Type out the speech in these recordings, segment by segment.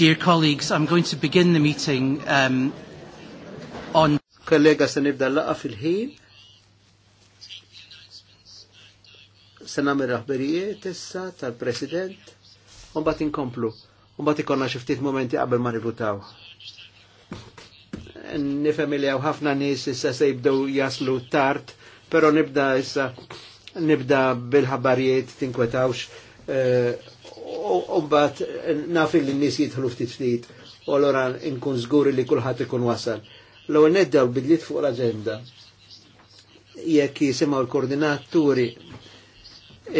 Dear colleagues, I'm going to begin the meeting um, on... Kollega, se nibda laqa fil-ħin. Se namir raħberijiet issa tal-President. Umbat inkomplu. Umbat ikonna xiftit momenti qabel ma nivutaw. Nifem li ħafna nis issa se jibdew jaslu tart, pero nibda issa nibda bil-ħabarijiet tinkwetawx. Uh, Umbat eh, naf li n-nis jitħlu ftit ftit u allora nkun żguri li kullħat ikun wasal. L-ewwel nedda bidliet fuq l agenda Jekk jisimaw l-koordinaturi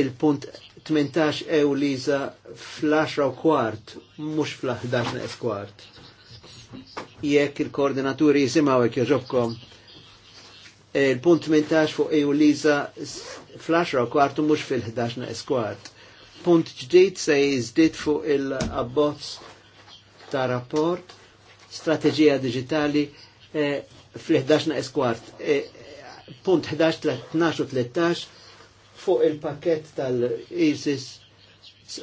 il-punt 18 ew liża fl-10 u kwart, mux fl-11 naqs kwart. Jekk il-koordinaturi jisimaw hekk joġobkom, eh, il-punt 18 fuq ew liża fl-10 u kwart mux fl 11 naqs kwart punt ġdid se jizdit fuq il-abbozz ta' rapport strategija digitali eh, fl-11 na eskwart. Eh, punt 11, 12 u 13 fuq il-pakket tal-ISIS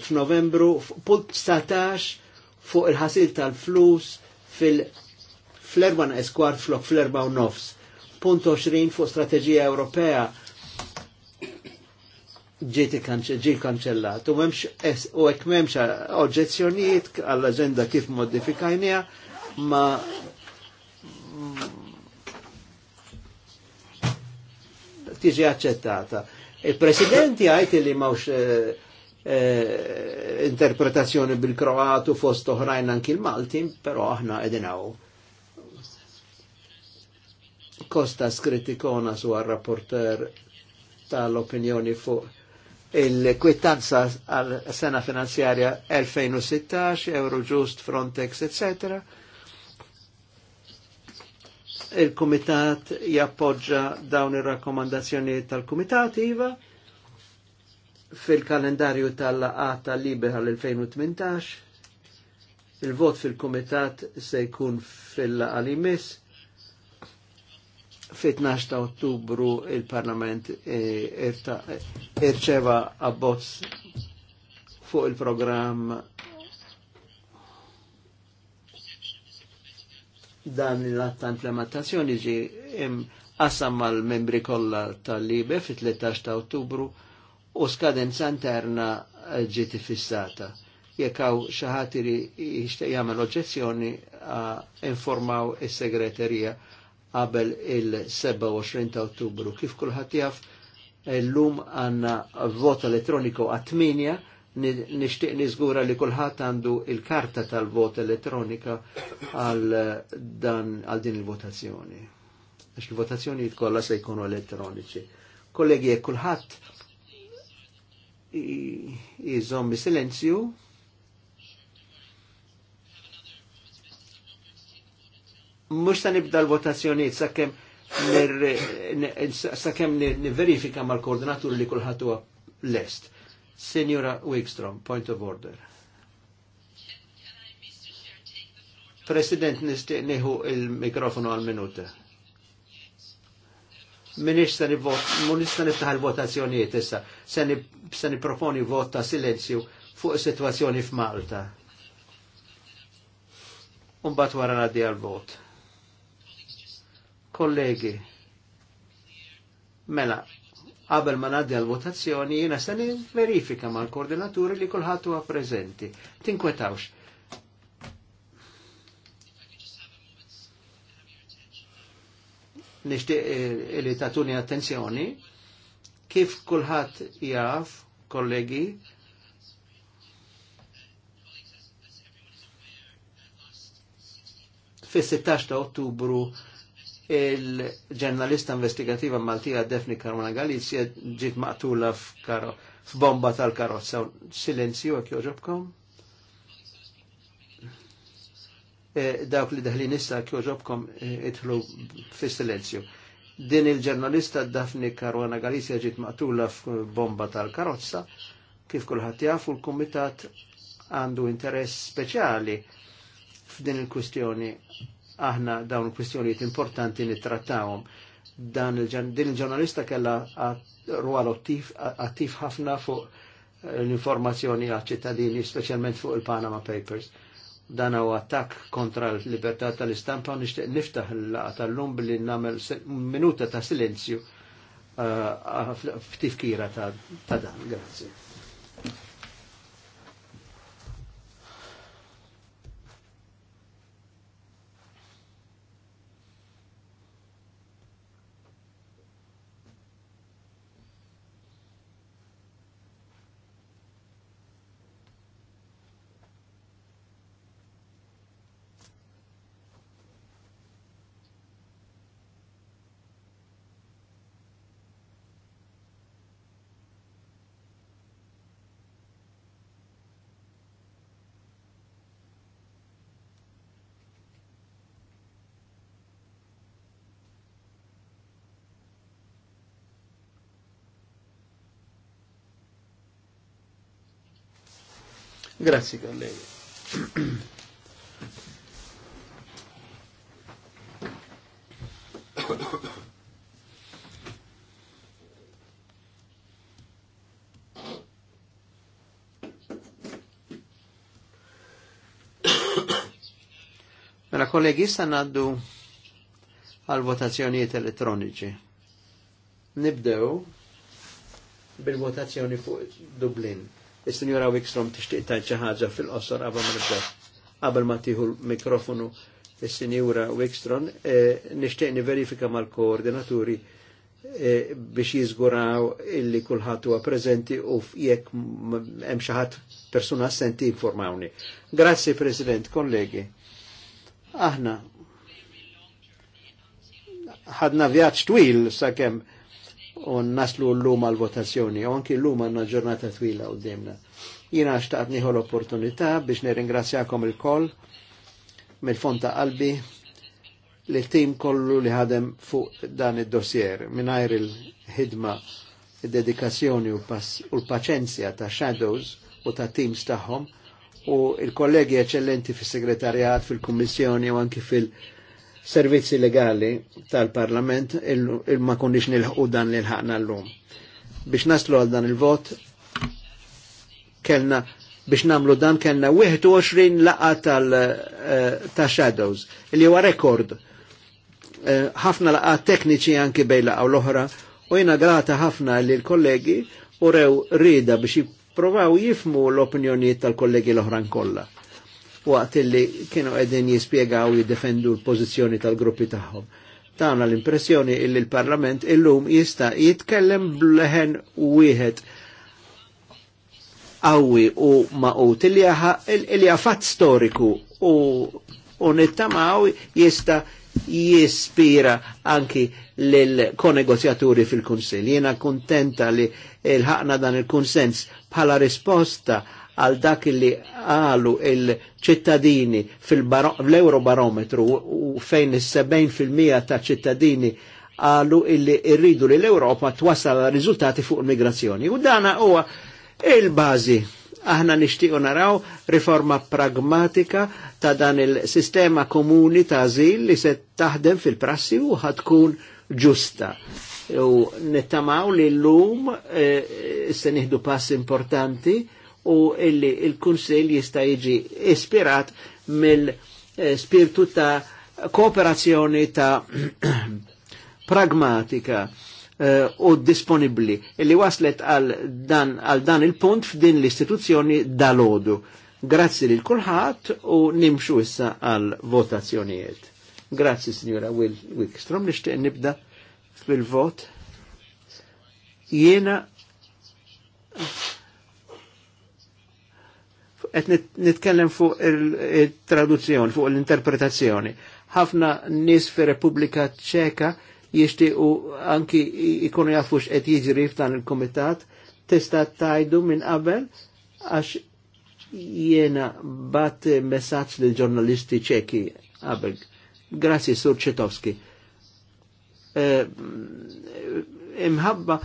f'Novembru, punt 19 fuq il-ħasil tal-flus fil-erba na eskwart flok fl-erba u nofs. Punt 20 fuq strategija Ewropea ġieti ġi kanċellat. U memx, u ek memx oġezzjonijiet għall-agenda kif modifikajnija, ma tiġi accettata. Il-presidenti għajt li mawx eh, eh, interpretazzjoni bil-Kroatu fost oħrajn anki l-Maltin, però aħna edinaw. Kostas kritikona su għal rapporter tal-opinjoni fuq il-kwittanza għal sena finanzjarja 2016, Eurojust, Frontex, etc. Il-Kumitat jappoġġa dawn ir-rakkomandazzjonijiet tal-Kumitat iva fil-kalendarju tal għata libe għal-2018. Il-vot fil-Kumitat se jkun fil-laqalimis fit-12 ta' ottubru il-Parlament eh, eh, irċeva abbozz fuq il-programm dan l-att ta' implementazzjoni ġi qassam mal-membri kollha tal-Libe fit-13 ta' Ottubru u skadenza interna eh, ġiet fissata. Jekk hawn xi ħadd jagħmel oġġezzjoni informaw is-segreterija qabel il-27 ta' ottubru. Kif kulħadd jaf, l-lum għanna vot elettroniku għatminja, nishtiq nizgura li kulħadd għandu il-karta tal-vot elettronika għal din il-votazzjoni. Għax il-votazzjoni kollha se jkunu elettroniċi. Kollegi, kulħadd jizom silenzju mux ta' nibda l-votazzjoniet sakemm sakemm verifika mal-koordinatur li kulħadd huwa lest. Senjora Wigstrom, point of order. President, nistiq neħu il-mikrofonu għal-minuta. Minix se niftaħ l votazzjonijiet issa, se niproponi vot ta' silenzju fuq is-sitwazzjoni f'Malta. Umbat wara ngħaddi għal-vot. Kollegi, mela, qabel ma ngħaddi għal-votazzjoni jiena sani verifika ma l koordinaturi li kulħadd huwa prezenti. Tinkwetawx. Nishti eh, li tatuni attenzjoni kif kulħadd jaf, kollegi, fis-16 ta' Ottubru il-ġurnalista investigativa Maltija Defni Karmona Galizja ġiet maqtula f'bomba tal-karozza. Silenzju għak joġobkom? E, dawk li daħlin issa għak joġobkom e, idħlu f'silenzju. silenzju. Din il-ġurnalista Defni Karwana Galizja ġiet maqtula f'bomba tal-karozza, kif kulħadd jafu l-kumitat għandu interess speċjali f'din il-kwistjoni aħna dawn kwistjonijiet importanti nittrattawhom. Dan din il-ġurnalista kella rwal attiv ħafna fuq l-informazzjoni għal ċittadini, speċjalment fuq il-Panama Papers. Dan huwa attakk kontra l-libertà tal-istampa u nixtieq niftaħ il-laqgħa tal-lum billi nagħmel minuta ta' silenzju eh, f'tifkira ta' dan. Grazie. Grazie, kollegi. Mela kollegi issa naddu għal votazzjonijiet elettroniċi. Nibdew bil-votazzjoni fuq Dublin. Is-Sinjora Wikstrom tixtieq tajt xi ħaġa fil-qosor qabel ma nibda qabel ma tieħu l-mikrofonu is-Sinjura Wikstrom eh, nixtieq niverifika mal-koordinaturi eh, biex jiżguraw illi kulħadd huwa preżenti u jekk hemm xi ħadd persuna assenti informawni. Grazzi President, kollegi. Aħna ħadna vjaġġ twil sakemm u naslu l-lum għal-votazzjoni, u anki l-lum għanna ġurnata twila u demna. Jina xtaqt niħu l-opportunità biex nirringrazzjakom il-koll mill fonta qalbi li tim kollu li ħadem fuq dan id-dossier minnajr il-ħidma id-dedikazzjoni u l-paċenzja ta' shadows u ta' teams tagħhom u il-kollegi eccellenti fis-segretarjat, fil-kummissjoni u anki fil-, kommissjoni servizzi legali tal-Parlament il-ma kondix nilħu dan li ħakna l-lum. Biex naslu għal dan il-vot, kellna biex namlu dan kellna 21 laqa tal eh, ta' Shadows, li huwa rekord. Eh, ħafna laqa tekniċi anki bej laqa u l-oħra, u jina grata ħafna li l-kollegi u rew rida biex jipprovaw jifmu l-opinjoniet tal-kollegi l-oħran kollha waqt illi kienu qegħdin jispjegaw jiddefendu l-pożizzjoni tal-gruppi tagħhom. Tana l-impressjoni illi l-Parlament illum jista' jitkellem bleħen wieħed qawwi u maqut illi għafat storiku u u nittamaw jista jispira anki l-konegozjaturi fil kunsel Jena kontenta li l ħakna dan il-konsens bħala risposta għal dak li għalu il-ċittadini fil-Eurobarometru u fejn is-70% ta' ċittadini għalu illi irridu li l-Europa twasal riżultati fuq il-migrazzjoni. U dana huwa il-bażi aħna nixtiequ naraw riforma pragmatika ta' dan il-sistema komuni ta' azil li se taħdem fil-prassi u ħatkun ġusta u nittamaw li l-lum eh, se nieħdu pass importanti u illi il kunsil jista' jiġi ispirat mill-spirtu ta' kooperazzjoni ta' pragmatika eh, u disponibli illi waslet għal dan, għal dan il-punt f'din l-istituzzjoni dal-ħodu. Grazzi lil kulħadd u nimxu issa għal votazzjonijiet. Grazzi signora li nixtieq nibda fil-vot. Jiena et nitkellem fuq il-traduzzjoni, fuq l-interpretazzjoni. Ħafna nies fir Repubblika Ċeka u anki ikunu jafux x'qed jiġri f'dan il-kumitat tista' tajdu minn qabel għax jiena bat messaġġ lil ġurnalisti ċeki qabel. Grazzi Sur Ċetowski. Eh, imħabba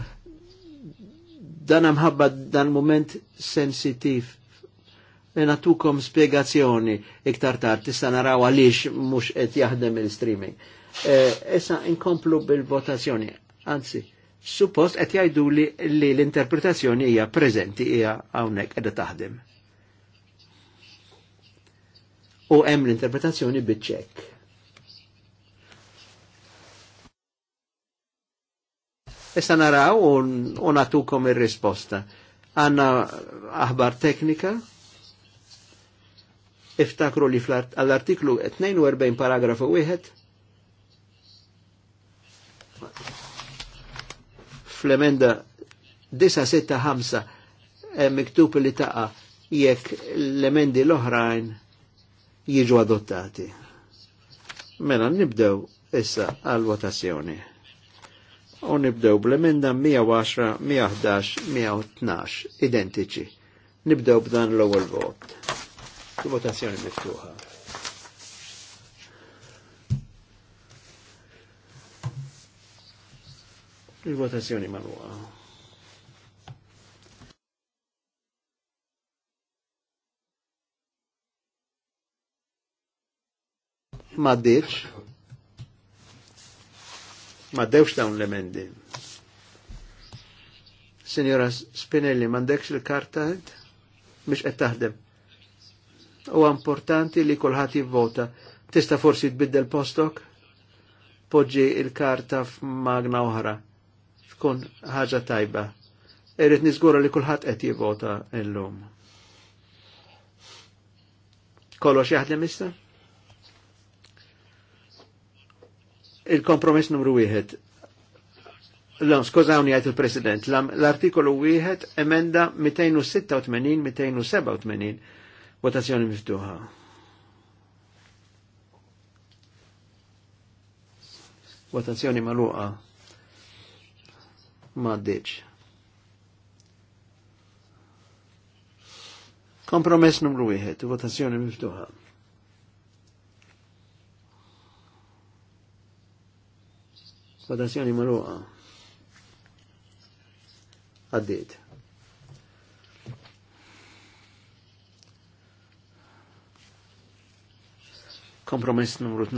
dan imħabba dan moment sensitiv natukom spiegazzjoni iktar tard tista' naraw għaliex mhux qed jaħdem il-streaming. Eh, issa e, inkomplu bil-votazzjoni. Anzi, suppost qed jgħidu li, l-interpretazzjoni hija preżenti hija hawnhekk qiegħda taħdem. U hemm l-interpretazzjoni biċċekk. Issa naraw u natukom ir-risposta. Għanna aħbar teknika iftakru li għall-artiklu 42 paragrafu 1 fl-emenda 965 eh, miktub li taqa jekk l-emendi l-oħrajn jiġu adottati. Mela nibdew issa għal-votazzjoni. U nibdew bl-emenda 110, 111, 112, identiċi. Nibdew b'dan l-ewwel vot votazzjoni miftuħa. Il-votazzjoni manuqa. Ma ddiċ, ma dewx dawn l-emendi. Signora Spinelli, mandekx il-karta? Mish qed taħdem u importanti li kolħat jivvota. Tista forsi tbiddel postok? Poġġi il-karta f'magna oħra. Tkun ħaġa tajba. Irrid niżgura li kulħadd qed jivvota llum. Kollox jaħdem issa? Il-kompromess numru wieħed. l lum skużawni għajt il-President, l-artikolu wieħed emenda 286-287 Votazzjoni miftuħa. Votazzjoni maluqa. Ma ddiċ. Kompromess numru wieħed, votazzjoni miftuħa. Votazzjoni maluqa. Għaddiet. Kompromiss numru 2.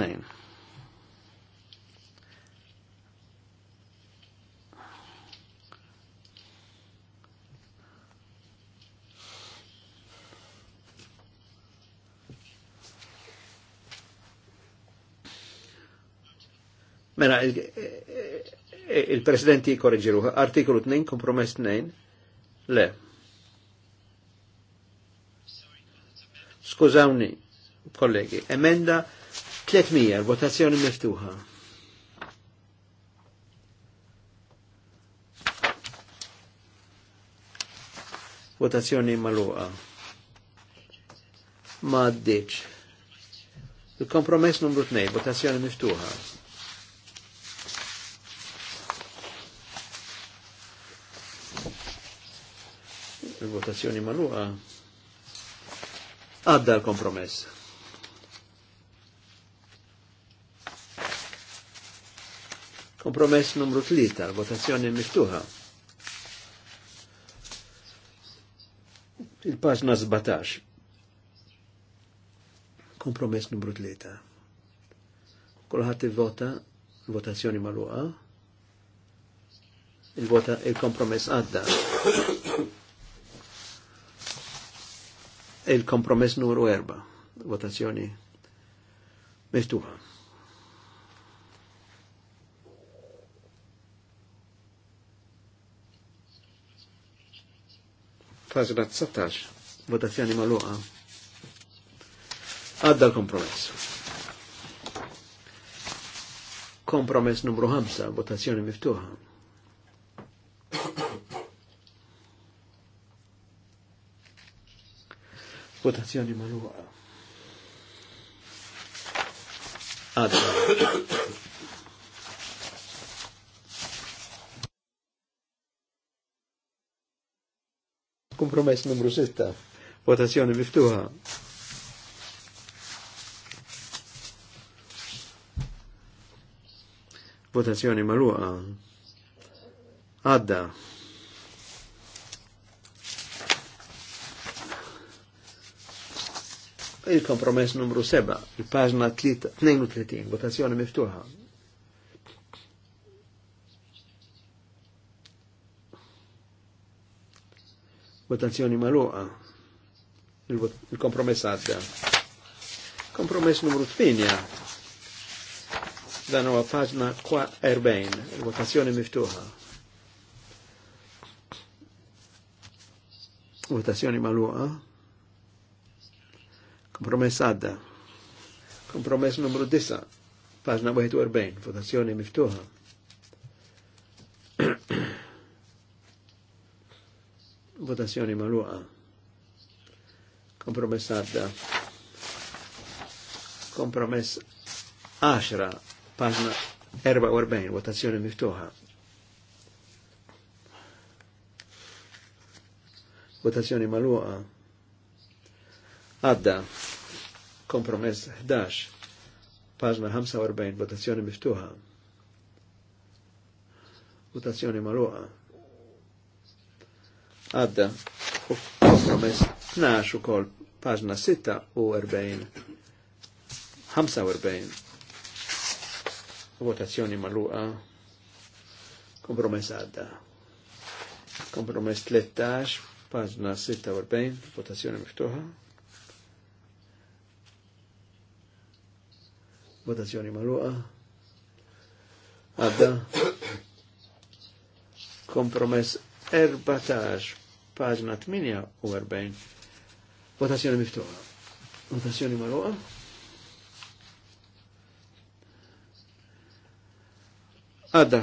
Mela, il-presidenti il korreġiru, artikolu 2, kompromess 2, le. Skużawni, kollegi. Emenda 300, votazzjoni miftuħa. Votazzjoni maluqa. Ma ddiċ. Il-kompromess numru 2, votazzjoni miftuħa. Il-votazzjoni maluqa. Għadda l-kompromess. Kompromess numru 3, votazzjoni miftuħa. Il-paġna 17. Kompromess numru 3. il-vota, votazzjoni maluqa. Il-vota il-kompromess għadda. il-kompromess numru 4. Votazzjoni miftuħa. Pażla 19. Votazzjoni maluqa. Għadda l-kompromess. Kompromess numru 5, votazzjoni miftuħa. Votazzjoni maluqa. Għadda. Kompromess numru 6. Votazzjoni miftuħa. Votazzjoni maluqa. Għadda. Il-kompromess numru 7, il-paġna 32, votazzjoni miftuħa. Votazzjoni maluqa. Il-kompromess għadda. Kompromess numru 8 dan huwa paġna erbejn, il-votazzjoni miftuħa. Votazzjoni maluqa. Kompromess għadda. Kompromess numru 9, paġna 41, votazzjoni miftuħa. Votazzjoni maluqa. Kompromess għadda. Kompromess 10, paġna 44, votazzjoni miftuħa. Votazzjoni maluqa. Għadda. Kompromess 11, paġna 45, votazzjoni miftuħa. Votazzjoni maluqa għadda kompromess 12 u kol, paġna 46 45 votazzjoni maluqa kompromess għadda kompromess 13 paġna 46 votazzjoni miftuħa votazzjoni maluqa għadda kompromess 14 paġna 48. Votazzjoni miftuħa. Votazzjoni marruqa. Għadda,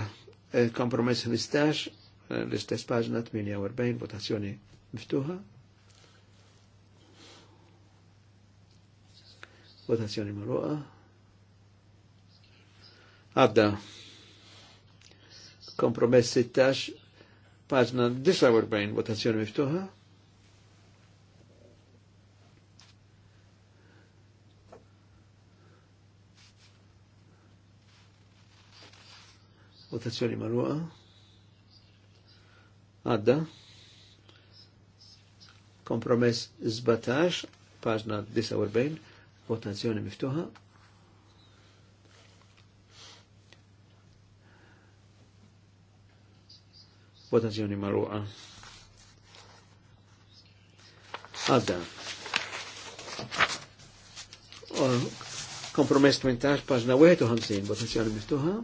eh, kompromess 15, eh, l-istess paġna 48, votazzjoni miftuħa. Votazzjoni marruqa. Għadda, kompromess 16, Pażna 49 votazzjoni miftuħa. Votazzjoni marruqa. Għadda. Kompromess 17, paġna 49, votazzjoni miftuħa. Votazzjoni marruqa. Għadda. Kompromess 18, paġna 51, votazzjoni miftuħa.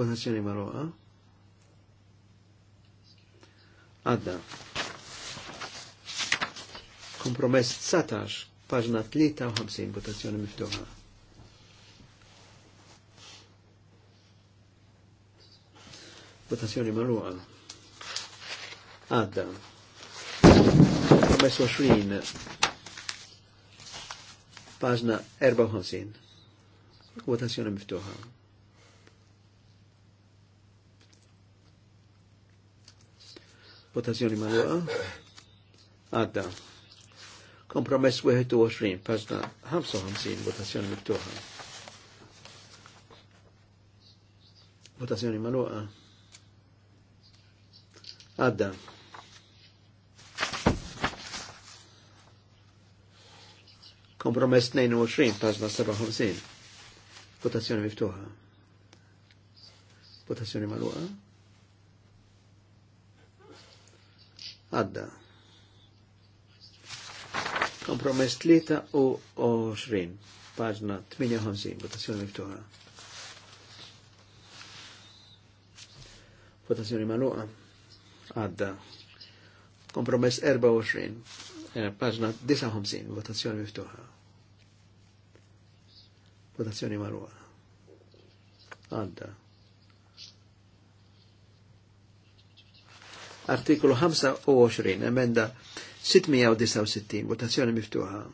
Votazzjoni marruqa. Għadda. Kompromess 19, paġna 53, votazzjoni miftuħa. votazzjoni marruqa. Għadda. Kommesso 20. Paġna 54. Votazzjoni miftuħa. Votazzjoni marruqa. Għadda. Kompromess 21, paġna 55, votazzjoni miftuħa. Votazzjoni marruqa Għadda. Kompromess 22, pażna 57. Votazzjoni miftuħa. Votazzjoni maluqa. Għadda. Kompromess 23, pażna 58, votazzjoni miftuħa. Votazzjoni maluqa għadda. Kompromess 24, eh, paġna 59, votazzjoni miftuħa. Votazzjoni marwa. Għadda. Artikolu 25, emenda 669, votazzjoni miftuħa.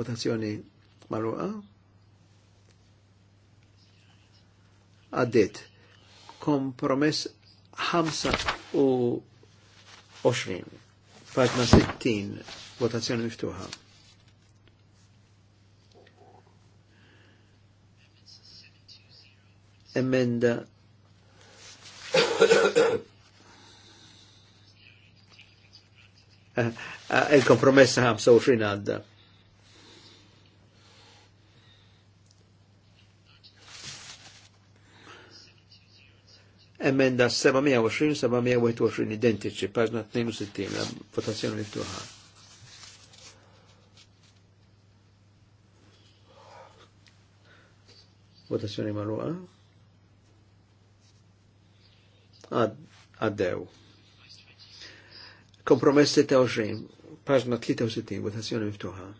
Votazzjoni marwa. għaddit. Kompromess 5 u 20. Partna 60. Votazzjoni miftuħa. Emenda eh, eh, il-kompromessa 25 għadda. emenda 720-721 identiċi, paġna 62, la votazzjoni miftuħa. Votazzjoni marruqa. Għaddew. Kompromess 26, paġna 63, votazzjoni miftuħa.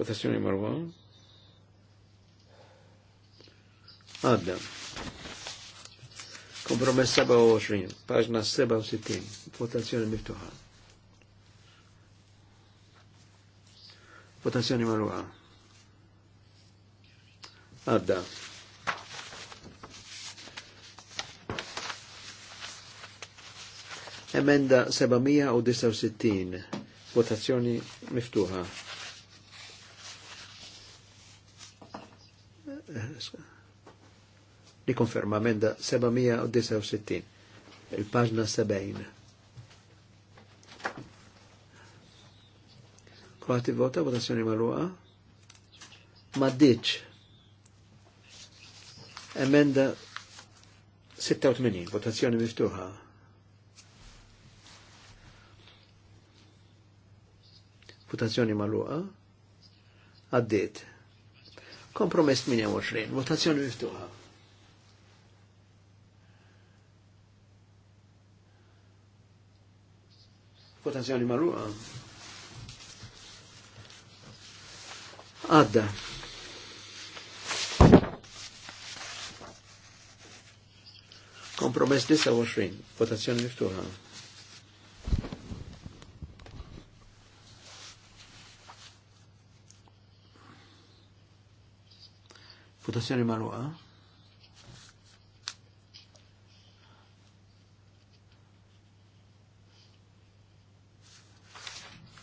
Votazzjoni marruqa. Għadda. Kompromess 27, paġna 67, votazzjoni miftuħa. Votazzjoni marruqa. Għadda. Emenda 769, votazzjoni miftuħa. Nikonferma amenda 769, il pagna 70. Kroati vota, votazzjoni maluqa. Maddiċ. Emenda 86, votazzjoni miftuħa. Votazzjoni maluqa. Għaddit. Kompromess 28, votazzjoni miftuħa. potenzjali marruqa. Għadda. Kompromess 29, votazzjoni miftuħa. Votazzjoni marruqa.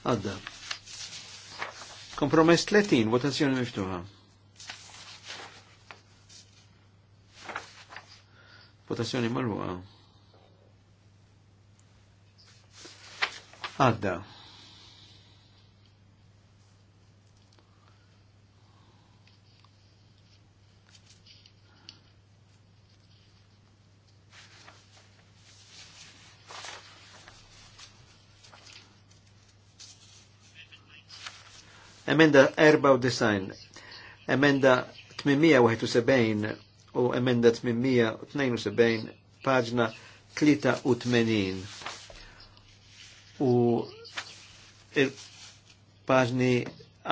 Għadda. Kompromess 30, votazzjoni miftuħa. Votazzjoni marruqa. Għadda. Emenda 94, emenda 871 u emenda 872, paġna 83. U e, paġni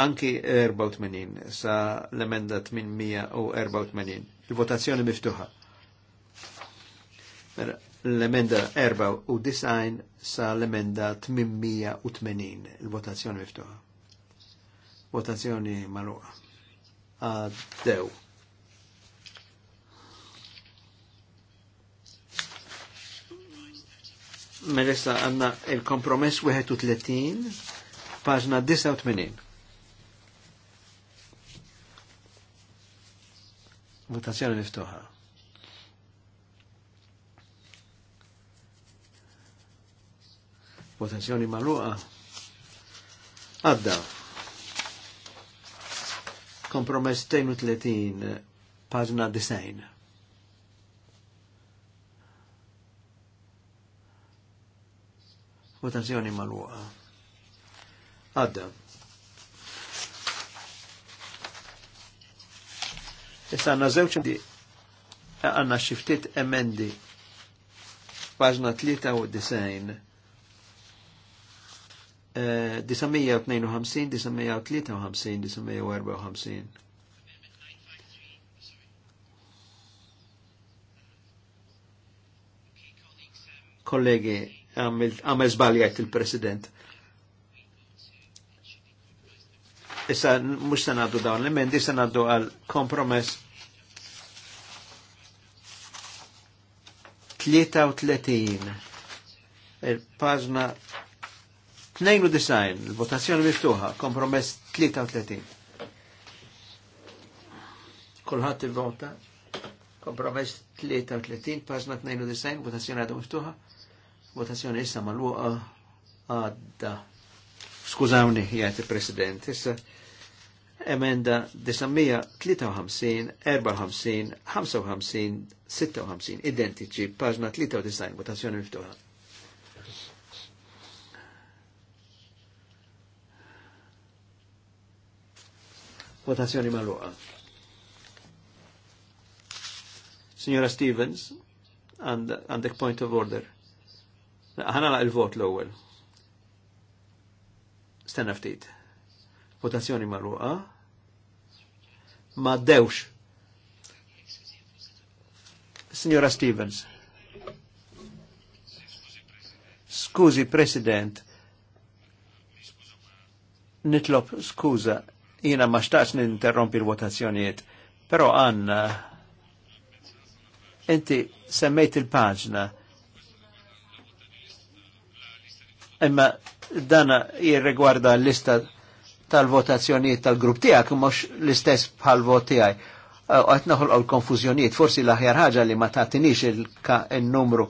anki 84 sa l-emenda 884. Il-votazzjoni miftuħa. Mela, l-emenda 4 u design sa l-emenda 880. Il-votazzjoni miftuħa. Votazzjoni maluqa. Għaddew. Melissa għanna il-kompromess 31, paġna 89. Votazzjoni miftuħa. Votazzjoni maluqa. Għadda kompromess 32, paġna 90. Votazzjoni mal-waqa. Għadda. Issa għanna zewċ di għanna xiftit emendi paġna 93 952-953-954. Kollegi, għamil zbaljajt il-President. Issa, mux sanaddu dawn l emend issa naddu għal kompromess 33. il pazna 92, votazzjoni miftuħa, kompromess 33. il vota. kompromess 33, pażna 92, votazzjoni għadu miftuħa, votazzjoni issa mal-luqa għadda. Skużawni, jgħati President, issa emenda 953, 54, 55, 56, identiċi, pażna 93, votazzjoni miftuħa Votazzjoni maluqa. Signora Stevens, għandek point of order. Għana laq il-vot l ewel Stenna ftit. Votazzjoni marruqa. Ma dewx. Signora Stevens. Skuzi, President. Nitlob skuza, Jina ma xtaqx ninterrompi l votazzjoniet pero għanna, inti semmejt il pagġna imma dana jirregwarda l-lista tal votazzjoniet tal-grupp tijak, mux l-istess bħal-vot tijaj. Uh, Għat naħolqaw l konfuzjoniet forsi l-aħjar ħaġa li ma tatinix il-numru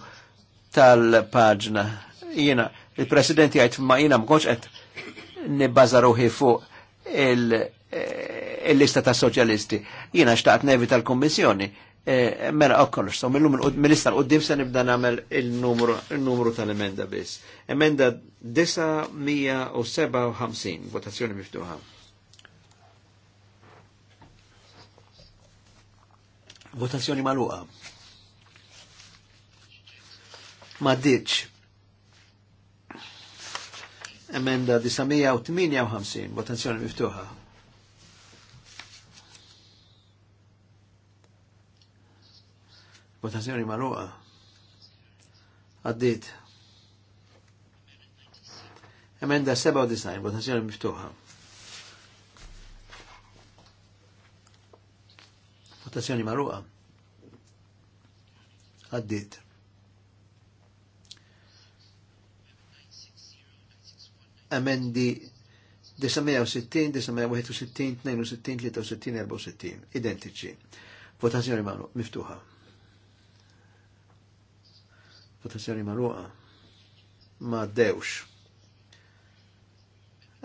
tal pagġna Jina, il-presidenti għajt ma jina mkoċ għet nibbazaruħi fuq Eh, il-lista ta' soċjalisti. Jina xtaqt nevi tal-kommissjoni. Eh, mela okkolux, so mill-lum mill-lista l-qoddim se nibda namel il-numru tal-emenda biss. Emenda 957, votazzjoni miftuħa. Votazzjoni maluqa. Ma ditx. Emenda 958, votazzjoni miftuħa. Votazzjoni marruqa. Għaddit. Emenda 97, votazzjoni miftuħa. Votazzjoni maluqa. Għaddit. amendi 960, 961, 62, 63, 64, identiċi. Votazzjoni magħluqa, miftuħa. Votazzjoni magħluqa. Ma dewx.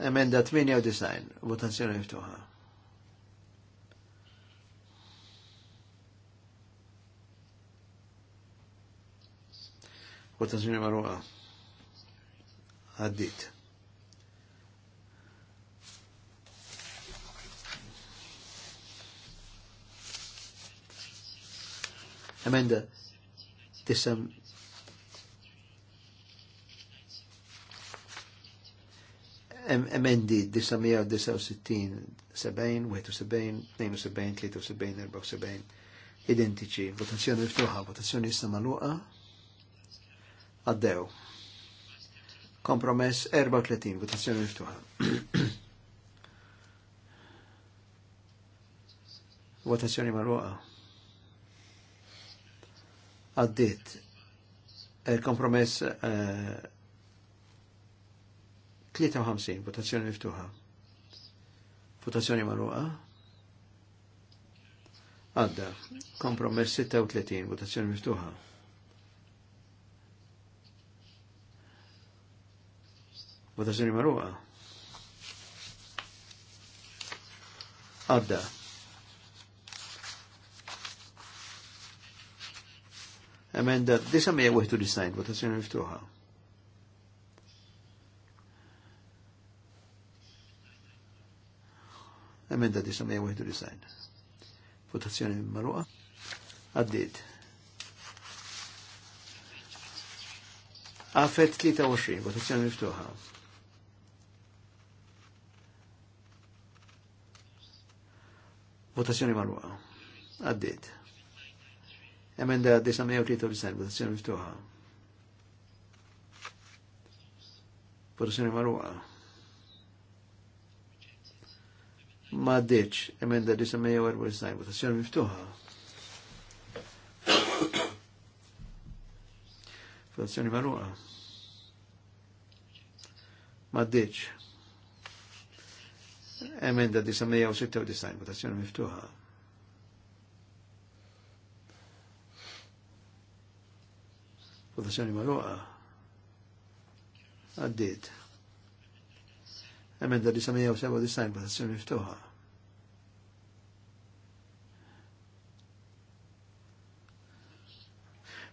Emenda 98, votazzjoni miftuħa. Votazzjoni magħluqa. Għaddit. Emenda tisem sebejn, nejnu sebejn, 71, sebejn, erbaw sebejn, identiċi, votazzjoni miftuħa, votazzjoni issa maluqa, għaddew. Kompromess 34, votazzjoni miftuħa. votazzjoni maluqa għaddit eh, kompromess uh, eh, 53 votazzjoni miftuħa. Votazzjoni marruqa. Għadda, kompromess 36, votazzjoni miftuħa. Votazzjoni marruqa. Għadda. meja Emenda disajn, votazzjoni miftuħa. meja Emenda disajn. Votazzjoni marruqa. Addit. Għafet 23, votazzjoni miftuħa. Votazzjoni marruqa. Addit. Emenda 993, votazzjoni miftuħa. Votazzjoni marruqa. Ma ddeċ, emenda 994, votazzjoni miftuħa. Votazzjoni marruqa. Ma ddeċ. Emenda 996, votazzjoni miftuħa. Votazzjoni maluqa. Għaddit. Emenda 997 votazzjoni miftuħa.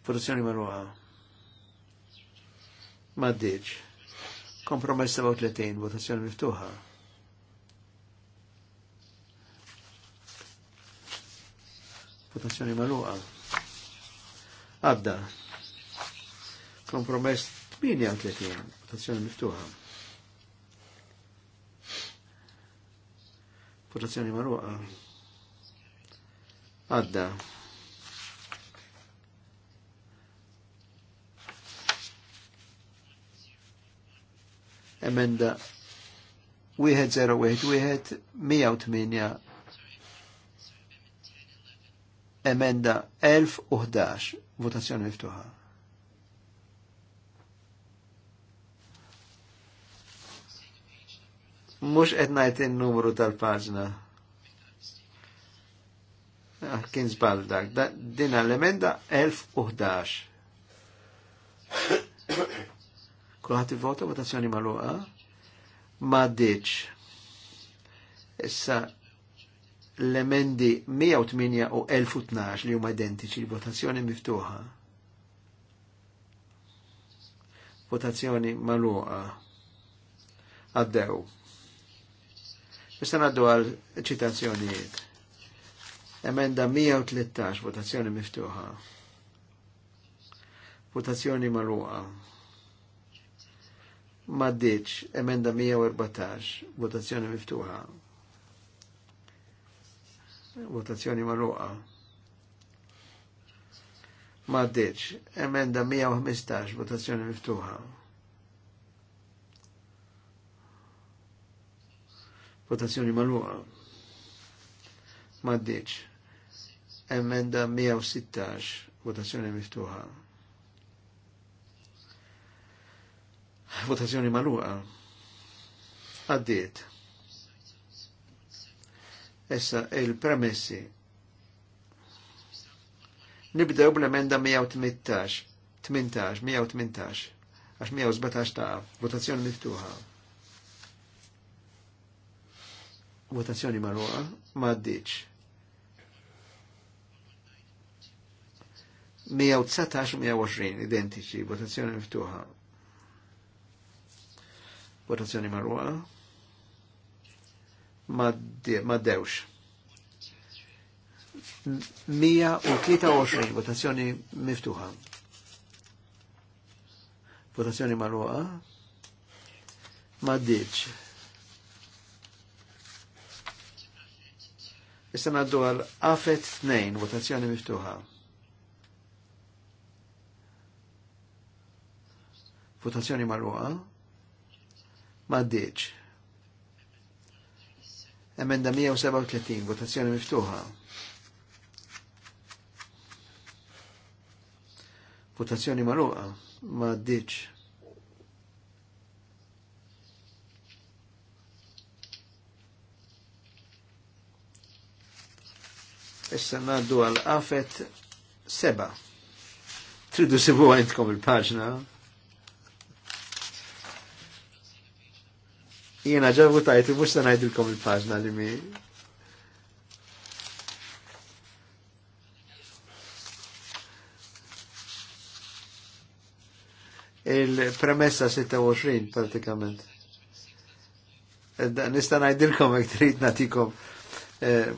Votazzjoni maluqa. Ma ddiċ. Kompromess 37 votazzjoni miftuħa. Votazzjoni maluqa. Għadda. Kompromess tletijan, votazzjoni miftuħa. Votazzjoni marruqa. Għadda. Emenda 1011 108 emenda 1011 votazzjoni miftuħa. Mux qed ngħid in-numru tal-paġna. Ah, kien żball dak. din l-emenda 1011. Kulħadd vota votazzjoni maluqa? Ma diċ. Issa l-emendi 108 u 1012 li huma identiċi votazzjoni miftuħa. Votazzjoni magħluqa. Għaddew. Issa naddu għal ċitazzjonijiet. Emenda 113, votazzjoni miftuħa. Votazzjoni marruqa. Maddiċ, emenda 114, votazzjoni miftuħa. Votazzjoni marruqa. Maddiċ, emenda 115, votazzjoni miftuħa. Votazzjoni maluqa. Maddiċ. Emenda 116. Votazzjoni miftuħa. Votazzjoni maluqa. Addiet. Essa il-premessi. Nibdew bl-emenda 118. 18, 118. Għax 117 ta' votazzjoni miftuħa. Votazzjoni marwa ma ddiċ. 119-120 identiċi, votazzjoni miftuħa. Votazzjoni marwa ma ddewx. 123 votazzjoni miftuħa. Votazzjoni marwa ma ddiċ. Issa naddu għal AFET 2, votazzjoni miftuħa. Votazzjoni marruqa. Maddiċ. Emenda 137, votazzjoni miftuħa. Votazzjoni marruqa. Maddiċ. Issa naddu għal afet seba. Tridu sibu għajtkom il-paġna. Jena ġavu tajt, mux ta' najdilkom il-paġna li mi. Il-premessa 26 pratikament. Nista' najdilkom jek trid natikom. Eh,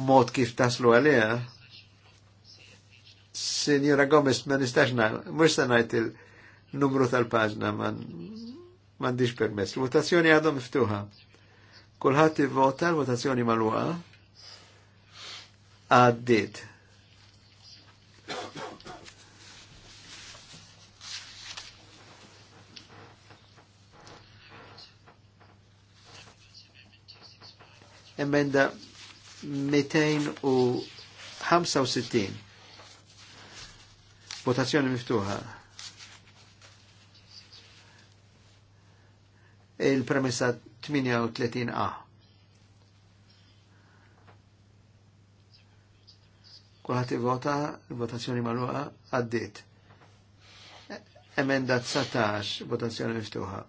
mod kif taslu għalija. Senjora Gomez, ma nistax mux sanajt il-numru tal-pagġna, mandiġ permess. Votazzjoni għadu miftuħa. Kulħadd ivvota l-votazzjoni mal-waqa għaddit. Emenda 265. Votazzjoni miftuħa. Il-premessa 38a. Kulħat vota, votazzjoni maluqa, għaddit. Emenda 19, votazzjoni miftuħa.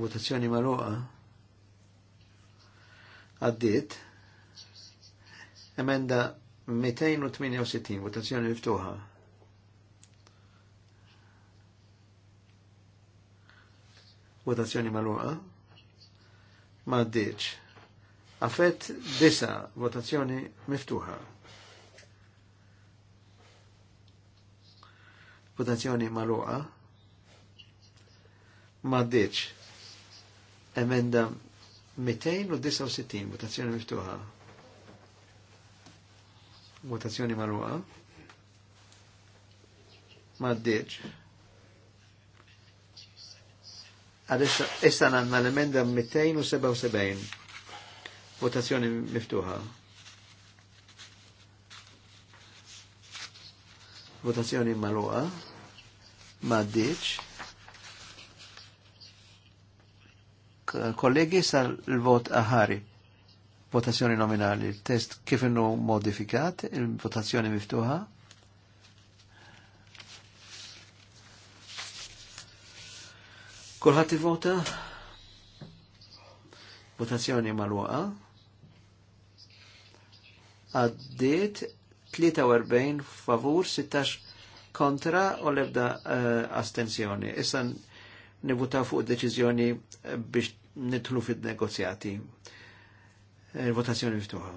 votazzjoni maluqa għaddit emenda 268 votazzjoni miftuħa votazzjoni maluqa ma għaddiċ Afet disa votazzjoni miftuħa. Votazzjoni maluqa. Ma ddiċ. Emenda 269, votazzjoni miftuħa. Votazzjoni marruqa. Maddiċ. Adesso, issa għanna l-emenda 277. Votazzjoni miftuħa. Votazzjoni marruqa. Maddiċ. kollegi sal-vot aħari. Votazzjoni nominali. Il-test kif innu modifikat, il-votazzjoni miftuħa. kolħati vota votazzjoni mal-waqa. għaddit 43 favur, 16 kontra u lebda uh, astensjoni. Issa nivutaw fuq deċizjoni biex nitlu fid-negozjati. Votazzjoni miftuħa.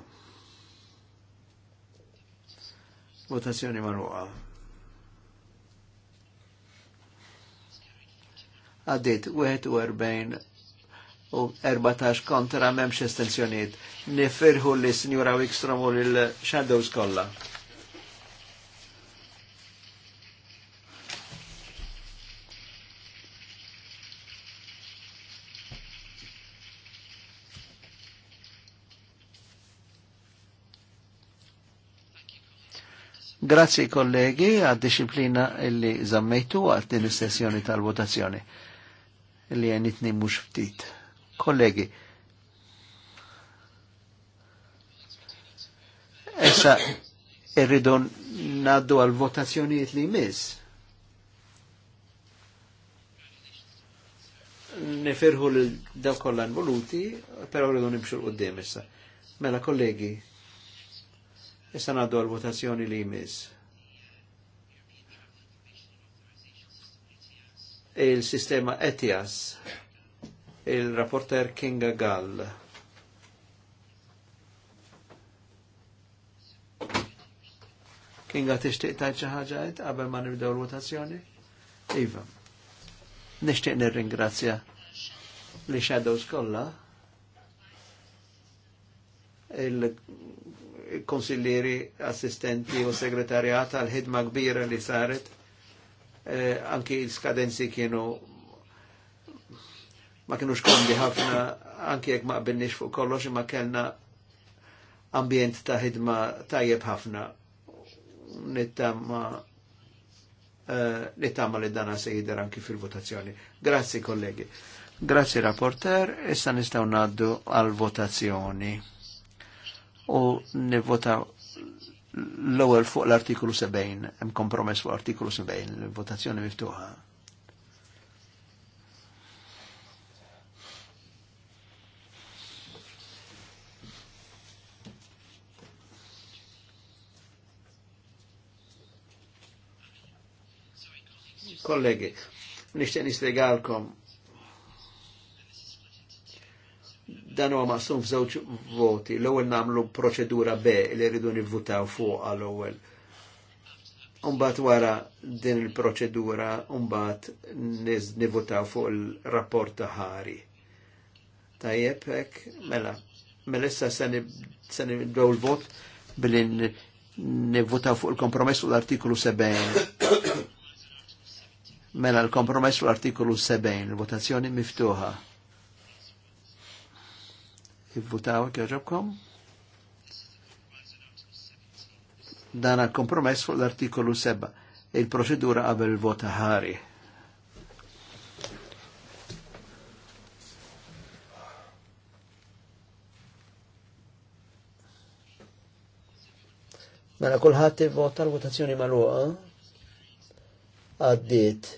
Votazzjoni marruqa. Għaddit 41 u 14 kontra memx estensjoniet. Nifirħu li Signora Wikstrom u l-Shadows kolla. Grazzi kollegi għad disciplina illi zammejtu għal din is-sessjoni tal-votazzjoni illi għenitni mux ftit. Kollegi, essa irridu naddu għal votazzjonijiet li jmiss. Nifirħu l dawkollan voluti, pero rridu nimxu l-qoddim issa. Mela kollegi, Issa għaddu votazzjoni li jmiss. Il-sistema ETIAS, il-rapporter Kinga Gall. Kinga tixtieq tajt xi ħaġa qabel ma nibdew l-votazzjoni? Iva. Nishtiq nir-ringrazzja li shadows skolla il konsilleri, assistenti u segretarjat għal ħidma kbira li saret. Eh, anki l-skadenzi kienu ma kienu xkondi ħafna, anki jekk ma qbilniex fuq kollox ma kellna ambjent ta' ħidma tajjeb ħafna. Nittama eh, nittama li dana se jider anki fil-votazzjoni. Grazzi kollegi. Grazzi rapporter, issa nistaw naddu għal votazzjoni u nivvotaw l-ewwel fuq l artiklu 70, hemm kompromess fuq l artiklu 70, l-votazzjoni miftuħa. Kollegi, nishtiq nispjegalkom dan huwa maqsum f'żewġ voti. L-ewwel nagħmlu proċedura B li rridu nivvutaw fuq għall-ewwel. Umbat wara din il-proċedura, umbat nivvutaw fuq il-rapport ħari. Tajjeb hekk, mela, mela issa se nibdew l vot billi nivvutaw fuq il-kompromess u l-artikolu 70. mela l-kompromess u l-artikolu 70, il-votazzjoni miftuħa. Ivvutaw kjoġobkom. Dan kompromess fuq l-artikolu 7. Il-proċedura għabel il-vota ħari. Mela kulħadd vota l-votazzjoni magħluqa. għaddit.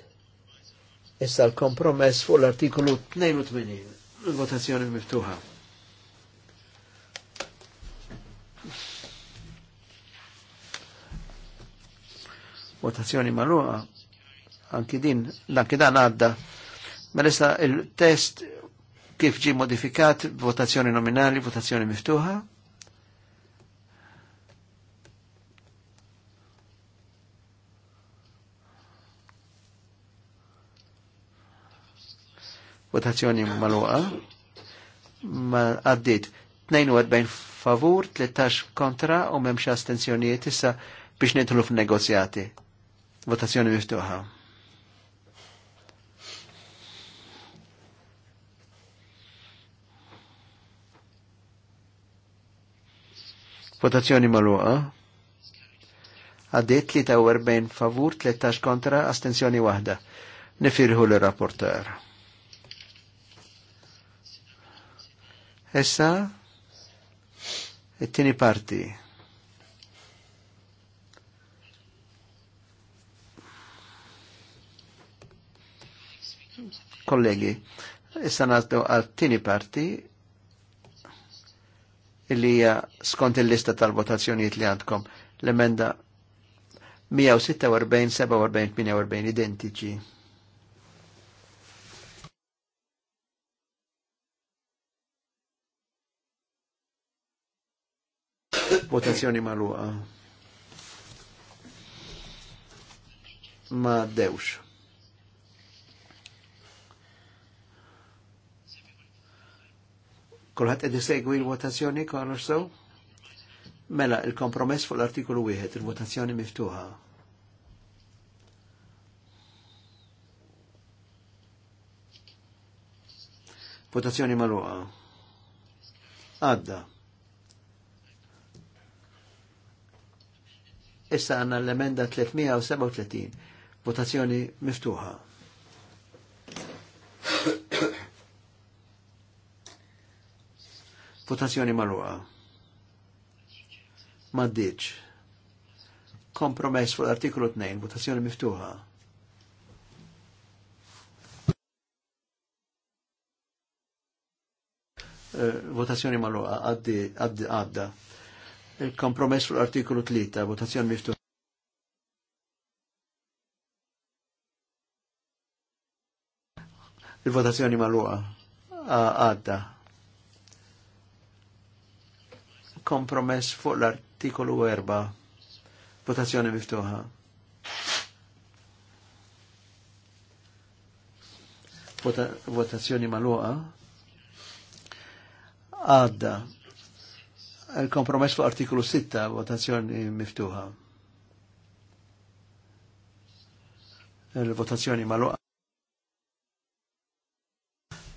Issa l-kompromess fuq l-artikolu 82. Il-votazzjoni miftuħa. votazzjoni marruqa, anki din, anki dan għadda. Melissa il-test kif ġi modifikat, votazzjoni nominali, votazzjoni miftuħa. Votazzjoni maluqa, ma għaddit 42 favur, 13 kontra u memx astenzjonijiet issa biex nitlu f'negozjati. Votazzjoni miftuħa. Votazzjoni maluqa. Għaddit 40 favur, 13 kontra, astenzjoni wahda. Nifirħu l-rapporter. Essa, it-tini parti. kollegi. Issa nazdu għal-tini parti illi hija skont il-lista tal-votazzjonijiet li għandkom. L-emenda 146, 47, 48 identiċi. Votazzjoni maluqa. Ma dewx. Kulħadd qed isegwi l-votazzjoni kollox sew? Mela, il-kompromess fuq l-artikolu 1, il-votazzjoni miftuħa. Votazzjoni maluqa. Għadda. Issa għanna l-emenda 337. Votazzjoni miftuħa. Votazzjoni maluqa. Maddiċ. Kompromess fuq l artiklu 2, votazzjoni miftuħa. Eh, votazzjoni maluqa, għaddi għadda. Kompromess fuq l artiklu 3, votazzjoni miftuħa. Il-votazzjoni maluqa, għadda. kompromess fuq l-artikolu 4. Votazzjoni miftuħa. votazzjoni maluqa. Għadda. Il-kompromess fuq artikolu 6, votazzjoni miftuħa. Il-votazzjoni maluqa.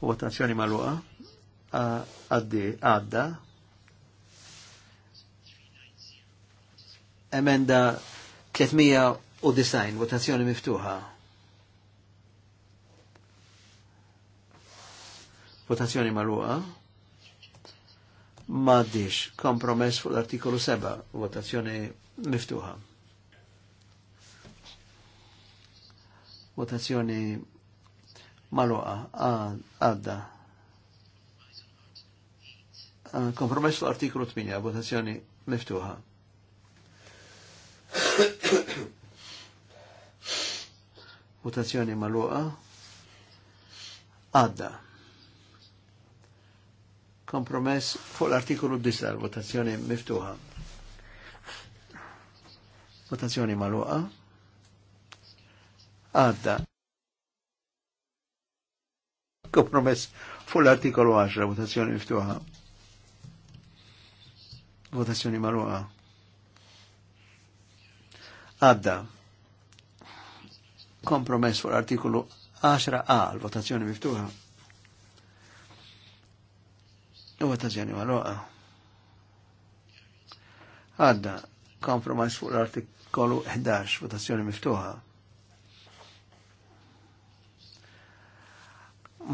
Votazzjoni maluqa. Għaddi, għadda. Emenda 309, votazzjoni miftuħa. Votazzjoni marruqa. Maddix, kompromess fuq l-artikolu 7, votazzjoni miftuħa. Votazzjoni marruqa, għadda. Kompromess fuq l-artikolu 8, votazzjoni miftuħa. Votazzjoni maluqa. Għadda. Kompromess fuq l-artikolu 10, votazzjoni miftuħa. Votazzjoni maluqa. Għadda. Kompromess fuq l-artikolu 10, votazzjoni miftuħa. Votazzjoni maluqa. Għadda. Kompromess fuq artikolu 10a, l-votazzjoni miftuħa. Votazzjoni maluqa. Għadda. Kompromess fuq l-artikolu 11, votazzjoni miftuħa.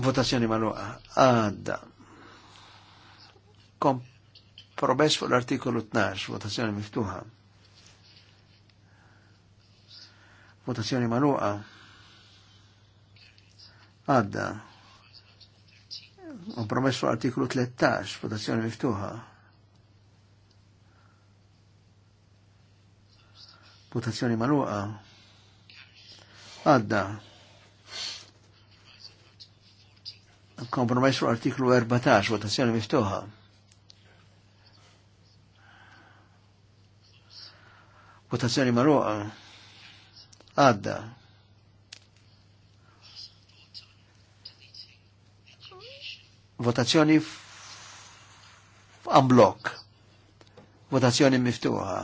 Votazzjoni maluqa. Għadda. Kompromess fuq l-artikolu 12, votazzjoni miftuħa. Votazzjoni maluqa. Għadda. promessu artiklu 13, votazzjoni miftuħa. Votazzjoni maluqa. Għadda. Kompromessu artiklu 14, votazzjoni miftuħa. Votazzjoni maluqa għadda. Votazzjoni għamblok. Votazzjoni miftuħa.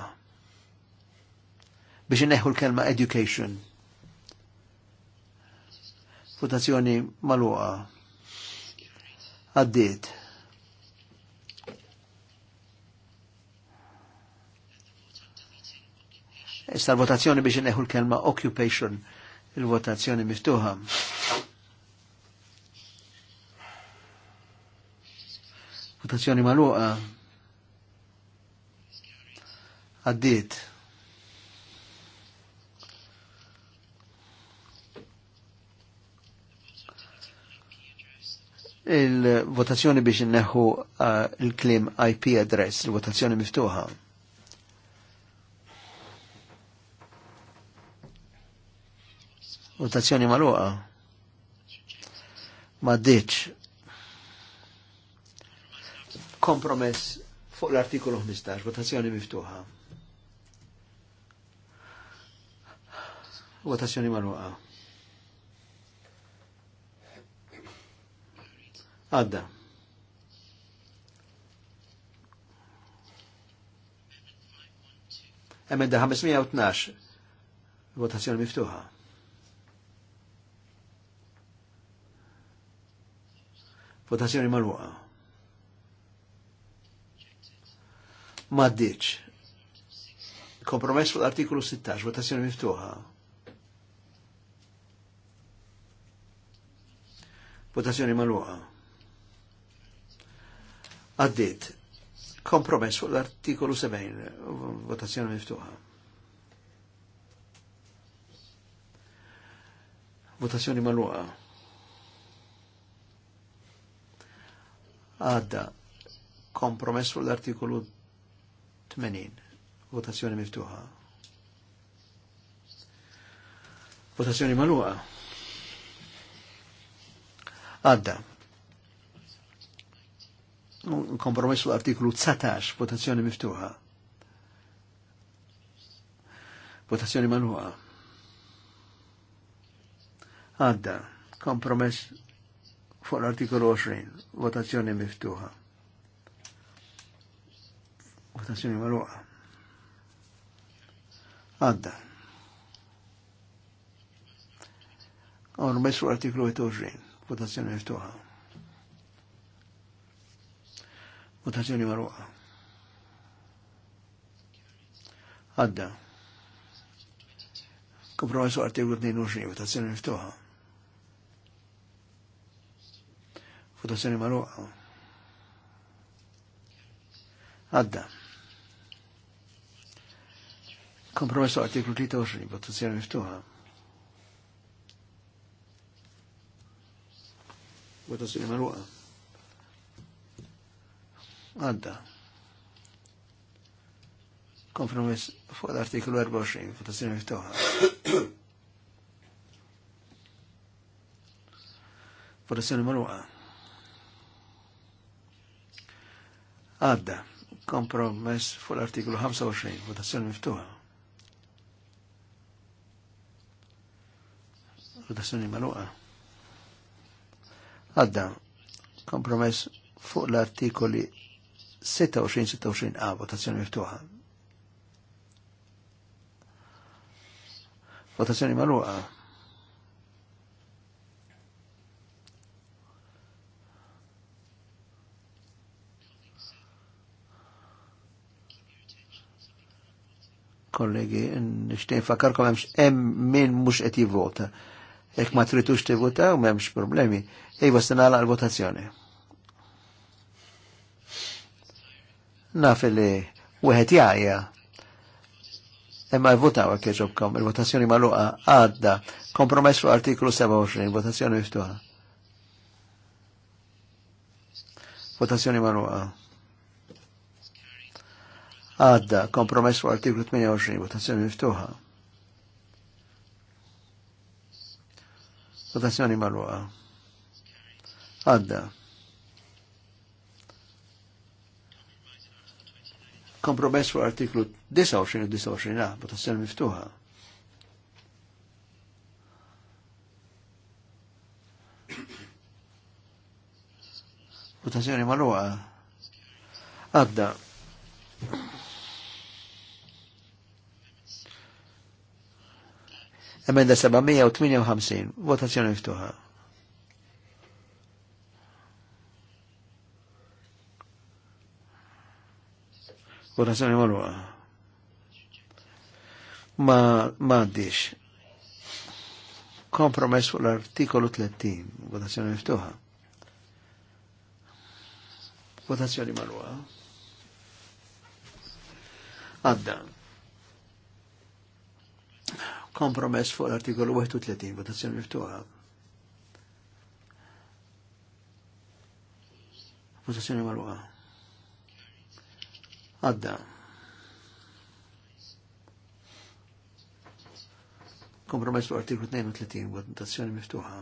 Biex neħu l-kelma education. Votazzjoni maluqa. Għaddit. l votazzjoni biex neħu l-kelma occupation il-votazzjoni miftuħa. Votazzjoni maluqa Għaddit. il-votazzjoni biex neħu uh, il-klim IP address, il-votazzjoni miftuħa. Votazzjoni maluqa. Ma ddiċ. Kompromess fuq l-artikolu 15, votazzjoni miftuħa. Votazzjoni maluqa. Għadda. Emenda 512, votazzjoni miftuħa. Votazzjoni marruqa. Maddiċ. Kompromess fuq l-artikolu 16, votazzjoni miftuħa. Votazzjoni marruqa. Addit. Kompromess fuq l-artikolu 7, votazzjoni miftuħa. Votazzjoni marruqa. għadda kompromess fuq l-artikolu 80. Votazzjoni miftuħa. Votazzjoni maluqa. Għadda. Kompromess fuq l-artikolu 19. Votazzjoni miftuħa. Votazzjoni maluqa. Għadda. Kompromess fuq l-artikolu 20, votazzjoni miftuħa. Votazzjoni marruqa. Għadda. Għon mess fuq l-artikolu 20, votazzjoni miftuħa. Votazzjoni marruqa. Għadda. Kompromessu artiklu 22, votazzjoni miftuħa. Votazzjoni marruqa. Għadda. Kompromesso artiklu 23, votazzjoni miftuħa. Votazzjoni marruqa. Għadda. Kompromess fuq l-artiklu 24, votazzjoni miftuħa. votazzjoni marruqa. Għadda, kompromess fuq l-artiklu 25, votazzjoni miftuħa. Votazzjoni maluqa. Għadda, kompromess fuq l-artikoli 26-26a, votazzjoni miftuħa. Votazzjoni maluqa. kollegi, nishtin fakarkom hemmx em min mux qed jivvota. Ek ma tritux vota u memx problemi, Ej, iva, se għala il-votazzjoni. Naf li wieħed jaqja. Imma votaw hekk jogħġobkom, il-votazzjoni magħluqa għadda kompromess fuq artiklu 27, votazzjoni miftuħa. Votazzjoni magħluqa għadda kompromess fuq artiklu 28 votazzjoni miftuħa. Votazzjoni marruqa. Għadda. Kompromess fuq artiklu 29 u 29a, votazzjoni miftuħa. Votazzjoni marruqa. Għadda. Emenda 758, votazzjoni miftuħa. Votazzjoni marwa. Ma għaddix. Kompromess fuq l-artikolu 30, votazzjoni miftuħa. Votazzjoni marwa. Għaddan kompromess fuq l-artikolu 31, votazzjoni miftuħa. Votazzjoni marwa. Għadda. Kompromess fuq artiklu 32, votazzjoni miftuħa.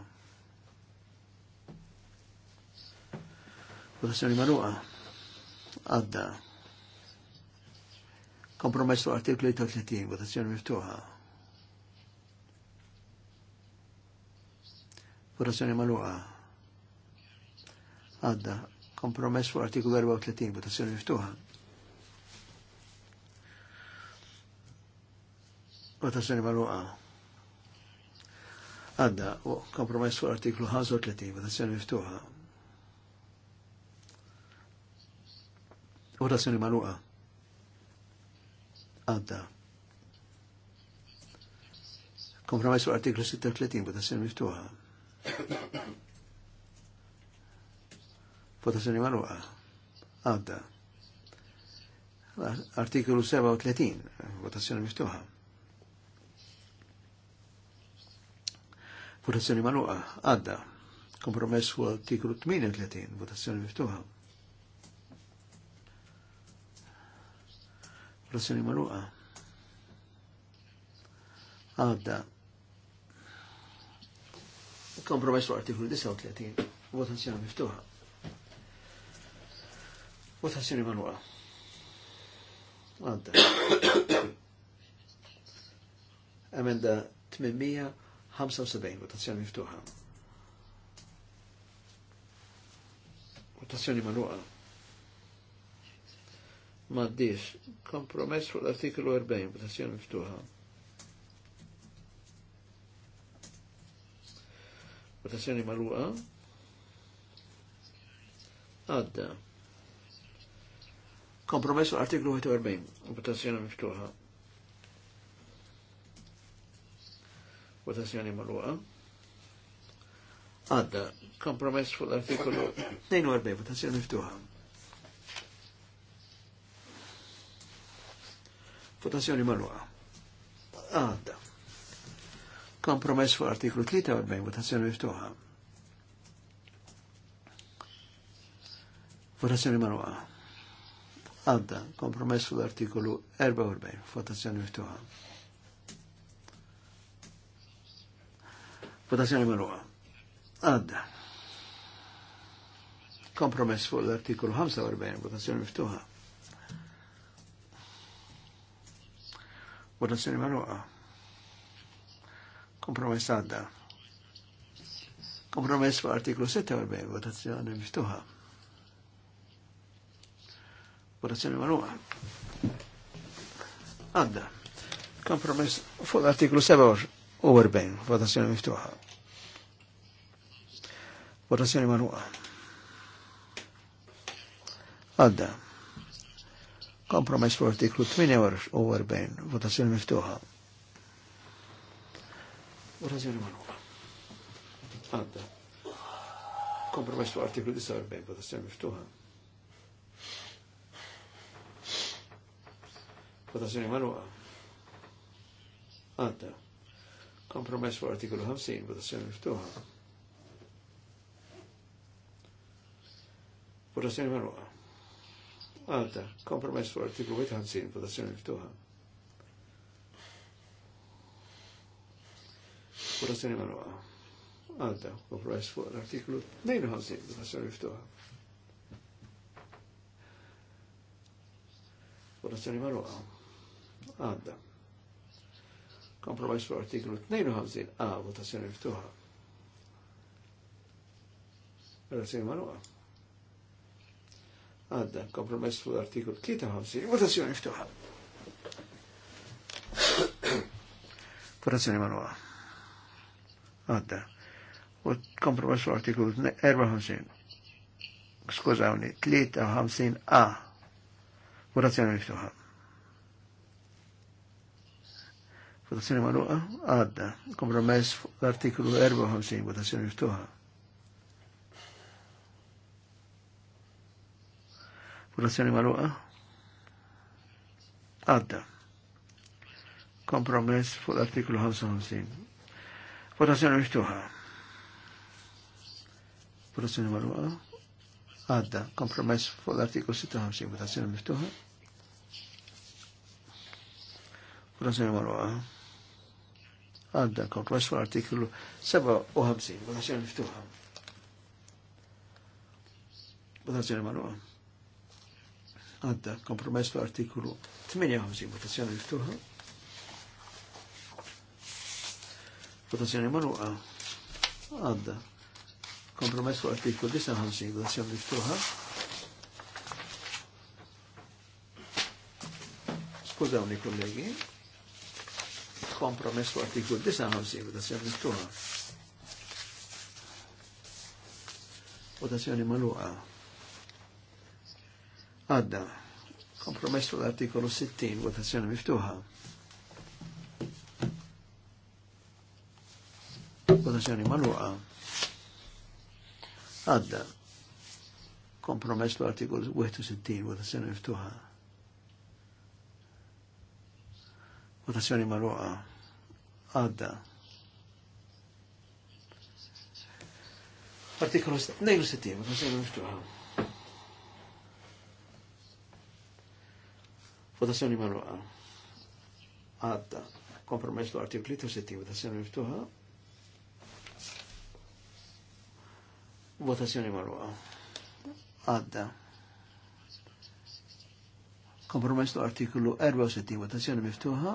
Votazzjoni marwa. Għadda. Kompromess fuq artiklu 33, votazzjoni miftuħa. Votazzjoni maluqa. Għadda. Kompromess fuq artiklu 34, votazzjoni miftuħa. Votazzjoni maluqa. Għadda. Kompromess fuq artiklu 35, votazzjoni miftuħa. Votazzjoni maluqa. Għadda. Kompromess fuq artiklu 36, votazzjoni miftuħa. Votazzjoni marruqa. Għadda. Artikolu 37, votazzjoni miftuħa. Votazzjoni marruqa. Għadda. Kompromess fu artiklu 38, votazzjoni miftuħa. Votazzjoni marruqa. Għadda Kompromess fuq artiklu 39, votazzjoni miftuħa. Votazzjoni manwa. Għadda. Emenda 875, votazzjoni miftuħa. Votazzjoni manwala. Maddix, kompromess fuq l-artiklu 40, votazzjoni miftuħa. Attenzjoni marruqa, għadda. Kompromessu artiklu 41, votazzjoni miftuħa. Votazzjoni marruqa. Għadda, Kompromessu fuq l artiklu 42, votazzjoni miftuħa. Votazzjoni marruqa. Għadda. Kompromess fuq artiklu 43, votazzjoni miftuħa. Votazzjoni marwa. Għadda, kompromess fuq artiklu 44, votazzjoni miftuħa. Votazzjoni marwa. Għadda. Kompromess fuq l-artiklu 45, votazzjoni miftuħa. Votazzjoni marwa. Kompromess għadda. Kompromess fuq artiklu 46, votazzjoni miftuħa. Votazzjoni marruħa. Għadda. Kompromess fuq artiklu 47, votazzjoni miftuħa. Votazzjoni marruħa. Għadda. Kompromess fuq artiklu 48, votazzjoni miftuħa. Votazzjoni manuva. Għadda. Kompromess fuq artiklu 49, votazzjoni miftuħa. Bada Votazzjoni manuva. Għadda. Kompromess fuq artiklu 50, votazzjoni miftuħa. Votazzjoni manuva. Għadda. Kompromess fuq artiklu 51, votazzjoni miftuħa. Votazzjoni manuqa. Għadda, kompromess fuq l-artiklu 52, votazzjoni miftuħa. Votazzjoni manuqa. Għadda. Kompromise fuq l-artiklu 52, a, votazzjoni miftuħa. Votazzjoni manuqa. Għadda, kompromess fuq l-artiklu 53, votazzjoni miftuħa. Votazzjoni manuqa għadda. U kompromess artiklu 54. Skużawni, 53 A. Votazzjoni miftuħa. Votazzjoni maluqa għadda. Kompromess l-artiklu 54, votazzjoni miftuħa. Votazzjoni maluqa għadda kompromess fuq l-artiklu 55. Votazzjoni miftuħa. Votazzjoni marruqa. Għadda, kompromess fuq l artiklu 56, votazzjoni miftuħa. Votazzjoni marruqa. Għadda, kompromess fuq l artiklu 57, votazzjoni miftuħa. Votazzjoni marruqa. Għadda, kompromess fuq l artiklu 58, votazzjoni miftuħa. votazzjoni marruqa, għadda. Kompromessu fuq artiklu 59, votazzjoni miftuħa. Skużawni kollegi, Kompromessu fuq artiklu 59, votazzjoni miftuħa. Votazzjoni marruqa, għadda. Kompromessu l artiklu 60, votazzjoni miftuħa. ma votazzjoni maluqa. Għadda. Kompromess l-artikol 61, votazzjoni miftuħa. Votazzjoni maluqa. Għadda. Artikolu 62, votazzjoni miftuħa. Votazzjoni maluqa. Għadda. Kompromess l-artikol 63, votazzjoni miftuħa. Votazzjoni marwa. Għadda. Kompromess l artiklu 64, votazzjoni miftuħa.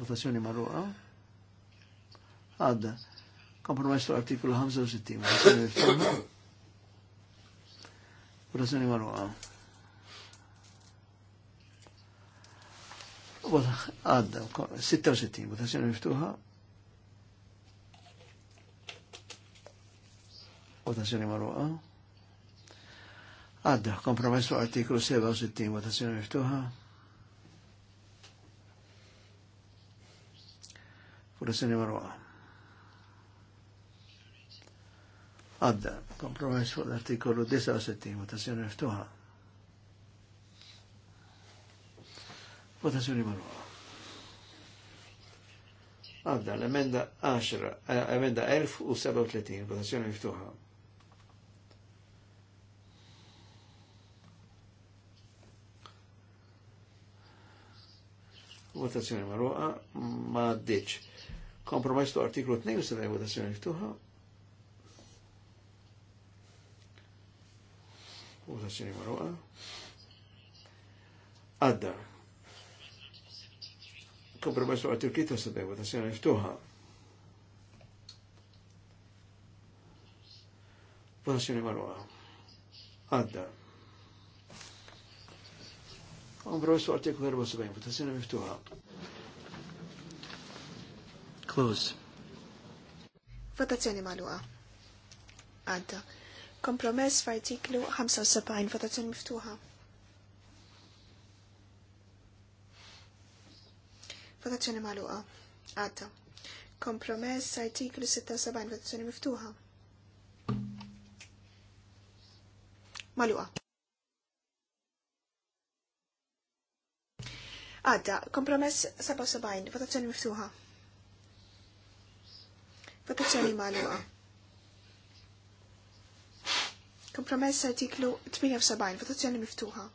Votazzjoni marwa. Għadda. Kompromess l artiklu 65, votazzjoni miftuħa. Votazzjoni marwa. Għadda. 66, votazzjoni miftuħa. votazzjoni marruqa. Għadda, kompromess fuq artiklu 67, votazzjoni miftuħa. Votazzjoni marruqa. Għadda, kompromess fuq l-artikolu 69, votazzjoni miftuħa. Votazzjoni marruqa. Għadda, l-emenda 10, eh, emenda 1037, votazzjoni miftuħa. votazzjoni marruqa ma ddiċ. Kompromess tu artiklu 72 votazzjoni ftuħa. Votazzjoni marruqa. Għadda. Kompromess tu artiklu 73 votazzjoni ftuħa. Votazzjoni marruqa. Għadda. Kompromessu artiklu 74, votazzjoni miftuħa. Closed. Votazzjoni maluqa. Għadda. Kompromess f'artiklu 75, votazzjoni miftuħa. Votazzjoni maluqa. Għadda. Kompromess artiklu 76, votazzjoni miftuħa. Maluqa. Għadda, kompromess 77, votazzjoni miftuħa. Votazzjoni maluqa. Kompromess artiklu 78, votazzjoni miftuħa.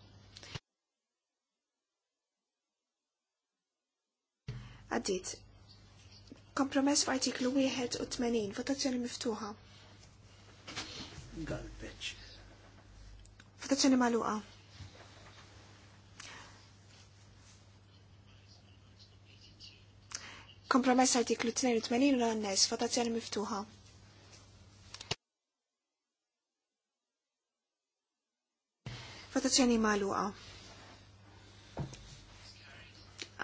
Għaddit. Kompromess f'artiklu 81, votazzjoni miftuħa. Galbeċ. Votazzjoni maluqa. Kompromess artiklu 82 l-annes, votazzjoni miftuħa. Votazzjoni maluqa.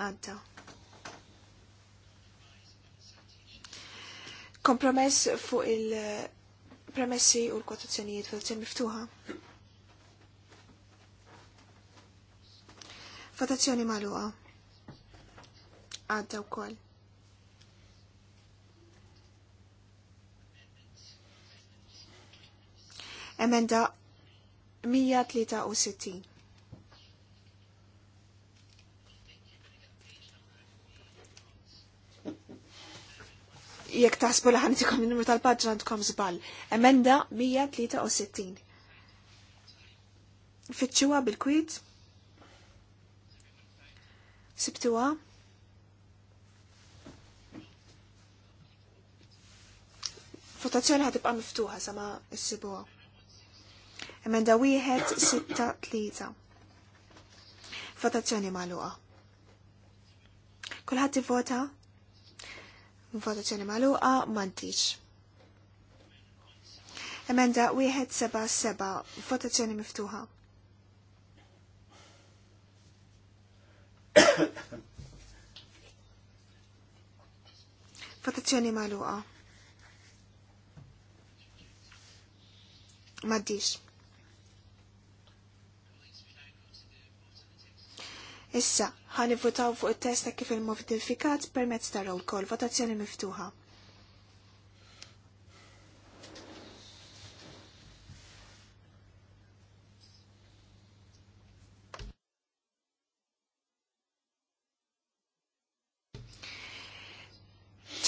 Għadda. Kompromess fuq il-premessi u l-kwotazzjonijiet, votazzjoni miftuħa. Votazzjoni maluqa. Għadda u koll. Emenda 163. jek taħsbu li il-numru tal-paġna għandkom zbal. Emenda 163. Fitxuwa bil-kwid. Sibtuwa. Votazzjoni ħatibqa' miftuħa sama issibuha. Emenda wieħed sitta tlieta. Votazzjoni magħluqa. Kulħadd ivvota? Votazzjoni magħluqa m'għandix. Emenda wieħed seba' seba' votazzjoni miftuħa. Votazzjoni magħluqa. Maddix. Issa, votaw fuq it-testa kif il-modifikat permezz ta' roll call votazzjoni miftuħa.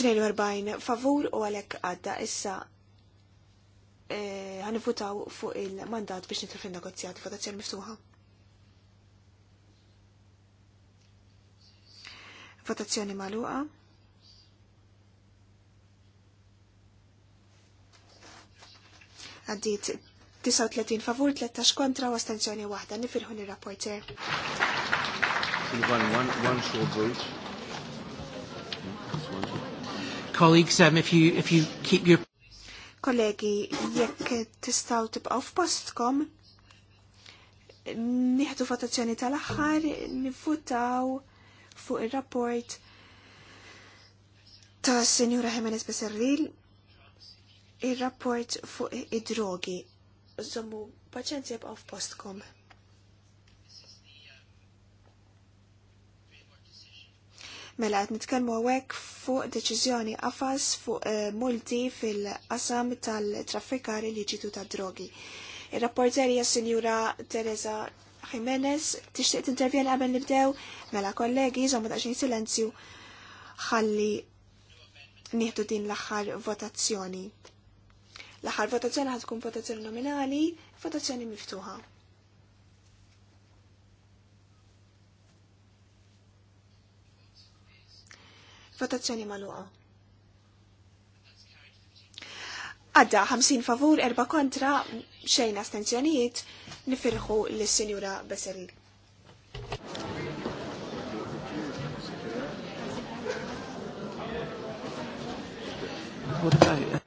Tnejn favur u għalek għadda issa eh, ħanivvutaw fuq il-mandat biex nitru fin votazzjoni miftuħa. Votazzjoni maluqa. Għaddit 39 favur, 13 kontra u astenzjoni wahda, Nifirħu nir-rapporter. Colleagues, um, if you if you keep your kollegi, jekk tistaw tibqaw f'postkom, nieħdu votazzjoni tal-aħħar, nivvutaw fuq il-rapport ta' Senjura Jimenez Becerril il-rapport fuq id-drogi. Zommu, paċenzi jibqaw f'postkom. Mela qed nitkellmu hawnhekk fuq deċiżjoni għafas fuq eh, multi fil-qasam tal-traffikari li ġitu tad-drogi. Ir-rapporterja senjura Teresa Jimenez, tixtieq t-intervjena qabel nibdew, mela kollegi, żommu daċin silenzju ħalli nieħdu din l-aħħar votazzjoni. L-aħħar votazzjoni ħad votazzjoni nominali, votazzjoni miftuħa. Votazzjoni magħluqa. Għadda 50 favur, 4 kontra, xejna astenzjonijiet, nifirħu l-Sinjura Besseril. What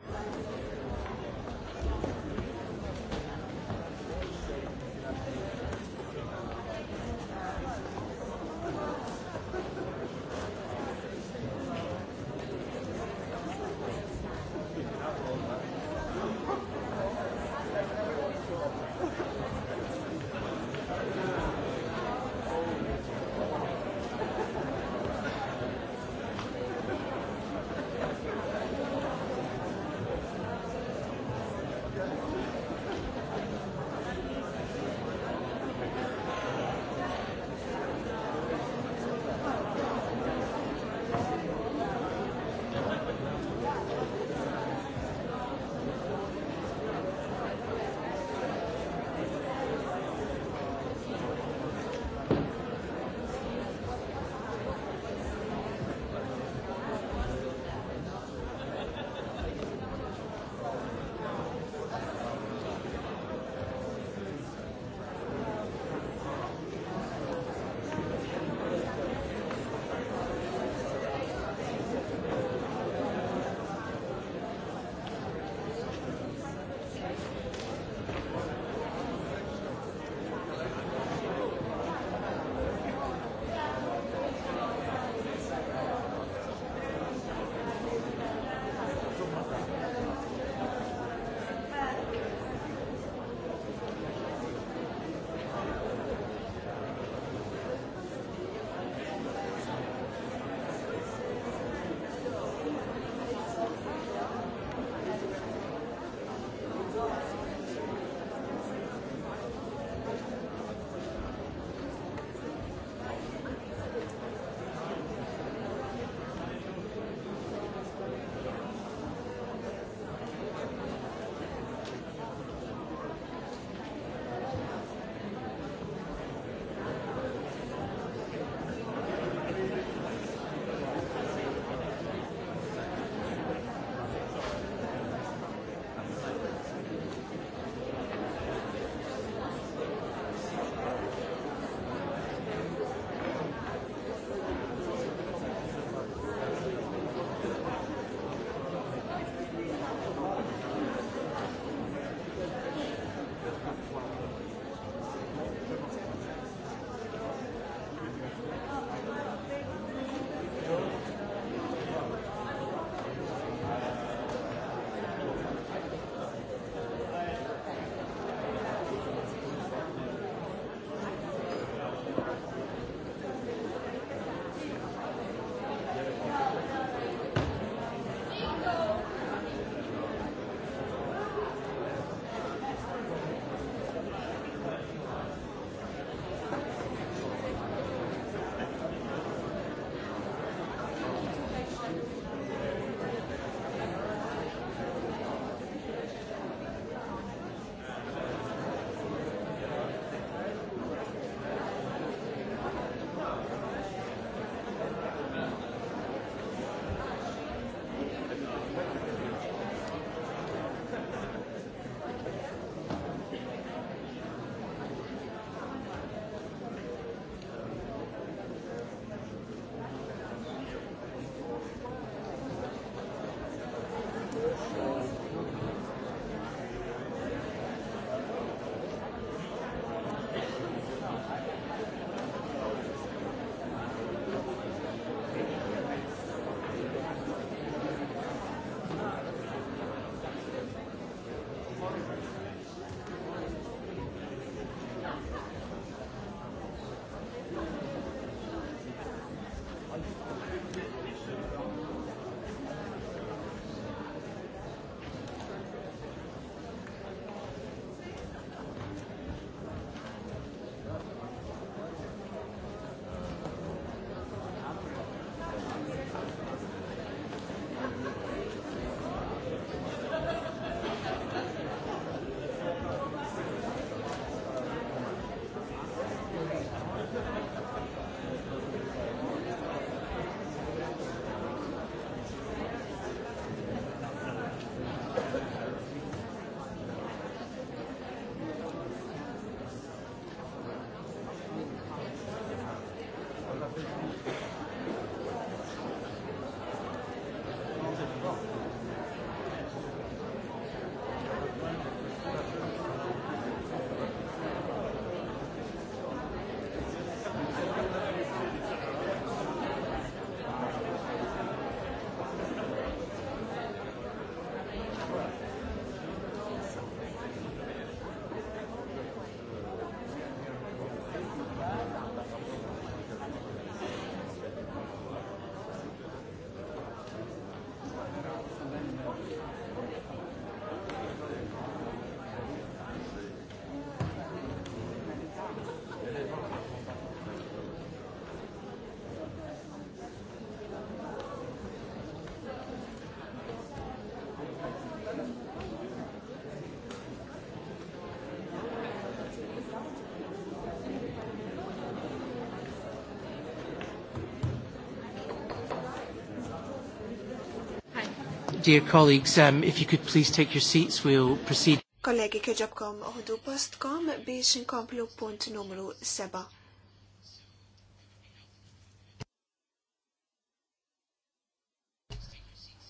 dear colleagues, um, if you could please take your seats, we'll proceed. Kollegi kieġabkom uħdu postkom biex nkomplu punt numru 7.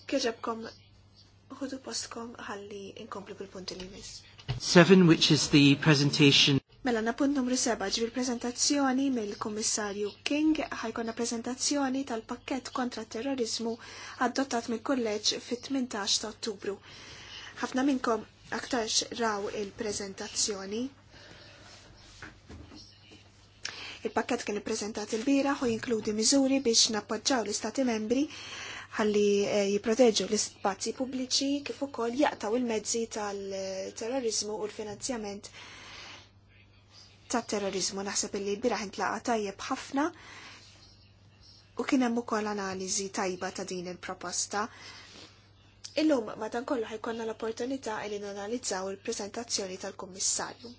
Kieġabkom uħdu postkom għalli nkomplu bil punt li mis. 7, which is the presentation Mela na punt numru 7 l prezentazzjoni mill-Kummissarju King ħajkonna prezentazzjoni tal-pakket kontra terrorizmu adottat mill kolleġġ fit-18 ta' Ottubru. Ħafna minnkom aktarx raw il-prezentazzjoni. Il-pakket kien ippreżentat il-bira u jinkludi miżuri biex nappoġġaw l-Istati membri ħalli eh, jiproteġu l-ispazji pubbliċi kif ukoll jaqtaw il-mezzi tal-terrorizmu u l-finanzjament ta' terrorizmu naħseb li l-biraħ intlaqa tajjeb ħafna u kien hemm ukoll analiżi tajba ta' din il-proposta. Illum madankollu ħajkonna l-opportunità li nanalizzaw il-preżentazzjoni tal-Kummissarju.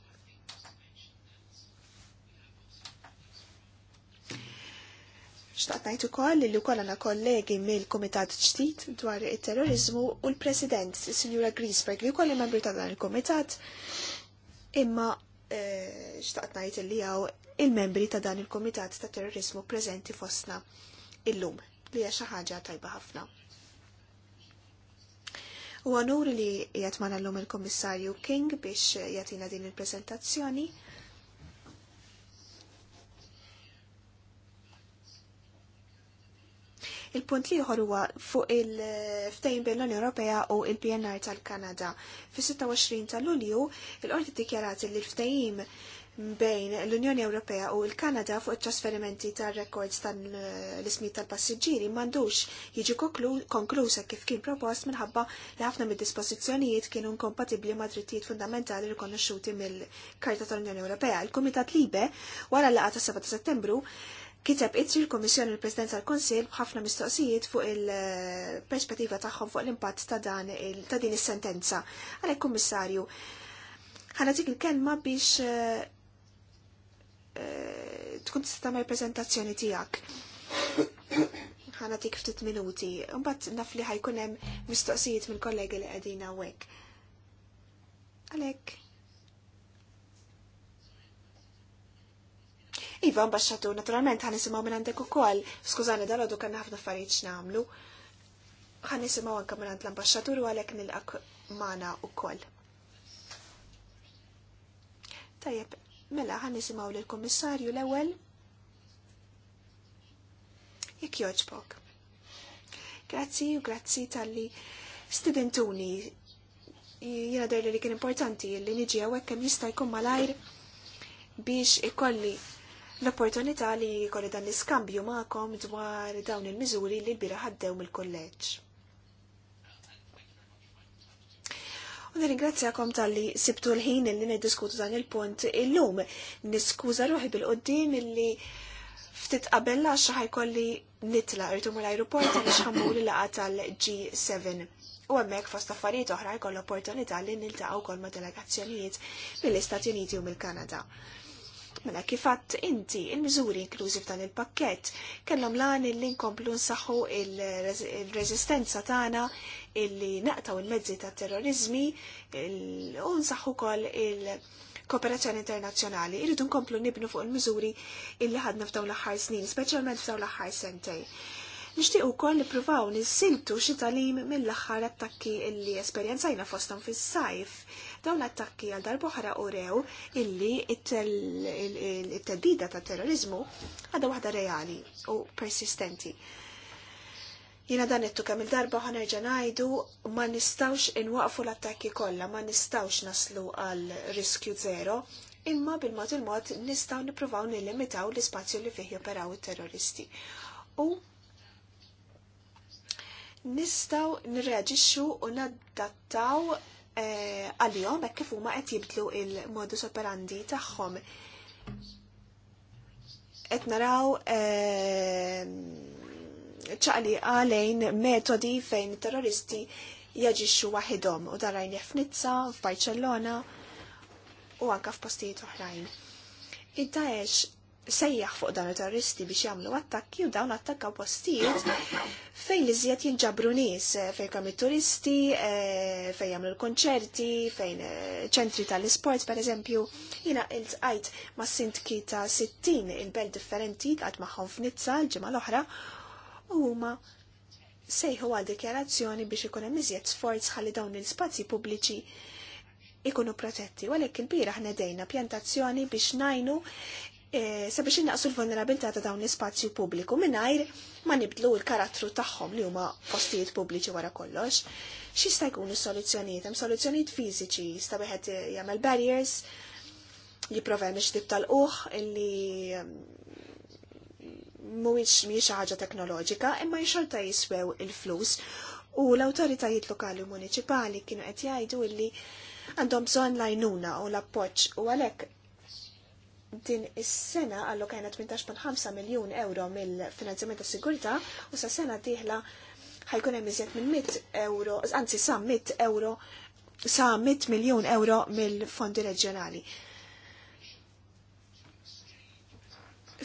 Xtaqt ngħid ukoll li wkoll għandna kollegi mill-Kumitat ġdid dwar it-terrorizmu u l-President, il-Signora Griesberg, li wkoll membri ta' dan il-Kumitat, imma Eh, xtaqt ngħid li hawn il-membri ta' dan il-Kumitat ta' terrorismu preżenti fostna illum li għaxa xi ħaġa tajba ħafna. U għanur li jgħat manallum il-Komissarju King biex jgħatina din il-prezentazzjoni Il-punt liħor huwa fuq il-ftejn bejn l-Unjoni Ewropea u il-PNR tal-Kanada. Fis-26 ta' Lulju, il-qorti dikjarat li l-ftejim bejn l-Unjoni Ewropea u l-Kanada fuq it-trasferimenti tar-rekords tal-ismi eh, tal-passiġġieri m'għandux jiġi konklusa kif kien propost minħabba li ħafna mid-dispożizzjonijiet kienu kompatibbli ma' drittijiet fundamentali rikonoxxuti mill-Karta tal-Unjoni Ewropea. Il-Kumitat Libe wara laqgħa ta' 7 ta' Settembru Kiteb itri l-Komissjoni l presidenza tal-Konsil bħafna mistoqsijiet fuq il-perspettiva tagħhom fuq l-impatt ta' dan ta' din is-sentenza. Għalhekk Kummissarju, dik il-kelma biex eh, eh, tkun tista' ma' prezentazzjoni tiegħek. dik ftit minuti, Imbagħad naf li ħajkun hemm mistoqsijiet mill-kollegi li qegħdin hawnhekk. Għalhekk Iva, ambasċatur, naturalment, għan nisimaw minn għandek u kol. Skużani, dal-għadu kan ħafna affarijiet namlu. Għan nisimaw anka minn għand l-ambasċatur u għalek nil-għak mana u kol. Tajjeb, mela, għan nisimaw l-komissarju l-ewel. Jek joġbok. Grazzi u grazzi tal-li studentuni jena darli li kien importanti li niġi għawek kem jista' jkun malajr biex ikolli l-opportunità li kolli dan l-iskambju maqom dwar dawn il-miżuri li l-bira ħaddew mill-kolleġġ. U nirringrazzjakom tal-li sibtu l-ħin li niddiskutu dan il-punt illum. Niskuża ruħi bil-qoddim li ftit qabel xaħi kolli nitla irtu mal ajruport li xħammu li laqa tal-G7. U għemmek fost affarijiet oħra jkoll opportunità li niltaqgħu kol ma' delegazzjonijiet mill-Istati Uniti u mill-Kanada. Mela kifatt inti il-miżuri inklużi f'dan il-pakkett kellhom lan illi nkomplu nsaħħu il-reżistenza tagħna illi naqtaw il-mezzi ta' terrorizmi u nsaħħu wkoll il-kooperazzjoni internazzjonali. Irridu nkomplu nibnu fuq il-miżuri illi ħadna f'dawn l-aħħar snin, speċjalment f'dawn l-aħħar sentej. Nixtieq ukoll nippruvaw nissiltu xi talim mill-aħħar attakki illi esperjenzajna fosthom fis-sajf Dawn l-attakki għal darbuħra u rew illi it-teddida ta' terrorizmu għadha waħda reali u persistenti. Jina dan ettu kemm il-darba ħanerġa' ngħidu ma nistawx inwaqfu l-attakki kollha, ma nistawx naslu għal riskju zero, imma bil-mod il-mod nistgħu nippruvaw nillimitaw l-ispazju li fih joperaw it-terroristi. U nistgħu nirreġixxu u nadattaw. Eh, għal-jom, kif huma qed jibtlu il-modus operandi tagħhom. Qed naraw eh, ċaqli għalejn metodi fejn terroristi jaġixxu waħedhom u darajn f'Nizza, f'Barcellona u anka f'postijiet oħrajn. Id-Daesh sejjaħ fuq dan il-terroristi biex jagħmlu attakki u dawn attakkaw postijiet fejn li żjed jinġabru nies, eh, fejn kemm turisti eh, fejn jagħmlu l-konċerti, fejn eh, ċentri tal-isport pereżempju. Jiena iltqajt ma' sintki ta' 60 il-belt differenti qatt magħhom f'Nizza l-ġimgħa l-oħra u huma sejħu għal dikjarazzjoni biex ikun hemm iżjed sforz ħalli dawn l ispazji pubbliċi ikunu protetti, għalek il-bira ħnedejna pjantazzjoni biex najnu Eh, sabiex innaqsu l-vulnerabilità ta' dawn l-ispazju pubbliku mingħajr ma nibdlu l-karattru tagħhom li huma postijiet pubbliċi wara kollox. X'jista' jkunu s-soluzzjonijiet? Hemm soluzzjonijiet fiżiċi, sta wieħed jagħmel barriers, jipprova hemm ix tal-uħ illi ehm, mhuwiex mhijiex ħaġa teknoloġika, imma jxorta jiswew il-flus u l-awtoritajiet lokali u municipali kienu qed jgħidu illi għandhom bżonn lajnuna u l-appoġġ u għalhekk din is-sena kajna 18.5 miljun euro mill-finanzjament tas sigurtà u sa sena dieħla ħajkun hemm iżjed minn 100 euro, anzi sa 100 euro sa 100 miljun euro mill-fondi reġjonali.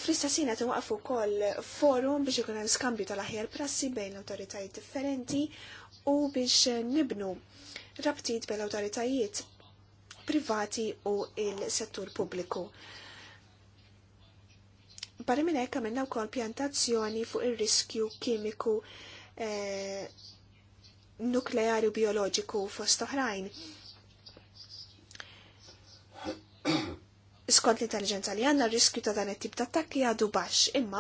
Fl-istess t waqfu wkoll forum biex ikun hemm skambju tal-aħjar prassi bejn l-awtoritajiet differenti u biex nibnu rabtiet bejn l-awtoritajiet privati u il-settur pubbliku. Barra minn hekk għamilna wkoll pjantazzjoni fuq ir-riskju kimiku eh, nukleari u bioloġiku fost oħrajn. Skont l-intelligenza li għanna riskju ta' dan it-tip ta' attakki għadu baxx, imma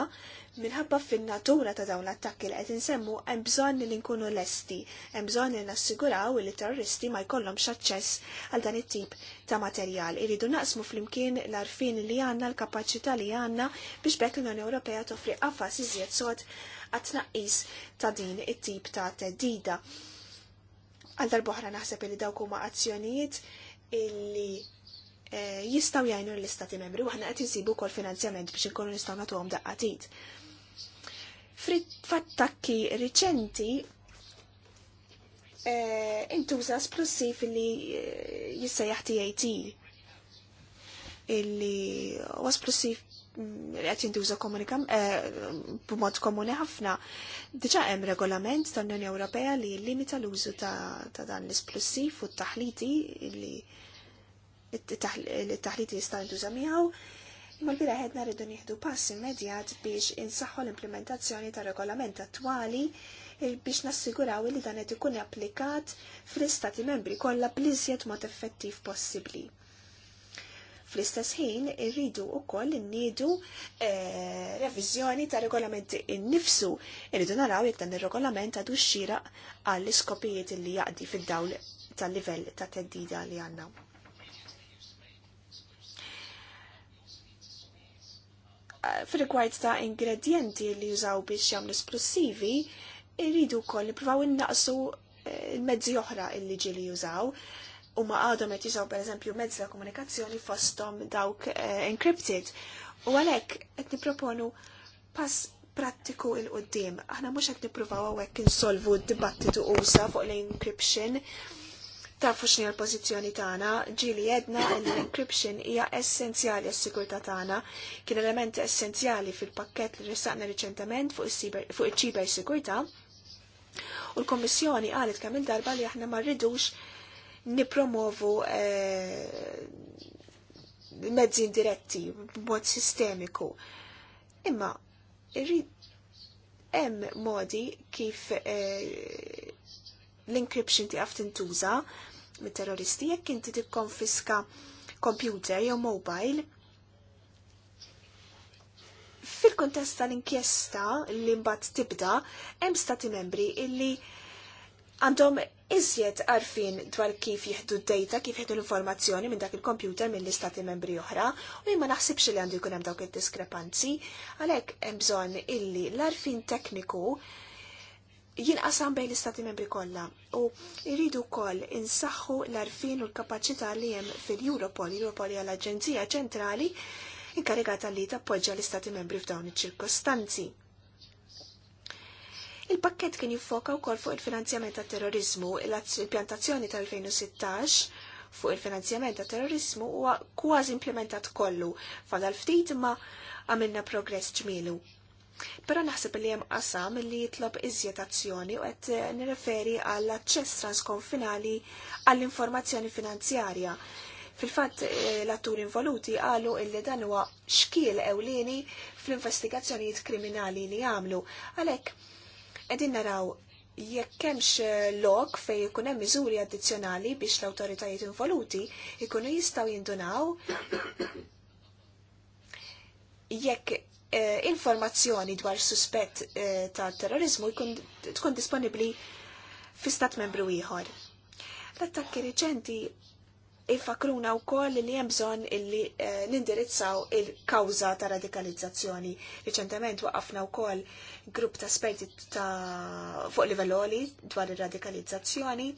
minħabba fin-natura ta' dawn l-attakki li qed insemmu hemm bżonn li nkunu lesti, hemm bżonn li nassiguraw li terroristi ma jkollhomx aċċess għal dan it-tip ta' materjal. Iridu naqsmu flimkien l-arfin li għandna l-kapaċità li għandna biex bekk l-Unjoni Ewropea toffri qafas iżjed sod għat-tnaqqis ta' din it-tip ta' teddida. Għal darbohra naħseb li dawk huma azzjonijiet illi Eh, jistaw jajnu l-istati membri u ħana qed nsibu kol finanzjament biex nistaw nistgħu nagħtuhom daqqatit. Fattakki riċenti intuża eh, splussiv li eh, jissejjaħ TAT illi huwa plussi li mm, qed jintuża mod komuni ħafna. Diġà hemm regolament tal-Unjoni Ewropea li limita l-użu ta' dan l splussi u t-taħliti li il-taħlit jista' jintuża miegħu, imma l-bira ħedna rridu nieħdu pass immedjat biex insaħħu l-implementazzjoni ta' regolament attwali biex nassiguraw li dan qed ikun applikat fl-istati membri kollha bliżjed mod effettiv possibbli fl-istess ħin irridu wkoll innidu eh, reviżjoni ta' regolamenti innifsu. Irridu naraw jekk dan ir-regolament għadu xxira għall iskopijiet li jaqdi fid-dawl tal-livell ta' teddida li għandna. fil-rigward ta' ingredienti li jużaw biex jagħmlu esplosivi, irridu wkoll nippruvaw innaqsu il-mezzi eh, oħra li ġili jużaw. U ma għadhom qed jużaw pereżempju mezzi ta' komunikazzjoni fosthom dawk eh, encrypted. U għalhekk qed nipproponu pass prattiku il-qoddim. Aħna mhux qed nippruvaw hawnhekk insolvu d-dibattitu usa fuq l-encryption Tafu xni l-pozizjoni tagħna, ġili jedna li l-encryption hija essenzjali għas-sigurtà tagħna, kien element essenzjali fil-pakkett li rissaqna riċentement fuq iċ-ċiber sigurtà. U l komissjoni qalet kemm il-darba li aħna ma rridux nipromovu eh, mezzi indiretti b'mod sistemiku. Imma irrid hemm modi kif eh, l-encryption tiegħek tintuża mit-terroristi jekk inti tikkonfiska computer jew mobile fil-kontest tal-inkjesta li mbagħad tibda hemm stati membri illi għandhom iżjed għarfin dwar kif jieħdu d-data, kif jieħdu l-informazzjoni minn dak il-kompjuter minn l-istati membri oħra, u ma naħsibx li għandu jkun hemm dawk id-diskrepanzi, għalhekk hemm bżonn illi l-arfin tekniku qasam bejn l-istati membri kollha u jridu wkoll insaħħu l-arfin u l-kapaċità li hemm fil-Europol, Europol hija l-Aġenzija Ċentrali inkarigata li tappoġġa l-istati membri f'dawn iċ-ċirkostanzi. Il-pakket kien jiffoka wkoll fuq il-finanzjament tat terrorizmu, l-pjantazzjoni tal-2016 fuq il-finanzjament tat terrorizmu huwa kważi implementat kollu fadal ftit ma għamilna progress ġmielu Pero naħseb li hemm qasam li jitlob iżjed azzjoni u qed nirreferi għall aċċess transkonfinali għall-informazzjoni finanzjarja. Fil-fatt eh, l-atturi involuti għalu illi dan huwa xkiel ewlieni fl-investigazzjonijiet kriminali li jagħmlu. Għalhekk qegħdin naraw jekk hemmx eh, lok fejn ikun hemm miżuri addizzjonali biex l-awtoritajiet involuti ikunu jistgħu jindunaw jekk Eh, informazzjoni dwar suspett eh, ta' terrorizmu tkun disponibli fi stat membru ieħor. L-attakki reċenti ifakruna u koll li jemżon illi eh, nindirizzaw il-kawza ta' radikalizzazzjoni. Reċentement waqafna u koll grupp ta' esperti ta' fuq livelloli dwar ir radikalizzazzjoni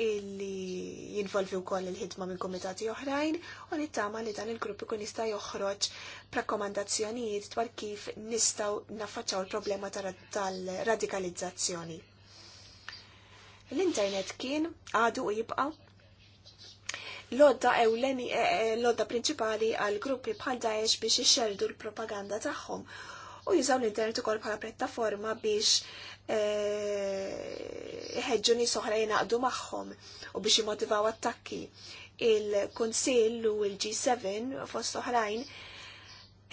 illi jinvolvi wkoll il-ħidma minn komitati oħrajn u nittama li dan il-grupp ikun jista' joħroġ rakkomandazzjonijiet dwar kif nistgħu naffaċċaw il-problema tal-radikalizzazzjoni. L-internet kien għadu u jibqa' lodda ewleni eh, eh, odda prinċipali għal gruppi bħal Daesh biex ixxerdu l-propaganda tagħhom u jużaw l-internet ukoll bħala pjattaforma biex eh, iħeġġu nies oħra jingħaqdu magħhom u biex jimotivaw attakki. Il-Kunsill u l-G7 fost oħrajn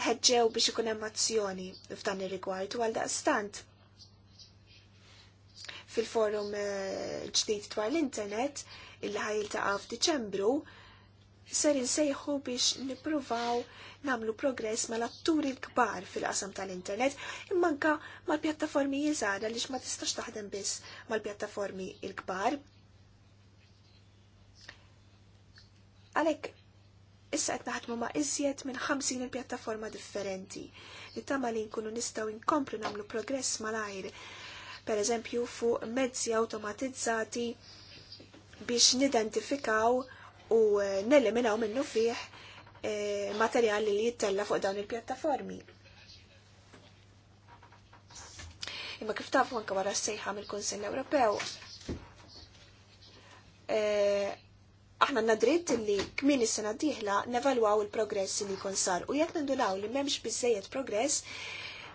ħeġġew biex ikun hemm azzjoni f'dan ir-rigward u għaldaqstant fil-forum eh, ġdid dwar l-internet illi ħajiltaqa' f'Diċembru ser insejħu biex nippruvaw namlu progress l atturi l-kbar fil-qasam tal-internet immanka mal-pjattaformi jizara li ma tistax taħdem biss mal-pjattaformi l-kbar. Għalek, issa qed naħdmu ma' iżjed minn 50 il-pjattaforma differenti. li tama li nkunu nistgħu nkomplu nagħmlu progress malajr. Per eżempju fuq mezzi automatizzati biex nidentifikaw u neliminaw minnu fih E, materjali li jittella fuq dawn il-pjattaformi. Imma kif tafu anka wara s-sejħa mill-Kunsill Ewropew, e, aħna nadrit li kmin is-sena diħla nevalwaw il-progress li jkun sar u jekk nindulaw li m'hemmx biżejjed progress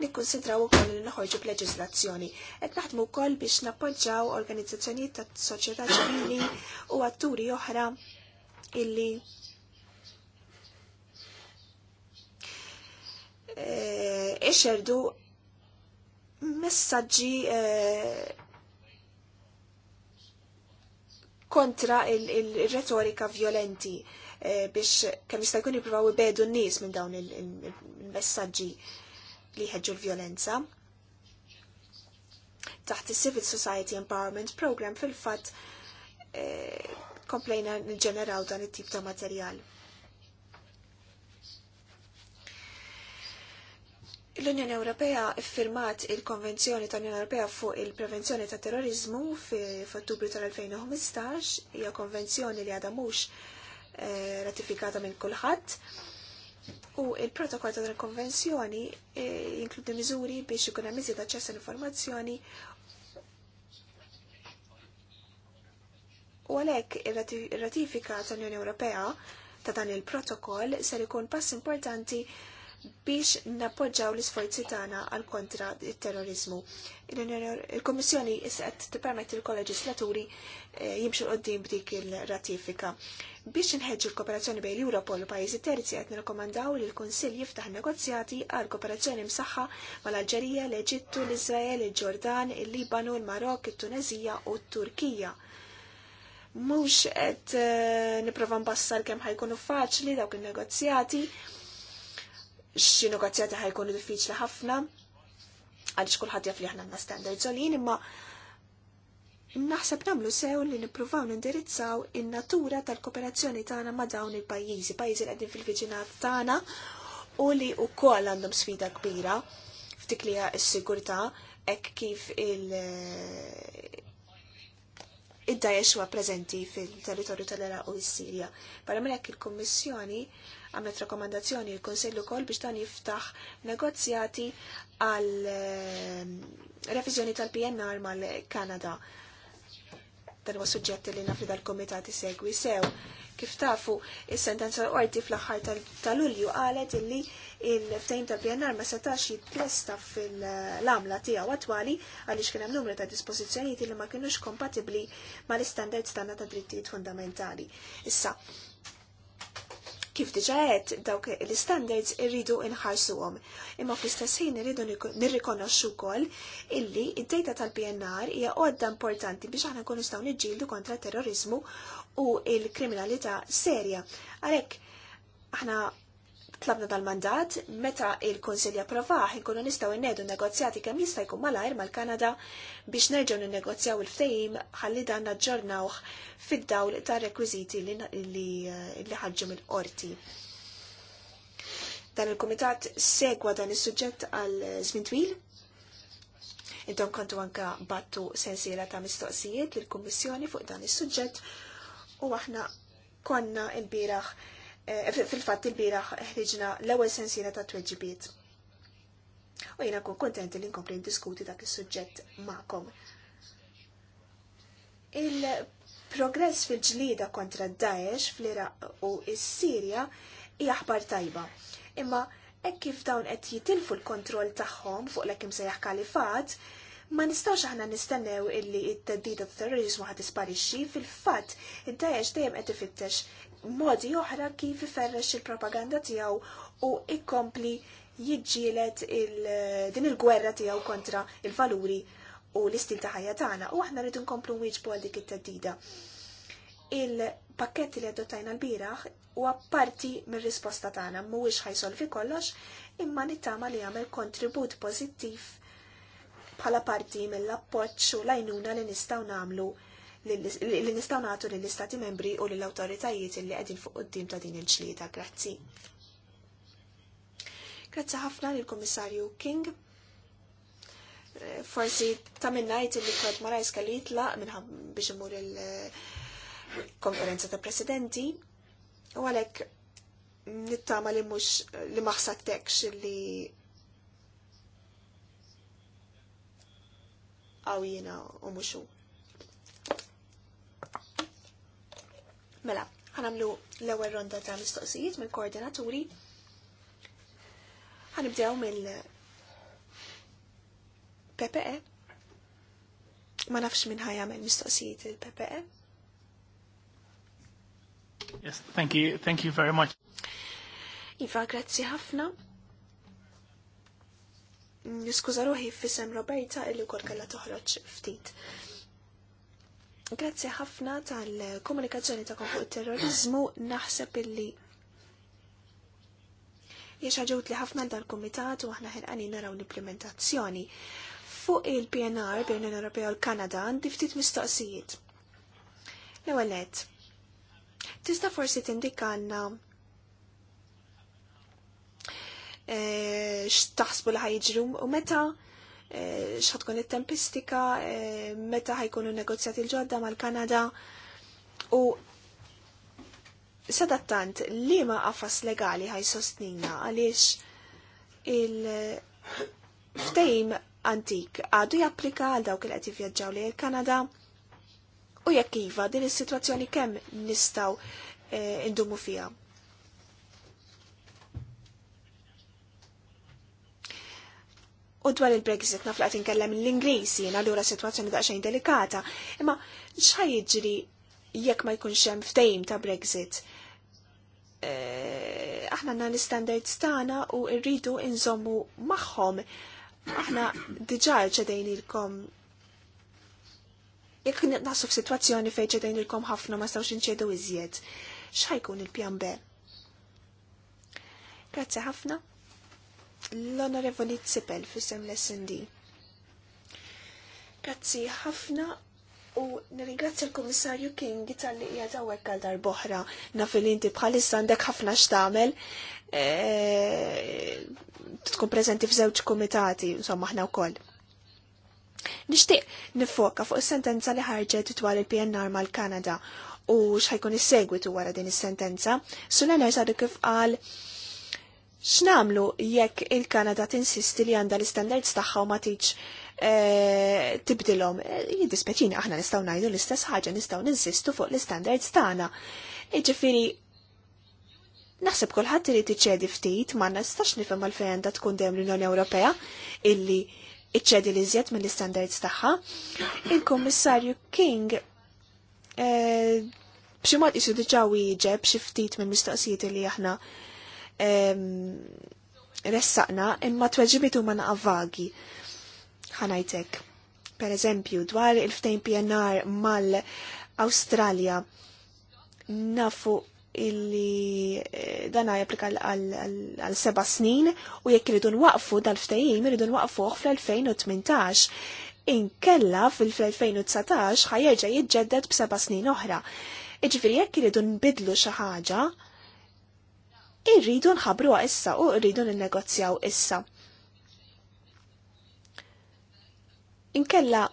nikkonsidraw ukoll li noħorġu b'leġiżlazzjoni. Qed naħdmu wkoll biex nappoġġjaw organizzazzjonijiet ta' soċjetà ċivili u atturi oħra illi Eh, iċerdu messaġġi eh, kontra il-retorika violenti eh, biex kemm jista' jkun jippruvaw ibedu n-nies minn dawn il-messaġġi li ħeġġu l-vjolenza. Taħt is-Civil Society Empowerment Program fil-fatt komplejna n-ġeneraw dan it-tip ta' materjal. L-Unjoni Ewropea ffirmat il-Konvenzjoni tal-Unjoni Ewropea fuq il-Prevenzjoni ta' Terrorizmu f'Ottubru tal-2015, hija konvenzjoni li għadha mhux eh, ratifikata minn kulħadd. U il-protokoll ta' konvenzjoni eh, jinkludi miżuri biex ikun hemm iżjed aċċess informazzjoni U għalhekk ir-ratifika tal-Unjoni Ewropea ta' dan il-protokoll ser ikun pass importanti biex nappoġġaw l-isforzi tagħna għal kontra il-terrorizmu. Il-Kommissjoni issa qed tippermetti l-kolleġislaturi eh, jimxu qoddim b'dik il-ratifika. Biex inħeġġu l-kooperazzjoni bejn Europol u pajjiżi terzi qed nirkomandaw li l-Kunsill jiftaħ negozjati għal kooperazzjoni msaħħa mal-Alġerija, l-Eġittu, l-Iżrael, il-Ġordan, il-Libanu, il-Marok, it tunezija u t-Turkija mux qed eh, nipprova niprofa nbassar kemm ħajkunu faċli dawk il-negozjati, xi negozjati ħajkunu diffiċli ħafna għaliex kulħadd jaf li aħna għandna standard zolin, imma naħseb nagħmlu sew li nippruvaw nindirizzaw in-natura tal-kooperazzjoni tagħna ma' dawn il-pajjiżi, pajjiżi li qegħdin fil viġinat tagħna u li wkoll għandhom sfida kbira ftik li s-sigurtà hekk kif il- id dajex huwa preżenti fil-territorju tal-Iraq u s-Sirja. Barra minn hekk il-Kummissjoni għamlet rekomandazzjoni il-Konsillu kol biex dan jiftaħ negozjati għal ehm, revizjoni tal-PNR mal-Kanada. Dan huwa suġġetti li nafri dal-komitat segwi sew. Kif tafu, is-sentenza l-qorti fl-aħħar tal-Ulju qalet illi il-ftejn tal-PNR ma setax jitlesta fil-għamla tiegħu attwali għaliex kien hemm numru ta' dispożizzjonijiet li ma kienux kompatibbli mal-istandards tagħna ta' drittijiet fundamentali. Issa, Kif diġa qed dawk l-standards irridu nħarsuhom. Imma fl-istess ħin irridu nirrikonoxxu wkoll illi id-data tal-PNR hija għodda importanti biex aħna nkunu staw niġġieldu kontra terrorizmu u l-kriminalità serja. Għalhekk aħna tlabna dal-mandat, meta il-Konsilja approvaħ inkunu nistgħu innedu negozjati kemm jista' jkun malajr mal-Kanada biex nerġgħu ninnegozjaw il-ftehim ħalli dan naġġornawh fid-dawl ta' rekwiżiti li eh, ħaġġu mill-qorti. Dan il-Kumitat segwa dan is-suġġett għal żmien twil. Intom kontu anka battu sensiela ta' mistoqsijiet lill kummissjoni fuq dan is-suġġett u aħna konna il-biraħ Eh, fil-fatt il-biraħ ħriġna l-ewwel sensina ta' tweġibiet. U jiena kun kontenti li nkompli diskuti dak is-suġġett ma'kom. Il-progress fil-ġlida kontra Daesh fl-Iraq u s-Sirja hija aħbar tajba. Imma hekk kif dawn qed jitilfu l-kontroll tagħhom fuq l-ekim sejjaħ kalifat, ma nistawx aħna nistennew illi it-teddida ta' terrorizmu ħad isparixxi fil-fatt id-Daesh dejjem qed ifittex modi oħra kif iferrex il-propaganda tiegħu u ikkompli jiġġielet il din il-gwerra tiegħu kontra il-valuri u l-istil ta' ħajja tagħna u aħna rridu nkomplu wieġbu għal dik it-teddida. Il-pakketti li adottajna l-biraħ u apparti mir-risposta tagħna mhuwiex ħajsolvi kollox, imma nittama li jagħmel kontribut pożittiv bħala parti mill-appoġġ u lajnuna li nistgħu nagħmlu li nistaw nagħtu lill-istati membri u lill-awtoritajiet li qegħdin fuq qudiem ta' din il-ġlieda. Grazzi. Grazzi ħafna lill-Kummissarju King forsi ta' minnajt li kod mara jiskalit la minnħab biex imur il-konferenza ta' presidenti u għalek nittama li mux li maħsat tekx li għawjina u muxu. Mela, ħanamlu l-ewwel ronda ta' mistoqsijiet mill-koordinaturi. Ħanibdew mill PPE. Ma nafx minn ħajamel mistoqsijiet il-PPE. Yes, thank you, thank you very much. Iva, grazzi ħafna. Niskuza ruħi fissem Roberta illi kol kalla toħroċ ftit. Grazzi ħafna tal-komunikazzjoni ta' fuq terrorizmu naħseb illi jiex li ħafna dal-komitat u aħna ħirqani naraw l-implementazzjoni. Fuq il-PNR bejn l-Ewropea u l-Kanada għandi ftit mistoqsijiet. L-ewwel tista' forsi tindikanna eh, x'taħsbu li ħajġru u meta Eh, x'ħatkun it-tempistika, eh, meta ħajkunu negozjati l-ġodda mal-Kanada u sadattant li ma għafas legali ħaj sostnina għaliex il-ftejm antik għadu japplika għal dawk il qed vjaġġaw li l-Kanada u jekk iva din is-sitwazzjoni kemm nistgħu eh, indumu fija. U dwar il-Brexit naf laqt inkellem l-Ingliż jiena allura sitwazzjoni daqsxejn delikata. Imma x'ħaj jiġri jekk ma jkunx hemm ftejm ta' Brexit? Eh, aħna għandna l standard tagħna u rridu nżommu magħhom. Aħna diġà kom jekk nasu f'sitwazzjoni fejn ċedejnilkom ħafna ma stawx inċedu iżjed. kun il-pjan B? Grazzi ħafna l-Onorevoli Tsipel fissem l-SND. Grazzi ħafna u nirringrazzja l-Komissarju King tal-li qiegħed hawnhekk għal boħra naf li inti bħalissa għandek ħafna x'tagħmel e, tkun preżenti f'żewġ kumitati, insomma aħna wkoll. Nixtieq nifoka fuq is-sentenza li ħarġet dwar il-PNR mal-Kanada u x'ħajkun is-segwitu wara din is-sentenza. Suna nersa kif qal X'namlu jekk il-Kanada tinsisti li għandha l-istandards tagħha u ma tiġ eh, tibdilhom. Eh, Jiddispeċini aħna nistgħu ngħidu l-istess ħaġa nistgħu ninsistu fuq l-istandards tagħna. Jiġifieri Naħseb kulħadd irid iċċedi ftit ma nistax nifhem għalfejn għandha tkun dejjem l-Unjoni Ewropea illi iċċedi li iżjed mill-istandards tagħha. Il-Kummissarju King eh, b'xi mod isu diġà wieġeb xi ftit mill-mistoqsijiet li aħna ressaqna imma tweġibitu ma naqavagi. ħanajtek. Per eżempju, dwar il-ftejn PNR mal australia nafu illi eh, dan japplika għal seba snin u jekk iridu nwaqfu dal-ftejim iridu nwaqfuh fl-2018. Inkella fil-2019 ħajjeġa b b'seba snin oħra. Iġviri jekk iridu nbidlu xi ħaġa, irridu nħabru issa u irridu ninnegozjaw issa. Inkella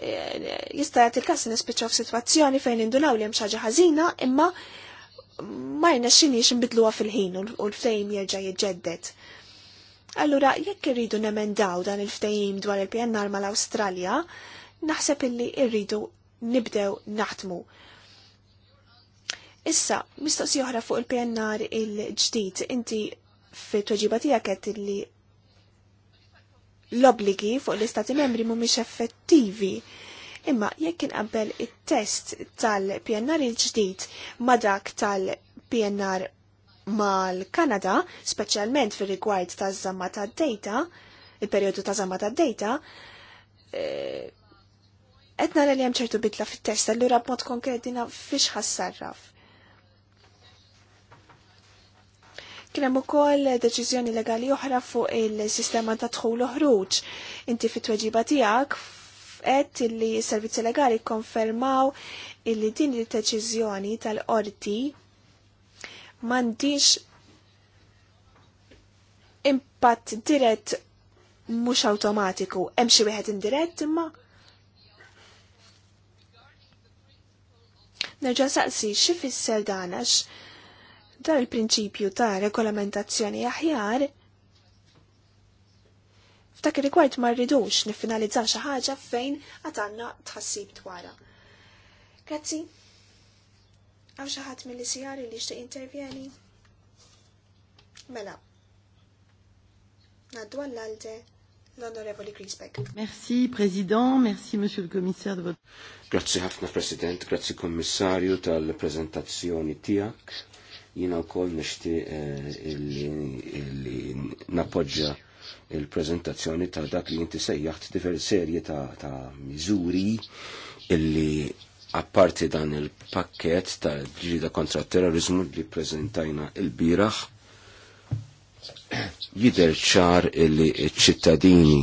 jista' jagħti il-każ nispiċċaw f'sitwazzjoni fejn indunaw li hemm xi ħaġa ħażina, imma ma jnexxinix inbidluha fil-ħin u l-ftehim jerġa' jiġġedded. Allura, jekk irridu nemendaw dan il-ftehim dwar il-PNR mal-Awstralja, naħseb illi irridu nibdew naħdmu Issa, mistoqsi oħra fuq il-PNR il-ġdid, inti fit tweġiba tiegħek qed li l-obligi fuq l-istati membri mhumiex effettivi. Imma jekk inqabbel it-test tal-PNR il-ġdid ma dak tal-PNR mal-Kanada, speċjalment fir rigward ta' żamma ta' data, il-perjodu ta' Zamma ta' data, eh, qed l li hemm ċertu bitla fit-test, b-mod konkret dina fiex ħassarraf. Kien hemm ukoll deċiżjoni legali oħra fuq il-sistema ta' dħul uħruġ. Inti fit-tweġiba tiegħek qed illi s-servizzi legali konfermaw illi din il-deċiżjoni tal-qorti m'għandix impatt dirett mhux awtomatiku. Hemm xi wieħed indirett imma Nerġa' saqsi xi fisser dan għax Dan il-prinċipju ta' regolamentazzjoni aħjar f'dak il rigward ma rridux niffinalizzaw xi ħaġa fejn qed għandna tħassib dwarha. Grazzi. Għaw xi ħadd mill-isjar li jixtieq intervjeni? Mela. Naddu għall-alde l-Onorevoli Grisbeck. Merci, President, merci, Monsieur le Commissaire de votre... Grazzi ħafna, President, Grazie, Kommissarju tal-prezentazzjoni tijak jina u koll nishti eh, il napoġġa il-prezentazzjoni ta' dak li jinti sejjaħt difer serje ta' miżuri illi apparti dan il-pakket ta' ġida kontra terrorizmu li prezentajna il-biraħ jider ċar illi ċittadini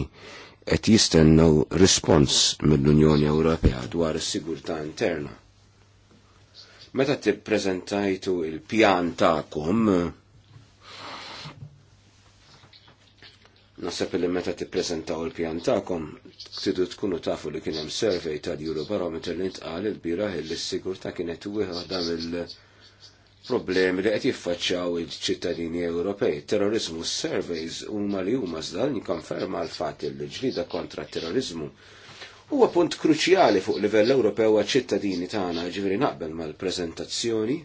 qed jistennew respons mill-Unjoni Ewropea dwar is-sigurtà interna. Meta tippreżentajtu il-pjan tagħkom, Nasab li meta tippreżentaw il-pjan tagħkom tridu tkunu tafu li kien hemm survey tal-Eurobarometer li ntqal il-bira li s-sigurtà kienet wieħda il- problemi li qed jiffaċċjaw iċ-ċittadini Ewropej. Terrorizmu surveys huma li huma żdan jikkonferma l-fatt li ġlida kontra terrorizmu huwa punt kruċjali fuq livell Ewropew għal ċittadini tagħna, ġifieri naqbel mal-preżentazzjoni.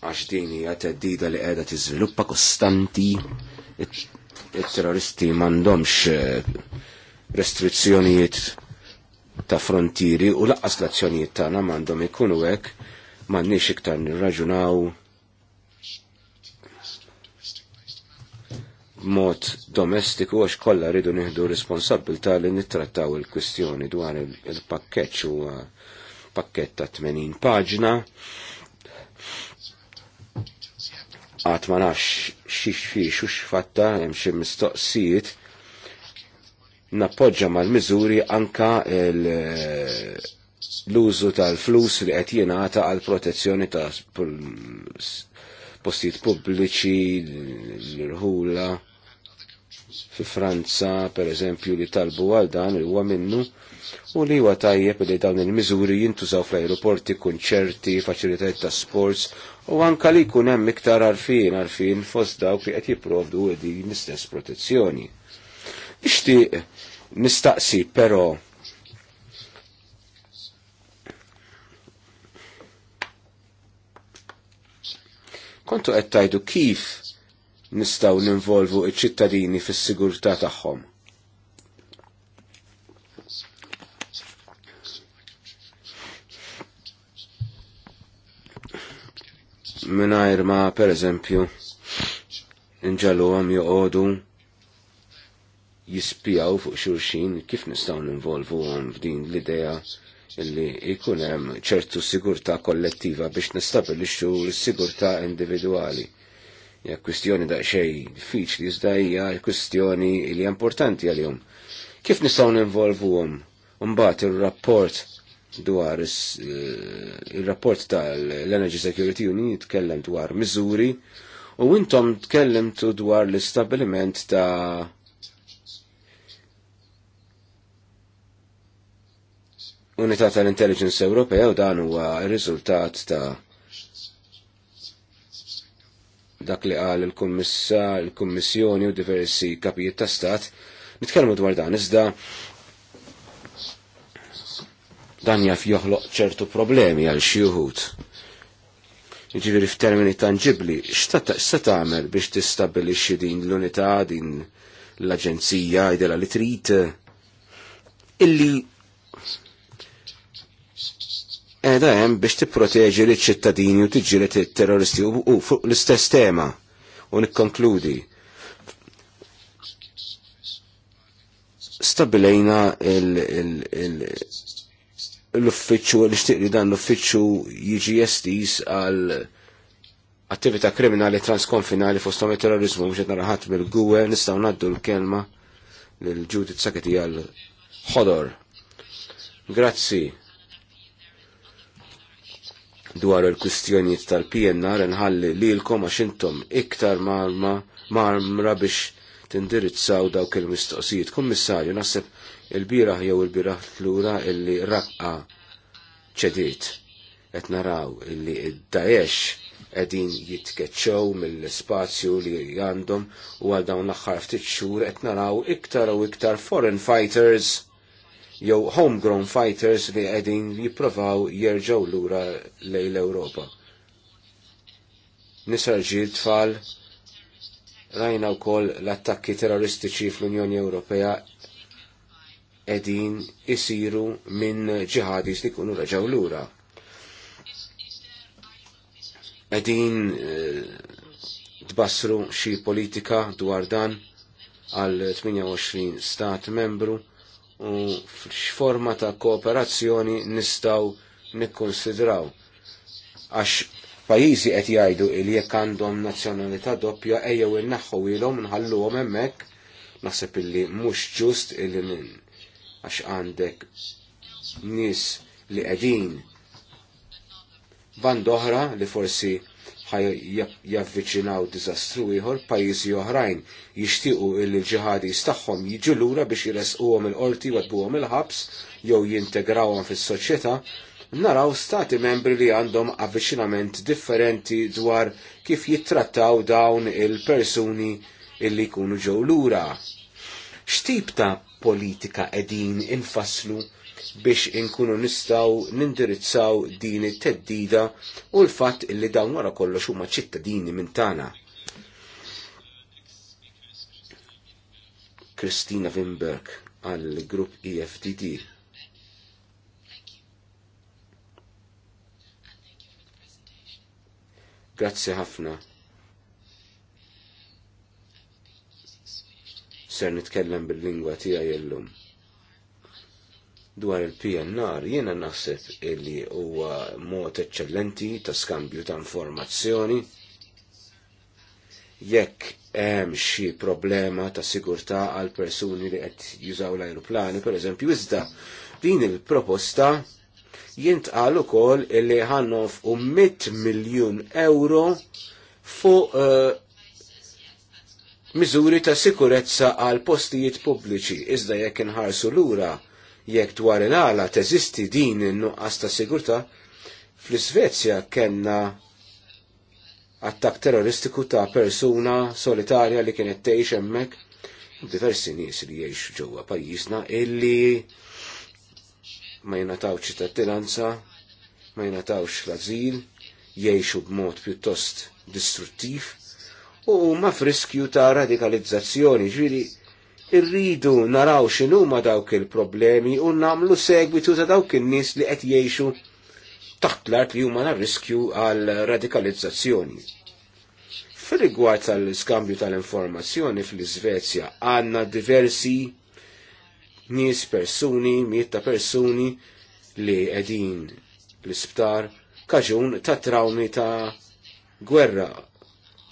Għax din hija teddida li qiegħda tiżviluppa kostanti, it-terroristi m'għandhomx eh, restrizzjonijiet ta' frontieri u laqqas l-azzjonijiet tagħna m'għandhom ikunu hekk m'għandniex iktar nirraġunaw mod domestiku għax kollha rridu nieħdu ta' li nittrattaw il-kwistjoni dwar il-pakkeċ u pakket ta' 80 paġna. Għat ma nafx xiex fiex u xfatta hemm xi mistoqsijiet nappoġġa mal-miżuri anka l-użu tal-flus li qed jingħata għal protezzjoni ta' postijiet pubbliċi, l-irħula fi Franza, per eżempju, li talbu għal dan li huwa minnu u li huwa tajjeb li dawn il-miżuri jintużaw fl-aeroporti, kunċerti, faċilitajiet ta' sports u anka li jkun hemm iktar għarfien għarfien fost dawk li qed jipprovdu din l-istess protezzjoni. Ixtieq nistaqsi però kontu qed tajdu kif nistaw ninvolvu iċ-ċittadini fis-sigurtà tagħhom. Minajr ma per eżempju nġallu għam joqodu jispijaw fuq xurxin kif nistaw ninvolvu għam f'din l-idea illi jkun hemm ċertu sigurtà kollettiva biex nistabilixxu l-sigurtà individwali hija kwistjoni xej diffiċli iżda hija kwistjoni li importanti għalihom. Kif nistgħu ninvolvuhom mbagħad ir-rapport dwar eh, ir-rapport tal-Energy Security Union jitkellem dwar miżuri u intom tkellimtu dwar l-istabiliment ta' Unità tal-Intelligence Ewropea u dan huwa r-riżultat ta' dak li qal il-Kummissar, il-Kummissjoni u diversi kapijiet ta' stat, nitkellmu dwar dan iżda dan jaf joħloq ċertu problemi għal xi wħud. Jiġifieri f'termini tangibli, x'ta tagħmel biex tistabilixxi din l-unità din l-aġenzija jidela li trid illi Eda hemm biex tipproteġi li ċittadini u tiġġieled it-terroristi u fuq l-istess tema u nikkonkludi. Stabilejna l-uffiċċju li xtiqri dan l-uffiċċju jiġi jestis għal attività kriminali transkonfinali fostom terrorizmu biex naraħat bil-gwe nistgħu naddu l-kelma l ġudit Saketi għal ħodor. Grazzi dwar il-kustjonijiet tal-PNR nħalli lilkom għax intom iktar marma marmra biex tindirizzaw dawk il-mistoqsijiet. Kommissarju, nasib il-biraħ jew il-biraħ flura illi raqqa ċediet. Et naraw illi id-Daesh edin jitkeċċew mill-spazju li għandhom u għal dawn l-axħar ftit xhur qed naraw iktar u iktar foreign fighters jew homegrown fighters li qegħdin jipprovaw jerġgħu lura lejn l-Ewropa. Nisarġi tfal rajna wkoll l-attakki terroristiċi fl-Unjoni Ewropea qegħdin isiru minn ġihadis li jkunu reġgħu lura. Qegħdin eh, tbassru xi politika dwar dan għal 28 stat membru u forma ta' kooperazzjoni nistaw nikkonsidraw. Għax pajizi qed jgħidu li jekk għandhom nazzjonalità doppja ejjew inneħħu ilhom nħalluhom hemmhekk naħseb illi mhux ġust illi min għax għandek nies li qegħdin band oħra li forsi jaffiċinaw dizastru ieħor pajjiżi oħrajn jixtiequ il ġihadis tagħhom jiġu lura biex għom il-qorti għom il-ħabs jew jintegrawhom fis-soċjetà, naraw stati membri li għandhom avviċinament differenti dwar kif jittrattaw dawn il-persuni illi jkunu ġew lura. X'tip ta' politika qegħdin infasslu biex inkunu nistaw nindirizzaw din it-teddida u l-fatt illi dawn wara kollox huma ċittadini minn tagħna. Kristina Wimberg għall grupp EFTD. Grazzi ħafna. Ser nitkellem bil-lingwa tiegħi llum dwar il-PNR jiena naħseb illi huwa mod eċċellenti ta' skambju ta' informazzjoni. Jekk hemm xi problema ta' sigurtà għal persuni li qed jużaw l-ajruplani, pereżempju iżda din il-proposta jintqal ukoll illi ħannof u 100 miljun euro fuq eh, miżuri ta' sikurezza għal postijiet pubbliċi iżda jekk inħarsu lura jekk dwar il-għala teżisti din in-nuqqas ta' sigurtà, fl-Svezja kellna attak terroristiku ta' persuna solitarja li kienet tgħix hemmhekk diversi nies li jgħixu ġewwa pajjiżna illi ma jingħataw ċittadinanza, ma jingħatawx l-ażil, jgħixu b'mod pjuttost distruttiv u ma friskju ta' radikalizzazzjoni ġiri irridu naraw x'inhuma dawk il-problemi u nagħmlu segwitu ta' dawk in-nies li qed jgħixu taħt l-art li huma riskju għal radikalizzazzjoni. Fil-rigward tal-skambju tal-informazzjoni fl-Iżvezja għandna diversi nies persuni, miet ta' persuni li qegħdin l-isptar kaġun ta' trawmi ta' gwerra.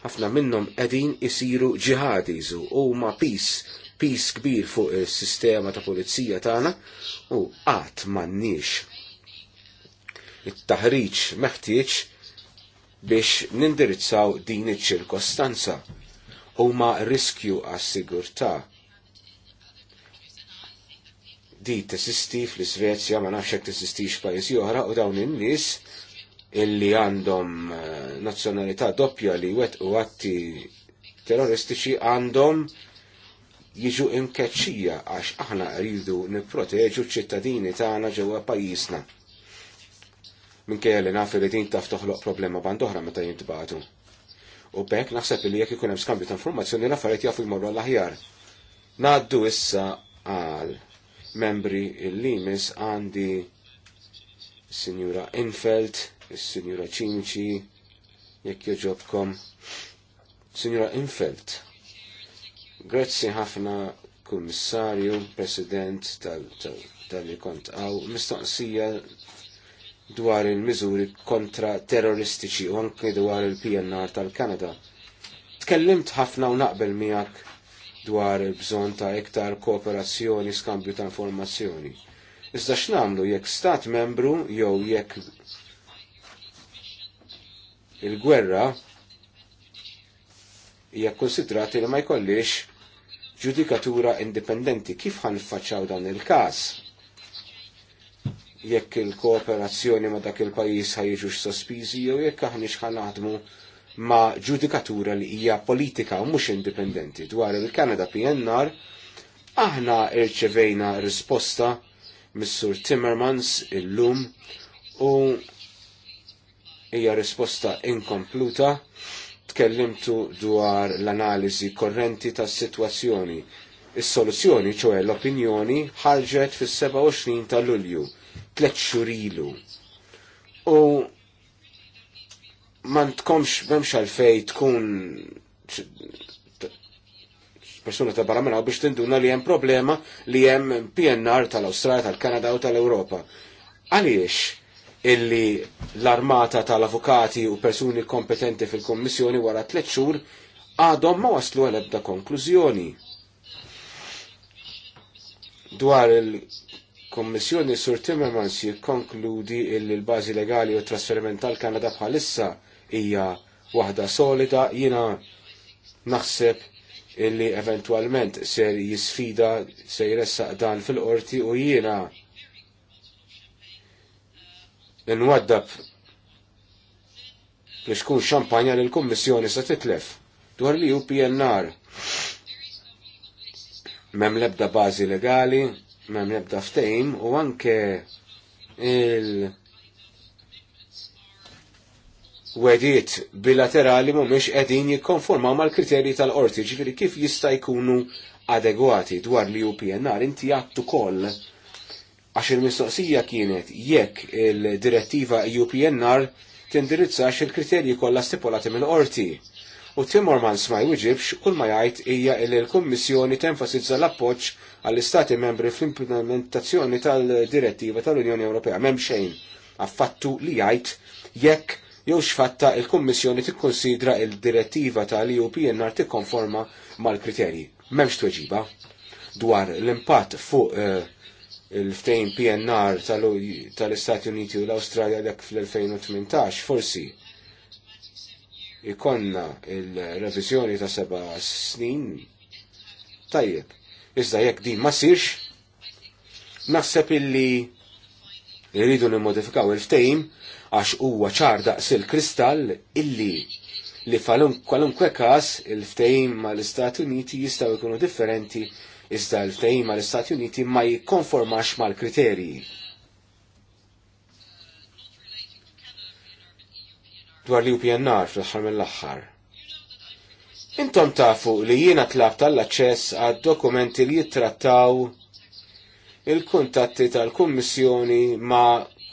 ħafna minnhom qegħdin isiru ġihadizu u ma' pis pis kbir fuq il-sistema ta' polizija tagħna u qatt m'għandniex it-taħriġ meħtieġ biex nindirizzaw din iċ-ċirkostanza huma riskju għas-sigurtà. Di tesisti fl-Svezja ma nafx hekk tesistix pajjiż oħra u dawn in-nies illi għandhom eh, nazzjonalità doppja li wet u għatti terroristiċi għandhom jiġu imkeċċija għax aħna rridu nipproteġu ċ-ċittadini tagħna ġewwa pajjiżna. Minkejja li naf li din taf toħloq problema band oħra meta jintbagħtu. U bekk naħseb li jekk ikun hemm skambju ta' informazzjoni l-affarijiet jafu jmorru l-aħjar. Ngħaddu issa għal membri il-limis għandi Sinjura Infeld, Sinjura Cinci, jekk joġobkom. Sinjura Infeld, Grazzi ħafna kummissarju, president tal-kont għaw, mistoqsija dwar il-miżuri kontra terroristiċi u anke dwar il-PNR tal-Kanada. Tkellimt ħafna u naqbel miegħek dwar il-bżon ta' iktar kooperazzjoni, skambju ta' informazzjoni. Iżda x'namlu jekk stat membru jew jekk il-gwerra hija konsidrati li ma jkollix ġudikatura indipendenti. Kif ħan dan il-każ? Jekk il-kooperazzjoni ma dak il-pajjiż ħajġux sospiżi jew jekk aħniex ħan naħdmu ma' ġudikatura li hija politika u mhux indipendenti dwar il-Kanada PNR aħna irċevejna risposta mis-Sur Timmermans illum u hija risposta inkompluta tkellimtu dwar l-analiżi korrenti tas-sitwazzjoni. Is-soluzzjoni, ċoe l-opinjoni, ħarġet fis-27 ta' Lulju, tlet xhur ilu. U ma tkomx memx għalfej tkun persuna ta' barra minna biex tinduna li hemm problema li hemm PNR tal-Awstralja, tal-Kanada u tal-Ewropa. Għaliex illi l-armata tal-avukati u persuni kompetenti fil-Kommissjoni wara tliet xhur għadhom ma waslu għal ebda konklużjoni. Dwar il-Kommissjoni Sur Timmermans jikkonkludi illi l-bażi legali u trasferiment tal-Kanada bħalissa hija waħda solida jiena naħseb illi eventualment ser jisfida se jressaq dan fil-qorti u jiena nwaddab li xkun xampanja l-Kummissjoni se titlef dwar li ju PNR. Mem lebda bażi legali, mem lebda ftejm u anke il- wediet bilaterali mhumiex qegħdin jikkonformaw mal-kriterji tal-qorti ġifieri kif jista' jkunu adegwati dwar li UPNR inti għattu koll Għax il-mistoqsija kienet jekk il-direttiva e UPNR tindirizzax il-kriterji kollha stipulati mill-qorti. U Timmermans ma jwiġibx kull ma jgħid hija li l-Kummissjoni tenfasizza l-appoġġ għall-Istati membri fl-implementazzjoni tal-direttiva tal-Unjoni Ewropea m'hemm xejn għaffattu li jgħid jekk jew x'fatta il-Kummissjoni tikkonsidra il-direttiva tal-EUPNR tikkonforma mal-kriterji. M'hemmx tweġiba dwar l-impatt fuq uh, il-ftejn PNR tal-Istati Uniti u l-Australja dak fl-2018, forsi ikonna il-revizjoni ta' seba snin, tajjeb, iżda jekk din ma sirx, naħseb illi rridu nimmodifikaw il ftejn għax huwa ċar daqs il-kristall illi li falun kwalunkwe kas il-ftejm mal istati Uniti jistaw ikunu differenti iżda l-ftehim mal-Istati Uniti ma jikkonformax mal-kriterji. dwar li UPNR fl ħar mill-axar. Intom tafu li jiena tlab tal-aċċess għad dokumenti li jittrattaw il-kuntatti tal-Kummissjoni ma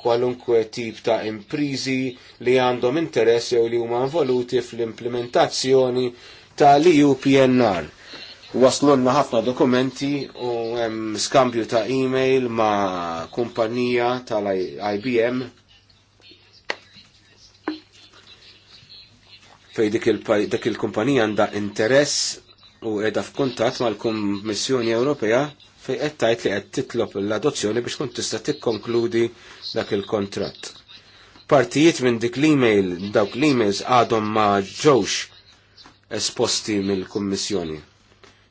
kwalunkwe tip ta' imprizi li għandhom interess jew li huma involuti fl-implementazzjoni tal-EU PNR waslunna ħafna dokumenti u hemm skambju ta' e-mail ma' kumpanija tal-IBM fej dik il-kumpanija għandha interess u qiegħda ma' mal-Kummissjoni Ewropea fej qed tgħid li qed titlob l-adozzjoni biex tkun tista' tikkonkludi dak il kontrat Partijiet minn dik l-email, dawk l mails għadhom ma ġewx esposti mill-Kummissjoni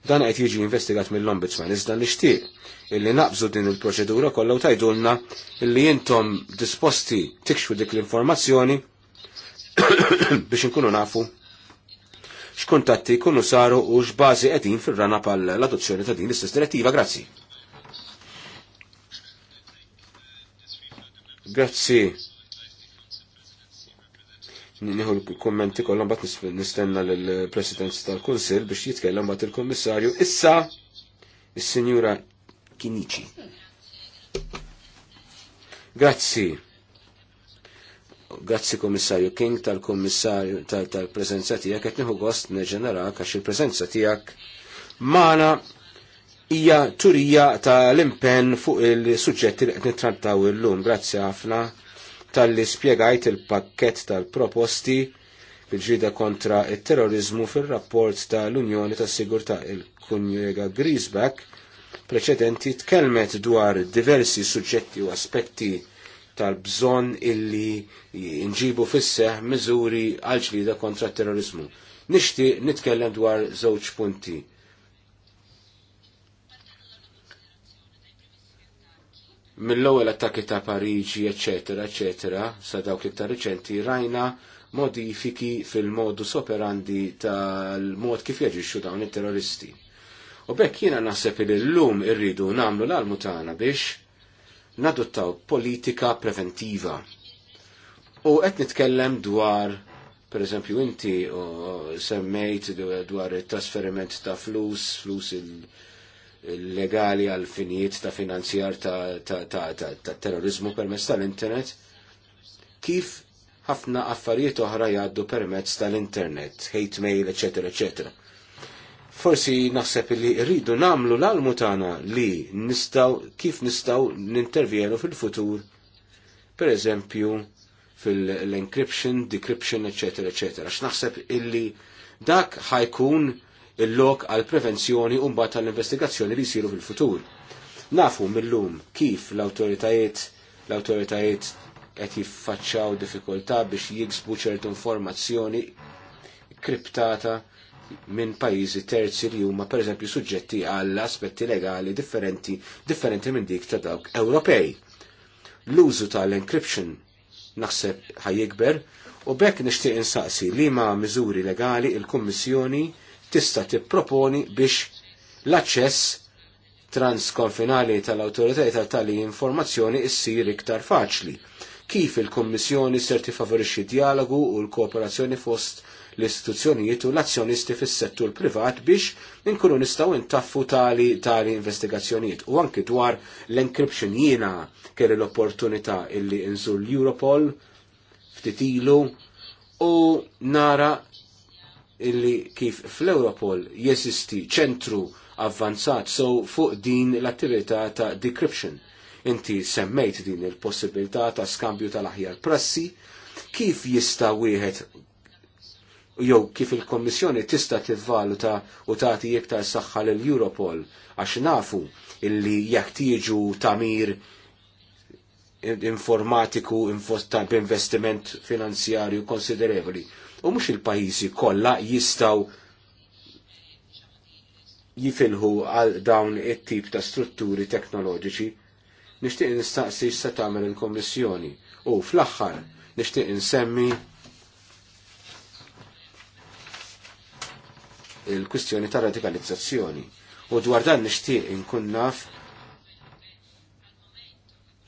Dan qed jiġi investigat mill-Ombudsman iżda nixtieq illi naqbżu din il-proċedura kollha u tajdulna illi intom disposti tikxfu dik l-informazzjoni biex inkunu nafu x'kuntatti jkunu saru u x'bażi qegħdin fir-rana pal adozzjoni ta' din l-istess direttiva. Grazzi. Grazzi nieħu l-kummenti kollha bat nistenna lill-Presidenza tal-Kunsill biex jitkellem mbagħad il-Kummissarju. Issa il sinjura Kinici. Grazzi. Grazzi Kommissarju King tal-Kommissarju tal-prezenza tiegħek qed nieħu gost neġenera għax il-prezenza tiegħek maħna hija turija tal-impenn fuq il-suġġetti li qed nittrattaw illum. Grazzi ħafna tal-li spiegajt il-pakket tal-proposti fil-ġida kontra il-terrorizmu fil-rapport tal-Unjoni tas sigurta il-Kunjega Grisbeck preċedenti tkelmet dwar diversi suġġetti u aspetti tal-bżon illi nġibu fisseħ miżuri għal ġlida kontra terrorizmu. Nishti nitkellem dwar żewġ punti mill-ewwel attakki ta' Pariġi, eċetera, eċetera, sa dawk iktar riċenti rajna modifiki fil-modus operandi tal-mod kif jaġixxu dawn it-terroristi. U bekk jiena naħseb li llum irridu nagħmlu l-almu tagħna biex nadottaw politika preventiva. U qed nitkellem dwar per eżempju inti semmejt dwar it-trasferiment ta' flus, flus il- legali għal finijiet ta' finanzjar ta', ta, ta, ta terrorizmu permezz tal-internet, kif ħafna affarijiet oħra jgħaddu permezz tal-internet, hate mail, ecc. ecc. Forsi naħseb li rridu namlu l-almu tagħna li nistaw kif nistaw nintervjenu fil-futur, per eżempju fil-encryption, decryption, ecc. Għax X'naħseb illi dak ħajkun il-lok għal prevenzjoni u mbagħad tal-investigazzjoni li jsiru fil-futur. Nafu mill-lum kif l-awtoritajiet l autoritajiet qed jiffaċċaw diffikultà biex jiksbu ċertu informazzjoni kriptata minn pajjiżi terzi li huma pereżempju suġġetti għall aspetti legali differenti differenti minn dik ta' dawk Ewropej. L-użu tal-encryption naħseb ħajjikber u bekk nixtieq insaqsi li ma' miżuri legali il-Kummissjoni tista' tipproponi biex l-aċċess transkonfinali tal-awtoritajiet tal-tali informazzjoni issir iktar faċli. Kif il-Kommissjoni ser tifavorixxi dialogu u l-kooperazzjoni fost l-istituzzjonijiet u l-azzjonisti fis-settur privat biex inkunu nistgħu intaffu tali tali investigazzjonijiet u anki dwar l-encryption jiena kelli l-opportunità illi inżur l-Europol ftit ilu u nara illi kif fl-Europol jesisti ċentru avvanzat so fuq din l-attività ta' decryption. Inti semmejt din il-possibilità ta' skambju tal-aħjar prassi, kif jista' wieħed jew kif il-Kommissjoni tista' tivvaluta u tagħti iktar saħħa l Europol għax nafu illi jekk tiġu tamir informatiku b'investiment finanzjarju konsiderevoli u mhux il-pajjiżi kollha jistgħu jifilħu għal dawn it-tip ta' strutturi teknoloġiċi. Nixtieq nistaqsi x'se tagħmel il-Kommissjoni u fl-aħħar nixtieq insemmi il-kwistjoni ta' radikalizzazzjoni. U dwar dan nixtieq inkun naf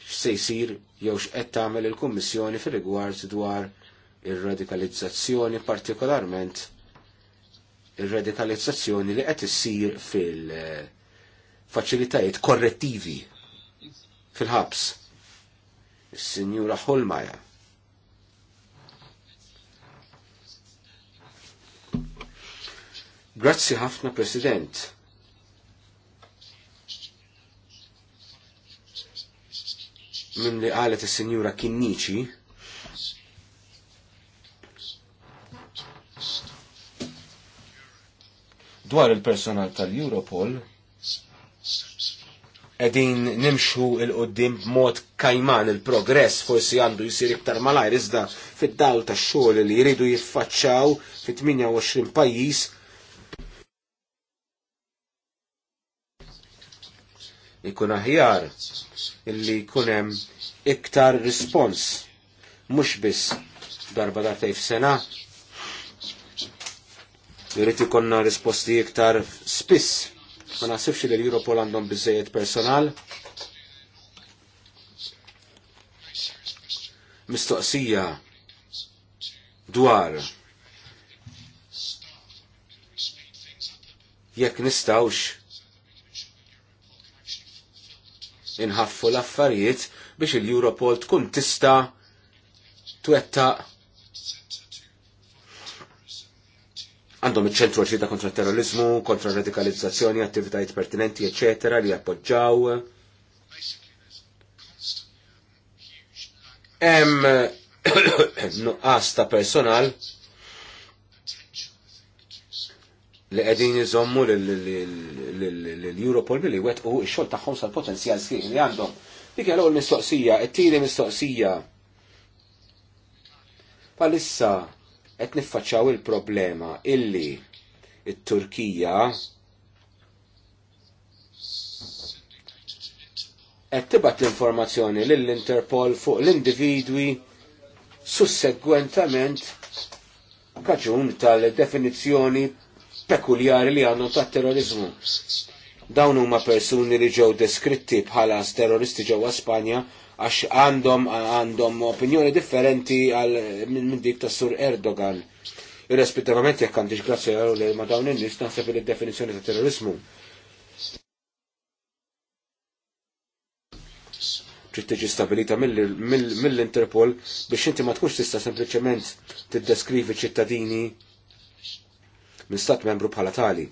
x'se jsir jew x'qed tagħmel il-Kummissjoni fir-rigward dwar ir-radikalizzazzjoni partikolarment ir-radikalizzazzjoni li qed issir fil-faċilitajiet korrettivi fil-ħabs. Is-Sinjura Holmaja. Grazzi ħafna, President. Mim li għalet il-Senjura Kinnici, dwar il-personal tal-Europol edin nimxu il-qoddim b'mod kajman il-progress forsi għandu jisir iktar malajr iżda fid-dawl ta' xogħol li jridu jiffaċċaw fit-28 pajjiż. Ikun aħjar illi jkun hemm iktar respons mhux biss darba dartej sena. Irrid ikonna risposti iktar spiss. Ma nasibx li l-Europol għandhom bizzejiet personal. Mistoqsija dwar jekk nistawx inħaffu l-affarijiet biex il-Europol tkun tista twettaq għandhom iċ-ċentru għal-ċita kontra terrorizmu, kontra radikalizzazzjoni, attivitajiet pertinenti, eccetera, li appoġġaw. Hemm nuqqas ta' personal li qegħdin iżommu l-Europol billi wetqu x-xogħol tagħhom sal-potenzjal sħiħ li għandhom. Dik l mistoqsija, it-tieni mistoqsija. Palissa qed niffaċċaw il-problema illi it-Turkija qed tibgħat l-informazzjoni lill-Interpol fuq l-individwi sussegwentament kaġun tal-definizzjoni pekuljari li għandhom tat-terrorizmu. Dawn huma persuni li ġew deskritti bħala terroristi ġewwa Spanja għax għandhom għandhom opinjoni differenti għal minn dik ta' Sur Erdogan. Irrespettivament jekk għandix grazzi għal ma dawn in-nies naħseb il-definizzjoni ta' terrorizmu. trid tiġi stabilita mill-Interpol biex inti ma tkunx tista' sempliċement tiddeskrivi ċittadini minn stat membru bħala tali.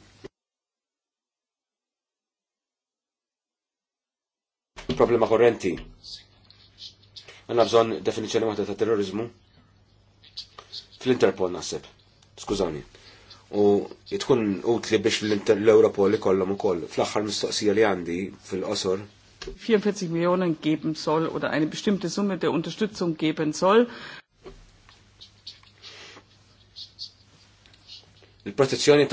Problema korrenti Għanna bżon definizjoni maħta ta' terrorizmu fl-Interpol nasib. Skużani. U tkun utli biex l-Europol u ukoll. Fl-aħħar mistoqsija li għandi fil-qosor 44 Millionen geben soll oder eine bestimmte Summe der Unterstützung geben soll. Il-protezzjoni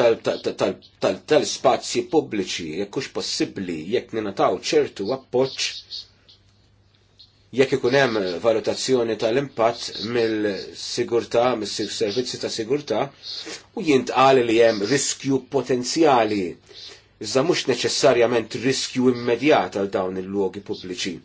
tal-spazji pubbliċi jekkux possibbli jekk ninataw ċertu appoċ jekk ikun hemm valutazzjoni tal-impatt mill-sigurtà, mis-servizzi ta' sigurtà, u jintqal li hemm riskju potenzjali, iżda mhux neċessarjament riskju immedjat għal dawn il-luoghi pubbliċi.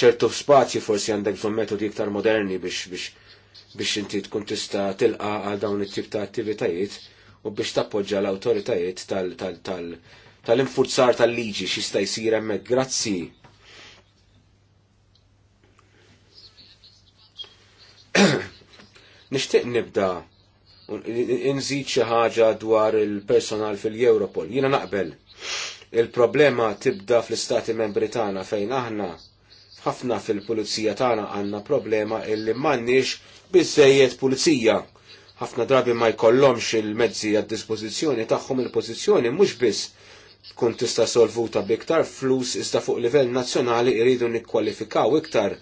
ċertu spazji forsi għandek bżonn metodi iktar moderni biex biex biex inti tkun tista' tilqa għal dawn it-tip ta' attivitajiet u biex tappoġġa l-awtoritajiet tal-infurzar tal-liġi xista' jsir hemmhekk. Grazzi. Nixtieq nibda nżid xi ħaġa dwar il-personal fil-Europol. Jiena naqbel il-problema tibda fl-istati membri tagħna fejn aħna ħafna fil-pulizija tagħna għandna problema illi m'għandniex biżejjed pulizija. Ħafna drabi ma jkollhomx il-mezzi għad-dispożizzjoni tagħhom il-pożizzjoni mhux biss Kun tista' solvuta biktar flus iżda fuq livell nazzjonali jridu nikkwalifikaw iktar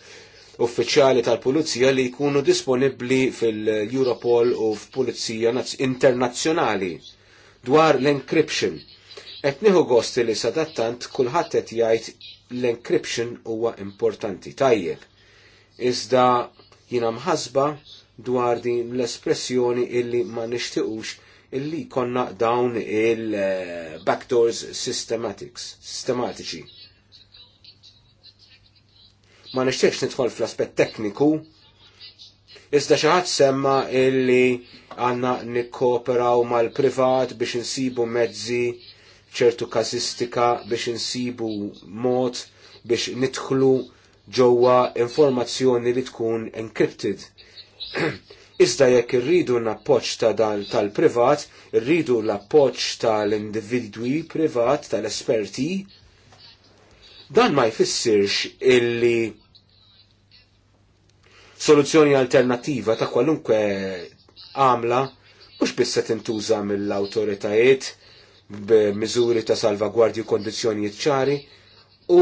uffiċjali tal-Pulizija li jkunu disponibbli fil-Europol u f'Pulizija Internazzjonali dwar l-encryption. Et nieħu gosti li sadattant kulħadd qed jgħid l-encryption huwa importanti tajjeb. Iżda jina mħasba dwar din l-espressjoni illi ma nixtiqux illi konna dawn il-backdoors eh, systematics, sistematiċi ma nixtieqx nidħol fl-aspett tekniku, iżda xi ħadd semma illi għandna nikkooperaw mal-privat biex insibu mezzi ċertu kazistika biex insibu mod biex nidħlu ġewwa informazzjoni li tkun encrypted. Iżda jekk irridu l-appoċ ta' dal tal-privat, irridu l-appoċ tal-individwi privat, tal-esperti, dan ma jfissirx illi soluzzjoni alternattiva ta' kwalunkwe għamla mhux biss se tintuża mill-awtoritajiet b'miżuri ta' salvaguardju kondizzjonijiet ċari u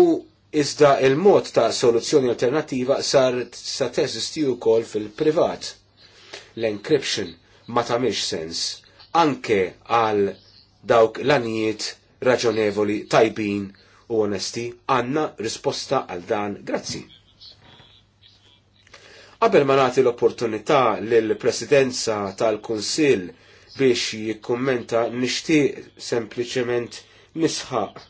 iżda il-mod ta' soluzzjoni alternattiva sar sa teżisti wkoll fil-privat. L-encryption ma tagħmilx sens anke għal dawk l-anijiet raġonevoli tajbin u onesti għanna risposta għal dan. Grazzi. Qabel ma nagħti l-opportunità lill-Presidenza tal-Kunsill biex jikkummenta nixtieq sempliċement nisħaq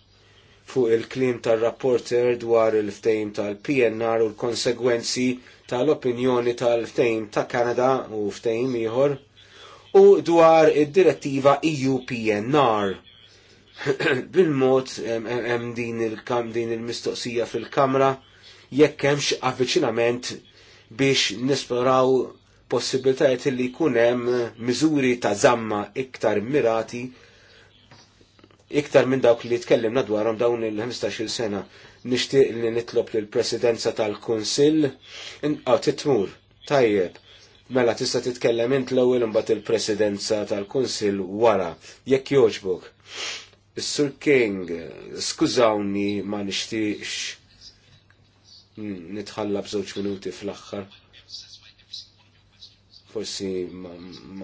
fuq il-klim tal-rapporter dwar il-ftejm tal-PNR u l-konsegwenzi tal-opinjoni tal-ftejm ta' Kanada u ftejm ieħor u dwar id-direttiva EU PNR. Bil-mod hemm din il-mistoqsija fil-Kamra jekk hemmx avviċinament biex nisploraw possibilitajiet li jkun hemm miżuri ta' zamma iktar mirati iktar minn dawk li tkellimna dwarhom dawn il-15 sena nixtieq li nitlob lill presidenza tal-Kunsill inqgħu titmur tajjeb mela tista' titkellem int l-ewwel imbagħad il-presidenza tal-Kunsill wara jekk jogħġbok. Is-Sur King, skużawni ma nixtieqx Hmm, nitħalla bżewġ minuti fl-axħar. Forsi ma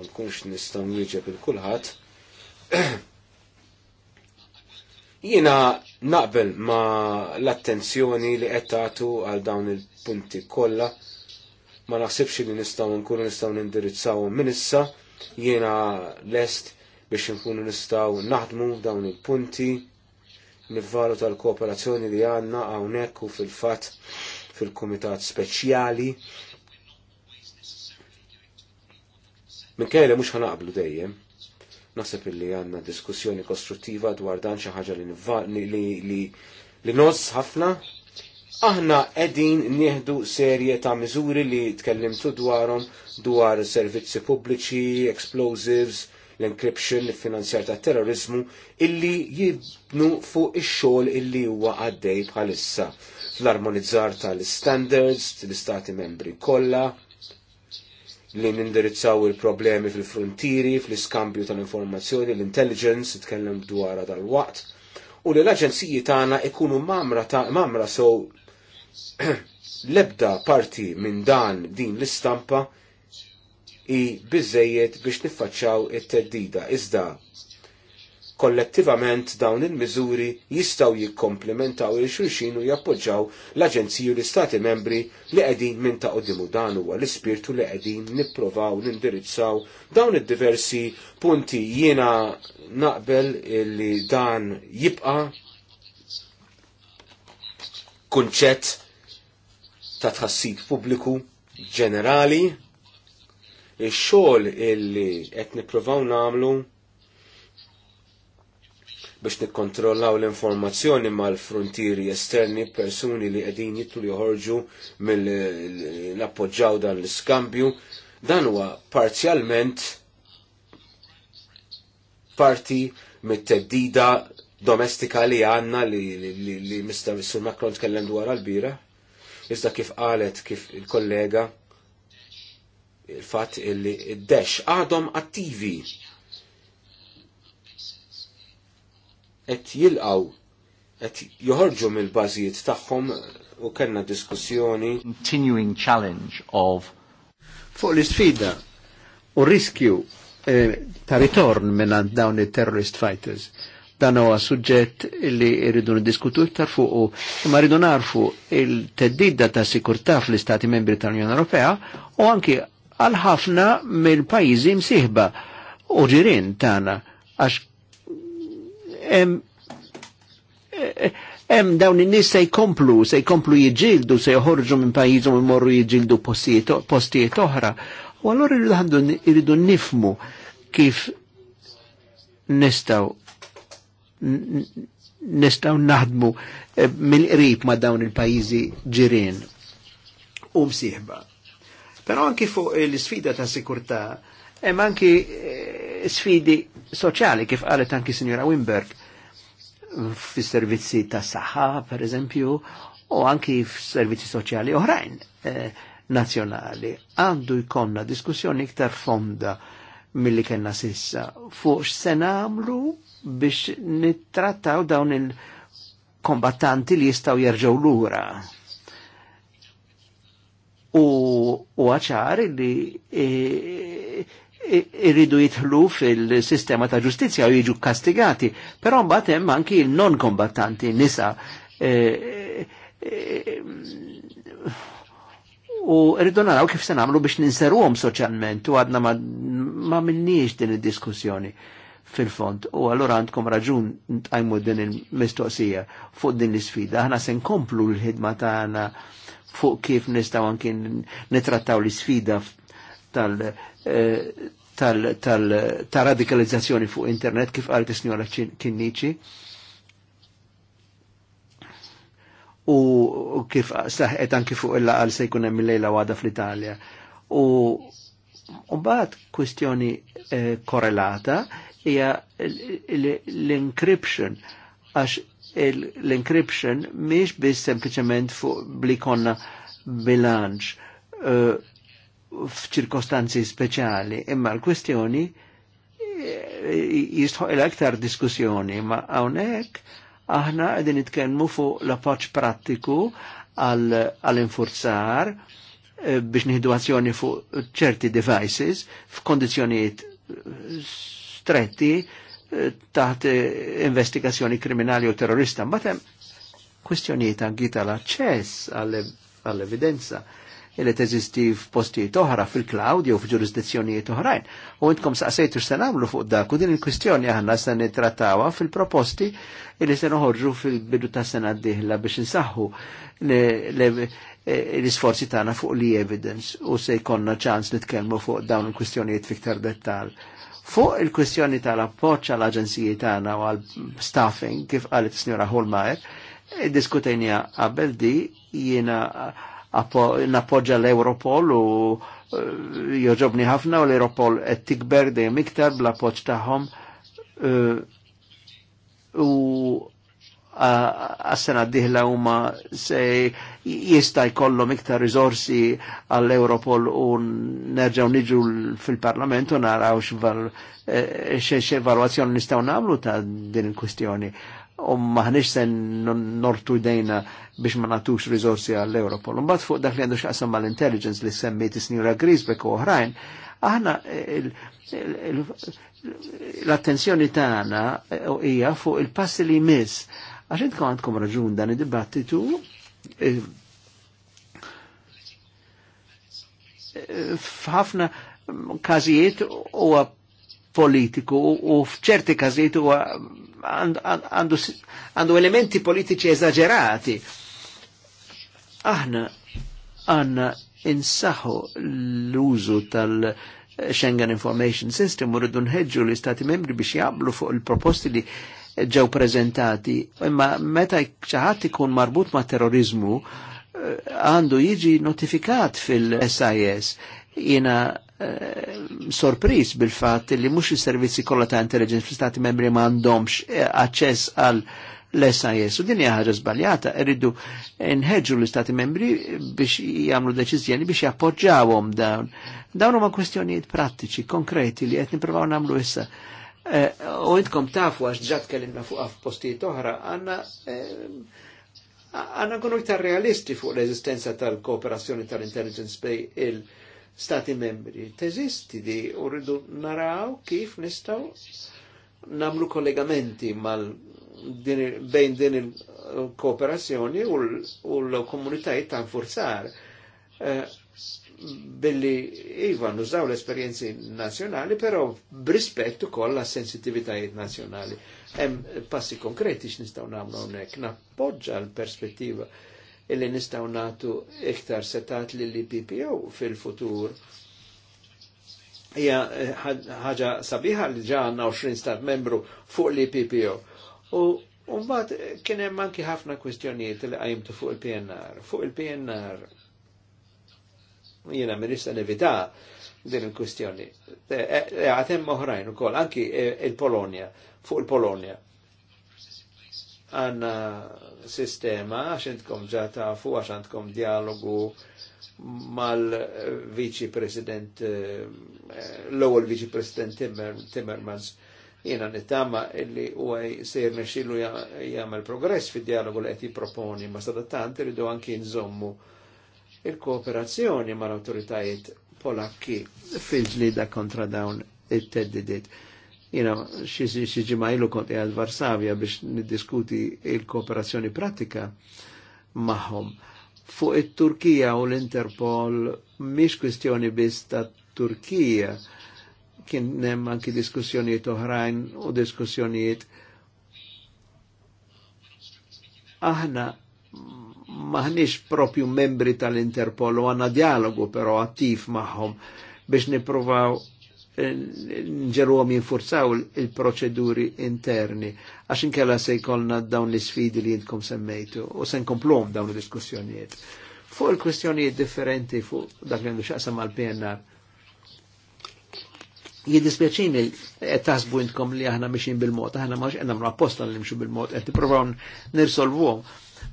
nkunx nistgħu nieġeb il-kulħadd. Jiena naqbel ma l-attenzjoni li qed tagħtu għal dawn il-punti kollha. Ma naħsibx li nistgħu nkunu nistgħu nindirizzawhom minn issa. Jiena lest biex nkunu nistgħu naħdmu dawn il-punti nivvaluta tal kooperazzjoni li għanna hawnhekk u fil-fatt fil-kumitat speċjali. Minkejle mhux ħanaqblu dejjem. Naħseb illi għandna diskussjoni kostruttiva dwar dan xi ħaġa li li li nozz ħafna. Aħna qegħdin nieħdu serje ta' miżuri li tkellimtu dwarhom dwar servizzi pubbliċi, explosives, l-encryption, l-finanzjar ta' terrorizmu, illi jibnu fuq ix-xogħol illi huwa għaddej bħalissa fl-armonizzar tal-standards tal-istati membri kollha, li nindirizzaw il-problemi fil-frontieri, fl-iskambju tal-informazzjoni, l-intelligence, itkellem dwar dal-waqt, u li l-aġenziji tagħna ikunu mamra ta' mamra so lebda parti minn dan din l-istampa i biżejjed biex niffaċċaw it-teddida. Iżda, kollettivament dawn il-miżuri jistaw jikkomplementaw il xulxin u jappoġġaw l-Aġenziji u l-Istati membri li qegħdin minn ta' qoddimu dan huwa l-ispirtu li qegħdin nipprovaw nindirizzaw dawn id-diversi punti jiena naqbel li dan jibqa' kunċett ta' tħassib pubbliku ġenerali il-xogħol illi qed nippruvaw nagħmlu biex nikkontrollaw l-informazzjoni mal-frontieri esterni persuni li qegħdin jitlu joħorġu mill-appoġġaw dan l-iskambju, dan huwa parzjalment parti mit-teddida domestika li għanna li, li, li Mr. Macron tkellem dwar għal-bira. Iżda kif qalet kif il-kollega, il-fat illi id-dex għadhom attivi qed jilqaw qed joħorġu mill-bażijiet tagħhom u kellna diskussjoni continuing challenge of fuq l-isfida u riskju eh, ta' ritorn minn dawn il-terrorist fighters dan huwa suġġett li rridu niddiskutu iktar fuq imma rridu narfu il-teddida ta' sikurtà fl-Istati Membri tal-Unjoni Ewropea u anki għal ħafna mill-pajjiżi msieħba u ġirien tana. għax em dawn in-nies se jkomplu, se jkomplu jiġġieldu, se joħorġu minn pajjiżhom imorru jiġġieldu postijiet oħra. U allora irridu nifmu kif nistaw nistaw naħdmu eh, mill-qrib ma' dawn il-pajjiżi ġirien u msieħba. Però anche fuq eh, l-sfida ta' sikurtà hemm anche eh, sfidi soċjali kif qalet anki Sinjora Wimberg fi servizzi ta' saħħa, per eżempju, u anki f-servizzi soċjali oħrajn eh, nazjonali. Għandu jkonna diskussjoni iktar fonda mill-li kena sissa fuq se namlu biex nittrattaw dawn il-kombattanti li jistaw jerġaw lura u għaċar li e, e, irridu jitħlu fil-sistema ta' ġustizja u jiġu kastigati, però mbagħad hemm anki il-non kombattanti nisa e, u rridu naraw kif se nagħmlu biex ninseruhom soċjalment u għadna ma minniex din id-diskussjoni fil-fond. U allora għandkom raġun tajmu din il-mistoqsija fuq din l-sfida. Aħna se nkomplu l-ħidma tagħna ta fuq kif nistaw anki nitrattaw l sfida eh, tal- tal, tal, tal radikalizzazzjoni fuq internet kif għalt is-snjola Kinnici u kif saħet anki fuq illa għal se jkun hemm lejla għada fl-Italja. U mbagħad kwistjoni eh, korrelata hija l-encryption għax l-encryption miex biss sempliciment fuq bli konna bilanċ uh, f'ċirkostanzi speċjali, imma l-kwestjoni jistħu il-aktar diskussjoni, ma għawnek aħna għedin nitkellmu fuq l-appoċ prattiku għal-infurzar eh, biex nħidu azzjoni fuq ċerti devices f'kondizjonijiet stretti taħt investigazzjoni kriminali u terrorista. Matem, kwestjonijiet għita l aċċess għall-evidenza li teżisti f'postijiet oħra fil-cloud jew f'ġurisdizzjonijiet oħrajn. U intkom saqsejtu s nagħmlu fuq dak u din il-kwistjoni aħna se trattawa fil-proposti li se noħorġu fil-bidu ta' sena d biex insaħħu e, l-isforzi tagħna fuq li evidence u se jkollna ċans nitkellmu fuq dawn il-kwistjonijiet fiktar dettal. Fuq il-kwestjoni tal-appoċ għal aġenziji tagħna u għal-staffing, kif qalet signora Holmajer, diskutejnija qabel di jiena nappoġġa l-Europol u eh, joġobni ħafna u l-Europol qed tikber dejjem iktar bl-appoġġ tagħhom eh, u għas diħla huma se jista' jkollhom iktar rizorsi għall europol u nerġa'w niġu fil-Parlament u naraw e, x'evalwazzjoni nistgħu nagħmlu ta' din il-kwistjoni. U maħniex se nortu dejna biex ma natux rizorsi għall europol Mbagħad fuq dak li għandu xaqsam mal-intelligence li semmiet is-Sinjura Grisbeck u oħrajn, aħna l-attenzjoni u hija fuq il-passi li jmiss Għax intkom għandkom raġun dan id-dibattitu e, f'ħafna kazijiet u politiku u f'ċerti kazijiet u għandu elementi politiċi eżaġerati. Aħna għanna insaħu l-użu tal- Schengen Information System u rridu nħedġu l-Istati membri biex jaqblu fuq il-proposti li ġew prezentati. Imma meta ċaħat ikun marbut ma' terrorizmu, eh, għandu jiġi notifikat fil-SIS. Jena eh, sorpris bil-fat li mux il-servizzi kollha ta' intelligence fl-stati membri ma għandhomx eh, aċċess għal l-SIS. U din hija ħaġa żbaljata, irridu nħeġġu l-istati membri biex jagħmlu deċiżjoni biex jappoġġawhom dawn. Dawn huma kwestjonijiet prattiċi, konkreti li qed nippruvaw nagħmlu issa. Eh, u intkom tafu għax ġat kellimna fuq għaf postijiet oħra, għanna eh, għanna kunu iktar realisti fuq l ezistenza tal-kooperazzjoni tal-intelligence bej il-stati membri. Teżisti di u rridu naraw kif nistaw namlu kollegamenti mal bejn din il-kooperazzjoni u l-komunitajiet tan forzar. Uh, eh, billi iva nużaw l-esperienzi nazjonali, però b'rispettu kolla sensitivitajiet nazjonali. Hemm passi konkreti x-nistaw nagħmlu hawnhekk. Nappoġġa l-perspettiva illi nistaw natu iktar setat li lil PPO fil-futur. Hija eh, ħagġa sabiħa li ġa għandna 20 stat membru fuq li PPO. U mbagħad kien hemm anki ħafna kwistjonijiet li qajmtu fuq il-PNR. Fuq il-PNR jina minista nevita din il-kustjoni. E, e, e, għatem moħrajn u koll, anki il-Polonia, fuq il-Polonia. Għanna sistema, għaxintkom ġata fu, għaxintkom dialogu mal vici President, l ewel vici President Timmermans, jina nittama illi u għaj sejr nexxilu jagħmel progress fi dialogu li għati proponi, ma s sadattant irridu għanki nżommu il-kooperazzjoni ma l autoritajiet polakki fil-ġlida kontra dawn il teddidiet Jina, xie ġimajlu konti għal Varsavia biex niddiskuti il-kooperazzjoni pratika maħom. Fuq il turkija u l-Interpol miex kwistjoni biex ta' Turkija, kien hemm anki diskussjonijiet oħrajn u diskussjonijiet aħna maħniex propju membri tal-Interpol u għanna dialogu però attiv maħħom biex niprovaw nġeru għom jinfurzaw il-proċeduri interni, għax inkella se jkollna dawn l-sfidi li jintkom semmejtu, u sen komplom dawn l-diskussjonijiet. Fuq il-kwestjonijiet differenti fuq dak li għandu xaqsam għal-PNR, jiddispjaċini tasbu intkom li aħna miexin bil-mod, aħna maċ għenna mra apposta li nimxu bil-mod, għetti provaw nirsolvu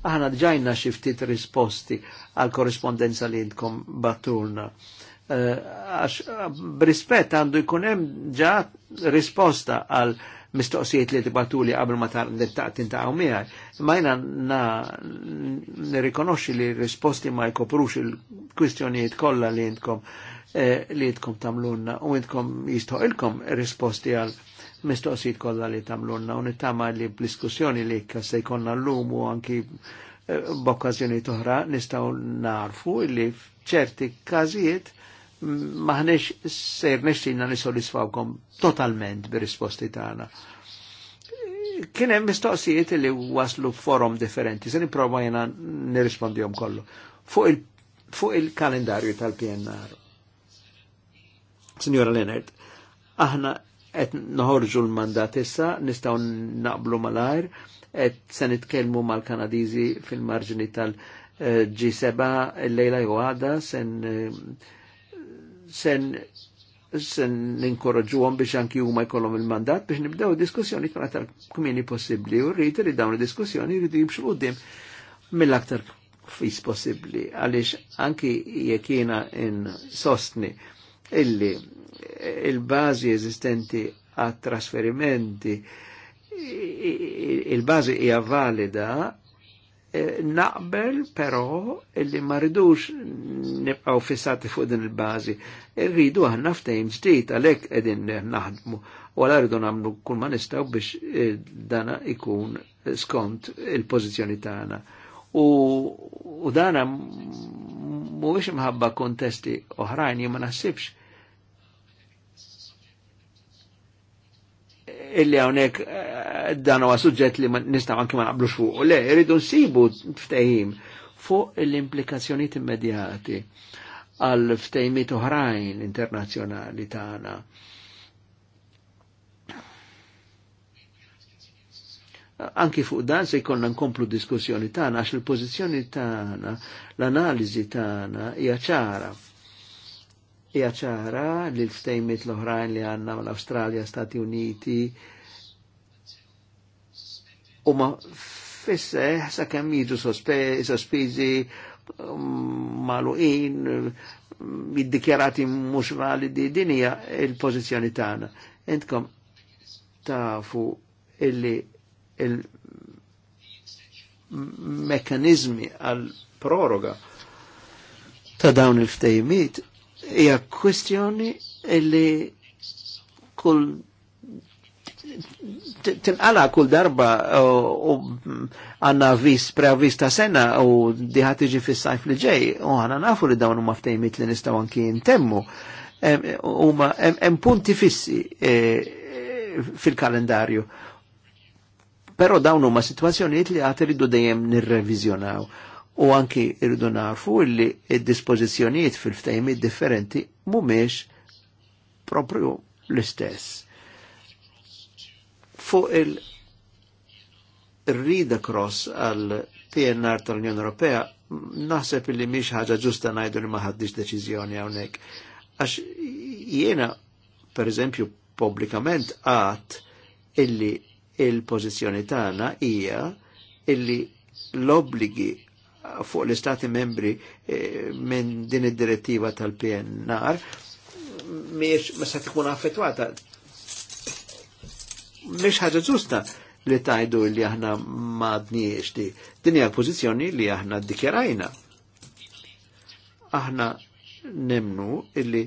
Aħna ġajna xiftit risposti għal korrespondenza li jintkom batturna. Eh, għax brispet, għandu jkunem hemm ġa risposta għal mistoqsijiet li tibatuli qabel ma ta' tintaqgħu miegħi. Ma na nirrikonoxxi li risposti ma jkoprux il-kwistjonijiet kolla li jintkom eh, li jintkom tamlunna u jintkom jistoqilkom risposti għal mistoqsijiet kollha li tagħmlulna u nittama li bl-diskussjoni li se jkollna llum u anki eh, b'okkażjoni toħra nistgħu narfu li f'ċerti każijiet maħnex sejr nexxina nisodisfawkom totalment bir-risposti tagħna. Kien hemm mistoqsijiet li waslu forum differenti, se nipprova jiena nirrispondihom kollu. Fuq il fuq il-kalendarju tal-PNR. Signora Leonard, aħna Et noħorġu l-mandat issa, nistaw naqblu mal-ajr, et se nitkellmu mal-Kanadizi fil-marġini tal-G7 l-lejla juħada, sen sen sen ninkorraġu għom biex anki huma jkollhom il-mandat biex nibdew diskussjoni kolla tal-kmini possibbli u rritu li dawn id-diskussjoni rridu jimxu qudiem mill-aktar fis possibbli għaliex anki jekina in sostni illi il-bazi eżistenti għat trasferimenti il-bazi hija valida eh, naqbel però illi ma ridux nibqgħu fissati fuq din il bażi irridu aħna ftehim ġdid għalhekk qegħdin naħdmu wara rridu nagħmlu kull ma nistgħu biex eh, dana ikun skont il-pożizzjoni tagħna. U, u dana mhuwiex imħabba kontesti oħrajn jien ma naħsibx illi hawnhekk eh, dan huwa suġġett li nistgħu anki ma naqblux fuq. Le, irridu nsibu ftehim fuq l-implikazzjonijiet immedjati għal ftejmiet oħrajn internazzjonali tagħna. Anki fuq dan se jkollna nkomplu diskussjoni tagħna għax il-pożizzjoni tagħna, l-analiżi tagħna hija ċara hija ċara li l-ftejmit l-oħrajn li għandna mal-Awstralja, Stati Uniti u huma fisse sakemm jiġu sospiżi mm, maluqin mm, jiddikjarati mhux validi din hija l-pożizzjoni tagħna. Intkom tafu illi il-mekanizmi għal proroga ta' dawn il-ftejmit hija kwestjoni li kull tinqala kull darba u għanna vis, preavvis ta' sena u diħat tiġi fis-sajf li ġej u għanna nafu li dawn huma ftejmit li nistgħu anki ntemmu. Hemm punti fissi e, fil-kalendarju. Però dawn huma situazzjonijiet li għad irridu dejjem nirrevizjonaw u anki irridu nafu illi id-dispożizzjonijiet fil ftajmi differenti mumiex propju l-istess. Fuq il-rida cross għal PNR tal-Unjoni Ewropea naħseb illi miex ħaġa ġusta najdu li maħaddix deċiżjoni hawnhekk. Għax jiena, per eżempju, publikament għat illi il-pożizzjoni tagħna hija illi l-obbligi fuq l-Istati membri eh, minn din id-direttiva tal-PNR miex ma se tkun affettwata. Miex ħaġa ġusta li tajdu li aħna madniex di. Din hija pożizzjoni li aħna ddikjarajna. Aħna nemnu illi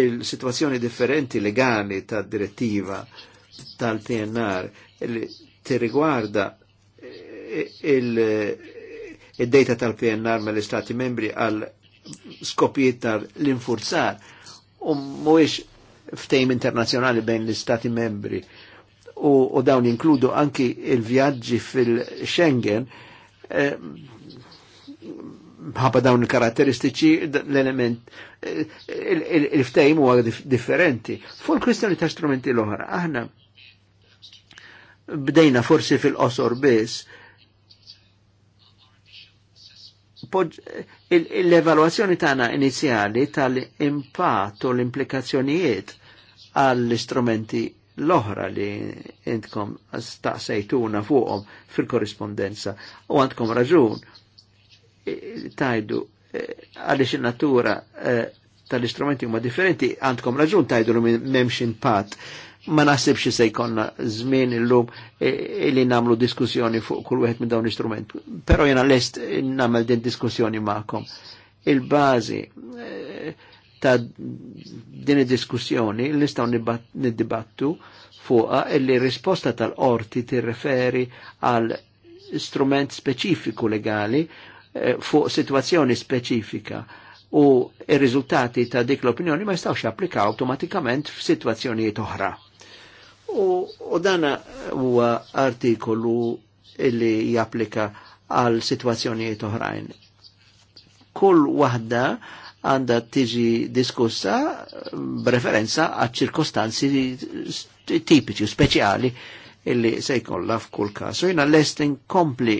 il-situazzjoni differenti legali ta' direttiva tal-PNR li tirrigwarda il-data il tal-PNR pnr l istati membri għal skopijiet tal-infurzar u mwix ftejm internazjonali bejn l-Istati membri u, u dawn inkludu anki il-vjaġġi fil-Schengen eh, ħabba dawn il-karatteristiċi l-element il-ftejm huwa differenti. Fuq il-kwistjoni ta' strumenti l ohra aħna bdejna forsi fil-qosor biss l-evaluazzjoni tagħna inizjali tal-impatt u l-implikazzjonijiet għall-istrumenti l-oħra li intkom staqsejtuna fuqhom fil-korrispondenza u għandkom raġun e, tajdu e, għaliex in-natura e, tal-istrumenti huma differenti għandkom raġun tajdu li m'hemmx impatt ma naħsibx se jkonna żmien illum e, e, li namlu diskussjoni fuq kull wieħed minn dawn l-istrument. Però jena lest nagħmel din diskussjoni magħkom. Il-bażi e, ta' din id-diskussjoni li nistgħu niddibattu fuqha illi risposta tal-qorti tirreferi għal strument speċifiku legali fuq situazzjoni speċifika u ir-riżultati ta' dik l-opinjoni ma jistgħux applikaw automatikament f'sitwazzjonijiet oħra U, u dana huwa artikolu illi japplika għal situazzjonijiet oħrajn. Kull waħda għanda tiġi diskussa b'referenza għal ċirkostanzi tipiċi u speċjali illi se jkollha f'kull każ. U jiena lest inkompli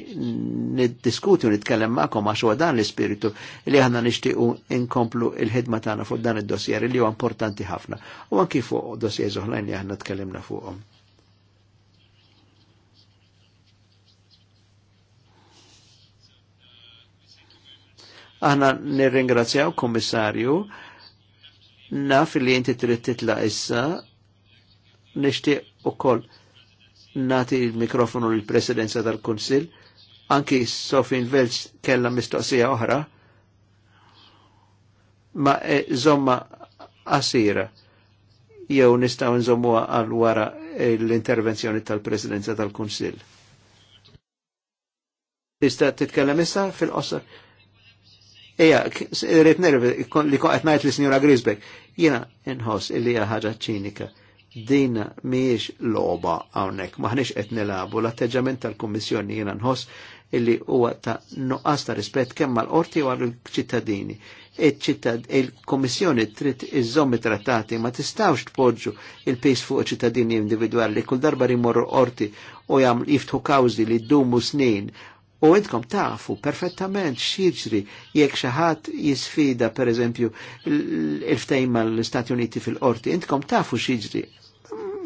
niddiskuti u nitkellem magħkom għax huwa dan l-ispiritu li aħna nixtiequ inkomplu il-ħidma tagħna fuq dan id-dossier li huwa importanti ħafna u anki fuq dossier oħrajn li aħna tkellimna fuqhom. Aħna nirringrazzjaw kommissarju naf li inti trid titla' issa nixtieq ukoll nati il-mikrofonu l-presidenza tal-Kunsil, anki Sofin Vels kella mistoqsija oħra, ma e, zomma asira, jew nistaw nżommu għal wara l-intervenzjoni tal-presidenza tal-Kunsil. Tista' titkellem issa fil-qosor? Eja, rrit nervi li kon qed ngħid li Sinjura Grisbeck, jiena nħos illi hija ħaġa ċinika din miex loba għawnek, maħnix qed nilabu l-atteġġament tal-Kummissjoni jiena nħoss illi huwa ta' nuqqas ta' rispett kemm mal-qorti u għall-ċittadini. Il-Kommissjoni trid iżommi trattati ma tistawx tpoġġu il-pejs fuq ċittadini individwali kull darba rimorru qorti u jam jiftħu kawżi li ddumu snin U intkom tafu perfettament xieġri jekk xaħat jisfida per eżempju il-ftejn mal-Stati Uniti fil-qorti, intkom tafu xieġri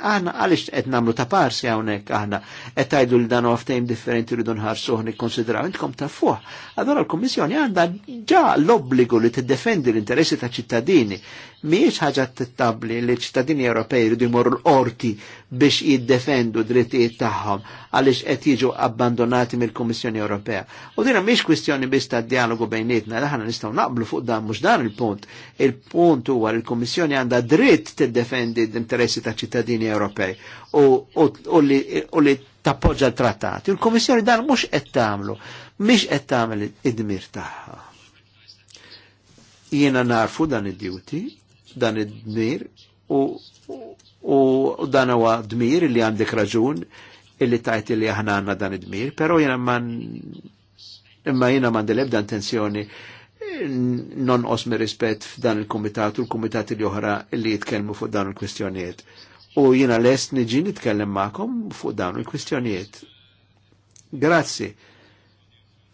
aħna għalix qed namlu ta' parsi hawnhekk aħna qed tgħidu l dan ftehim differenti rridu nħarsuh konsidraw intkom ta' fuq. Allora l-Kummissjoni għandha ġa l-obbligu li tiddefendi l-interessi ta' ċittadini. Mhijiex ħaġa tittabli li ċittadini Ewropej jridu jmorru l-qorti biex jiddefendu drittijiet tagħhom għaliex qed jiġu abbandonati mill-Kummissjoni Ewropea. U dinha mhix kwistjoni biss ta' dialogu bejnietna, aħna nistgħu naqblu fuq dan mhux dan il-punt. Il-punt huwa l-Kummissjoni għandha dritt tiddefendi l-interessi ta' ċittadini ċittadini Ewropej u li tappoġġa l-trattati. il kummissjoni dan mhux qed tagħmlu, mhix qed tagħmel id-dmir tagħha. Jiena narfu dan id-duty, dan id-dmir u, dan huwa dmir li għandek raġun illi tajt li aħna għandna dan id-dmir, però jiena man imma jiena m'għandi l-ebda intenzjoni non osmi rispett f'dan il-komitat u l-komitat il oħra li jitkellmu fuq dan il-kwistjonijiet. il il kwistjonijiet u jina lest niġi nitkellem ma'kom fuq dawn il-kwistjonijiet. Grazzi.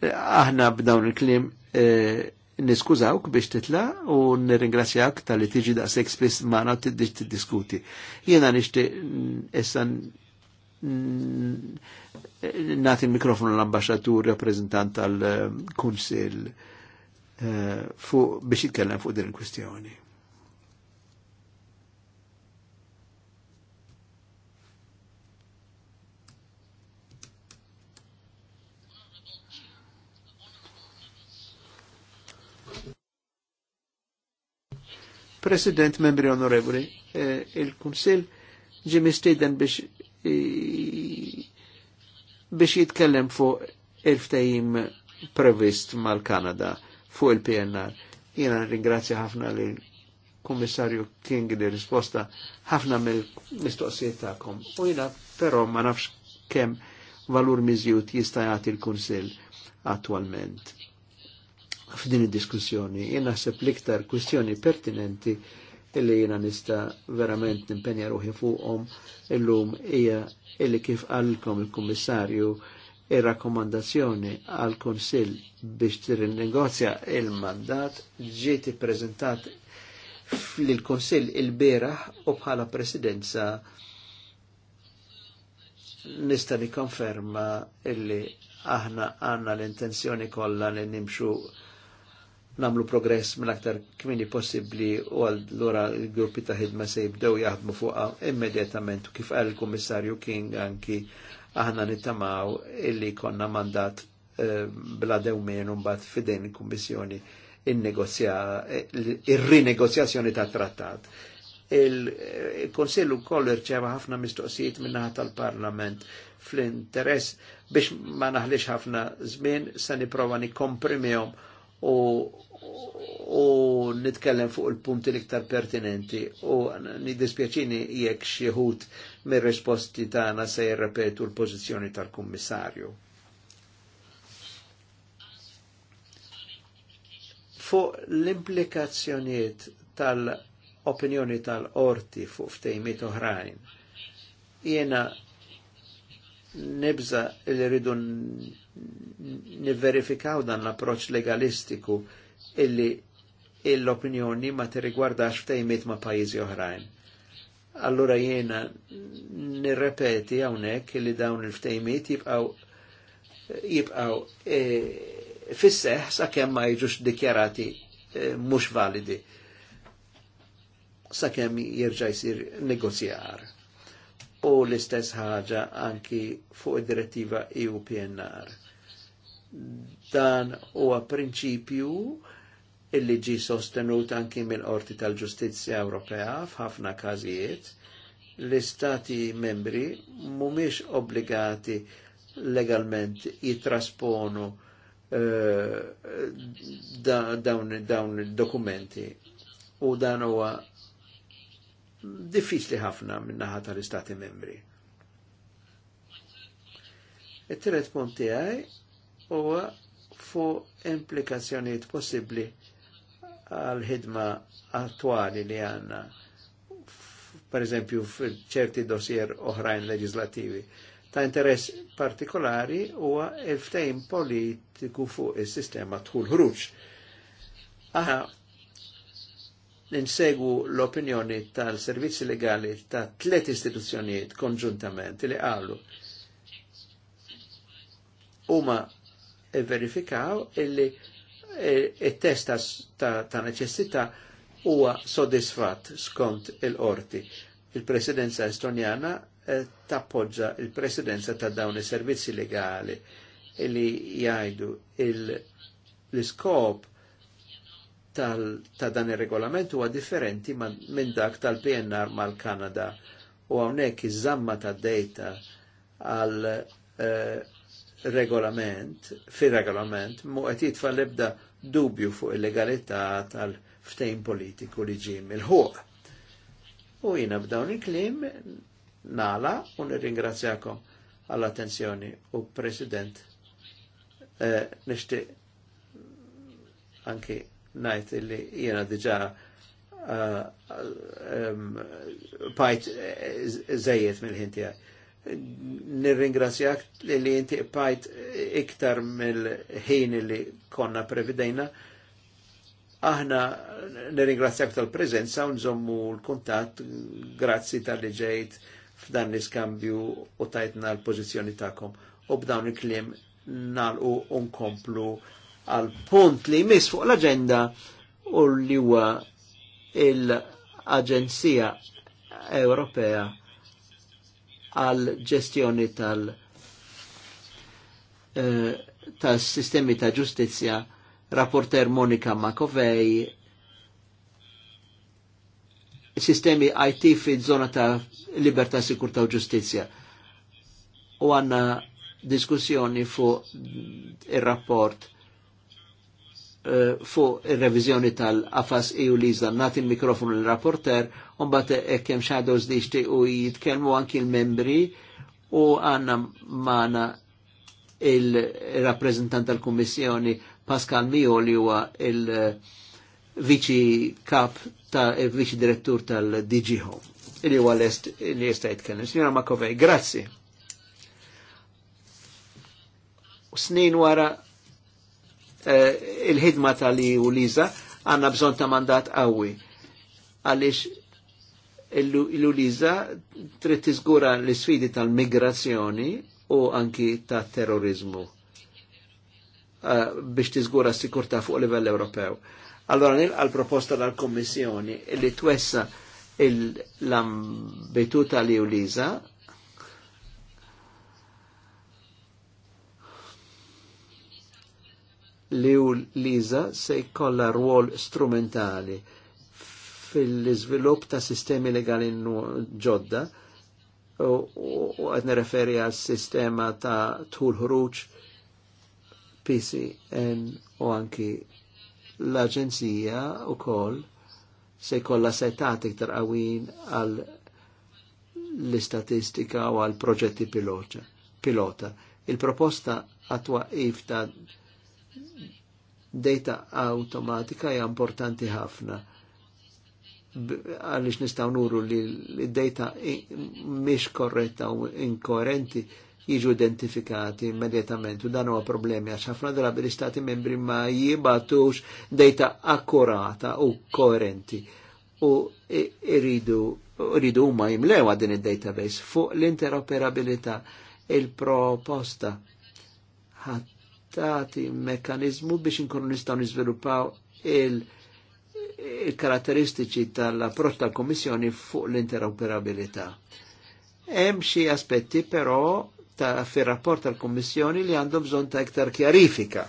Eh, aħna b'dawn il-klim eh, niskużawk biex titla u nirringrazzjak tal-li tiġi da' bis ma'na u t-diskuti. Jena nishti mm, issa nati il-mikrofonu l-ambasġatur reprezentant tal-Kunsil eh, biex jitkellem fuq din il-kwistjoni. President, membri onorevoli, eh, il-Kunsil ġimmi stiden biex biex jitkellem fuq il-ftajim previst mal-Kanada fuq il-PNR. Jena ringrazja ħafna li kummissarju King di risposta ħafna mill-mistoqsijiet tagħkom. U jena però ma nafx kemm valur miżjut jista' jagħti l-Kunsill attualment f'din id-diskussjoni. Jien naħseb l-iktar kwistjoni pertinenti illi jiena nista verament nimpenja ruħi fuqhom illum hija illi kif għalkom il-Kummissarju ir-rakkomandazzjoni għal konsil biex tir-negozja il-mandat ġiet ippreżentat fil-konsil il-beraħ u bħala presidenza nista' nikkonferma illi aħna għanna l-intenzjoni kollha li nimxu namlu progress minn aktar kmini possibli u għallura l gruppi ta' ħidma se jibdew jaħdmu fuqa immedjatament u kif għal il-Kummissarju King anki aħna nittamaw illi konna mandat eh, bla dewmen un bat fidejn il-Kummissjoni il-rinegozjazzjoni ta' trattat. Il-Konsillu kollu irċeva ħafna mistoqsijiet minnaħat tal-Parlament fl-interess biex ma naħlix ħafna żmien se niprova nikkomprimihom u u nitkellem fuq il-punti l-iktar pertinenti u nidispjaċini jekk xieħut mir risposti tagħna se jirrepetu l-pożizzjoni tal-Kummissarju. Fuq l-implikazzjonijiet tal-opinjoni tal-orti fuq ftejmiet oħrajn, jiena nibża li rridu niverifikaw dan l-approċ legalistiku illi l-opinjoni ma tirrigwardax f'tejmiet ma' pajjiżi oħrajn. Allura jiena nirrepeti hawnhekk li dawn il-ftejmiet jibqgħu jibqgħu e, fisseħ sakemm ma jiġux dikjarati e, mhux validi sakemm jirġa' jsir negozjar. U l-istess ħaġa anki fuq id-direttiva EU PNR. Dan huwa prinċipju illi ġi sostenut anki mill-Qorti tal-Ġustizzja Ewropea f'ħafna każijiet, l-istati membri mhumiex obbligati legalment jitrasponu uh, da, dawn, dawn dokumenti u dan huwa diffiċli ħafna min-naħa tal-istati membri. Il-tret punt tiegħi huwa fuq implikazzjonijiet possibbli għal-ħidma attuali li għanna, per eżempju, ċerti dossier oħrajn leġislativi. Ta' interess partikolari huwa il-ftejn politiku fuq il-sistema tħul ħruġ. Aħna ninsegwu l-opinjoni tal-servizzi legali ta' tlet istituzzjonijiet konġuntament li għallu huma e verifikaw illi il e, e test ta' neċessita huwa sodisfat skont il-qorti. Il-Presidenza Estonjana e, tappoġġa il-Presidenza ta' dawni servizzi legali li jgħidu l-iskop ta' dan il regolament huwa differenti minn dak tal-PNR mal-Kanada u għawnek iż-żamma ta' data għal regolament, fil-regolament, mu qed jitfa' l dubju fuq il-legalità tal-ftejn politiku li ġie mill-ħuq. U jina b'dawn il-klim nala u nirringrazzjakom għall-attenzjoni u President eh, anki najt li jena diġa uh, um, pajt eh, zejiet mill-ħin nirringrazzjak li inti pajt iktar mill-ħin li konna previdejna. Aħna nirringrazzjak tal-prezenza u nżommu l-kuntat grazzi tal liġejt ġejt f'dan l-iskambju u tajtna l-pozizjoni ta'kom. U b'dawn il-klim u unkomplu għal punt li jmiss fuq l-agenda u li huwa l-Aġenzija Ewropea għal ġestjoni tal- eh, tal-sistemi ta' ġustizja rapporter Monika Makovej sistemi IT fi zona ta' libertà, sikurta u ġustizja. U għanna diskussjoni fu il-rapport Eh, fuq il-revizjoni tal-qafas EU li zannat il-mikrofonu l-rapporter, unbat ekkem xadows li u jitkelmu anki l-membri u għanna maħna il-rappresentant tal-Kommissjoni Pascal Mio li huwa il-viċi kap ta' il Vici direttur tal-DG Home. Li huwa est li jesta jitkelmu. Signora Makovej, grazzi. Snin wara Eh, il-ħidma tal-li u liza għanna bżon ta' mandat għawi. Għalix l-Uliza trid tiżgura l-sfidi tal-migrazzjoni u anki ta' terrorizmu eh, biex tiżgura s-sikurta fuq livell Ewropew. Allora nil għal proposta tal-Kommissjoni li twessa l-ambitu tal-Uliza li u l se jkollha rwol strumentali fil izvilupp ta' sistemi legali ġodda u għed referi għal sistema ta' tul ħruġ PCN u anki l-Aġenzija u koll se kolla setat iktar għawin għal l-istatistika u għal proġetti pilota. Il-proposta għatwa ifta' data automatika hija importanti ħafna għalix nistaw nuru li l-data miex korretta u inkoerenti jiġu identifikati immedjatament u dan huwa problemi għax ħafna drabi l-istati membri ma jibatux data akkurata u koerenti u iridu iridu huma jimlewa din id-database fuq l-interoperabilità il-proposta ħadd tati mekanizmu biex inkunu nistgħu niżviluppaw il-karatteristiċi il tal-approċċ tal-Kommissjoni fuq l-interoperabilità. Hemm xi aspetti però ta' fir-rapport tal-Kommissjoni li għandhom bżonn ta' iktar kjarifika.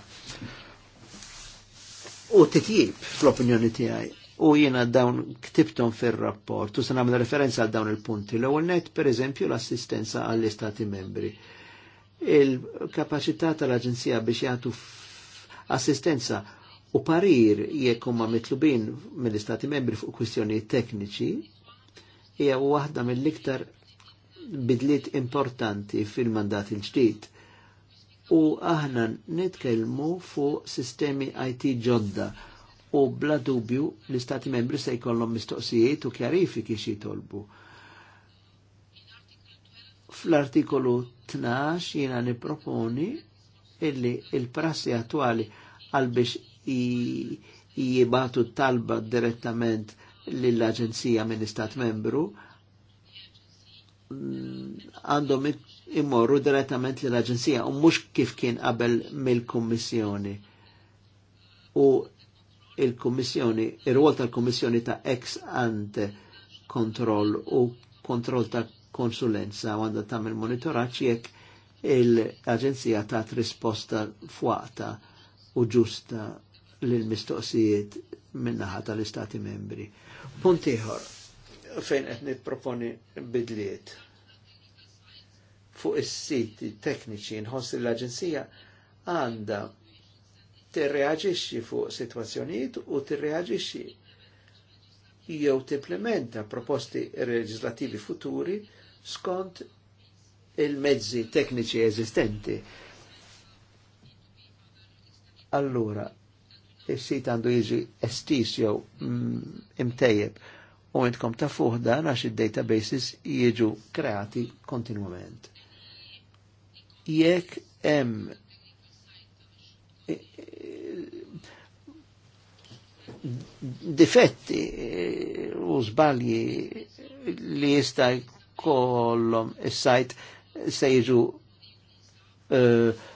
U titjib fl-opinjoni tiegħi. U jiena dawn ktibtom fir-rapport u se nagħmel referenza għal dawn il-punti. L-ewwel net pereżempju l-assistenza għall-Istati membri il-kapacità tal-Aġenzija biex jagħtu assistenza u parir jekk huma mitlubin mill-Istati membri fuq kwistjonijiet tekniċi hija waħda mill-iktar bidliet importanti fil-mandat il-ġdid. U aħna nitkellmu fuq sistemi IT ġodda u bla dubju l-Istati membri se jkollhom mistoqsijiet u kjarifiki xi jitolbu. Fl-artikolu 12 jina niproponi illi il-prassi attuali għal biex jibatu talba direttament l-Aġenzija minn Istat membru mm, għandhom immorru direttament l-Aġenzija u mux kif kien qabel mill kommissjoni U il kommissjoni il rwol tal kommissjoni ta' ex ante kontrol u kontrol ta' konsulenza u għandha tagħmel monitoraġġ jekk l-Aġenzija tat risposta fuqta u ġusta l mistoqsijiet minnaħa tal-Istati membri. Punt ieħor fejn qed nipproponi bidliet fuq is-siti tekniċi nħoss l-Aġenzija għandha tirreaġixxi fuq sitwazzjonijiet u tirreaġixxi jew tiplementa proposti reġislativi futuri skont il-mezzi tekniċi eżistenti. Allura, il-sit għandu jiġi estis jew mm, imtejjeb u intkom ta' fuħ dan għax il-databases jiġu kreati kontinuament. Jekk hemm eh, difetti eh, u zbalji li jista' kollom is-sajt se jiġu eh,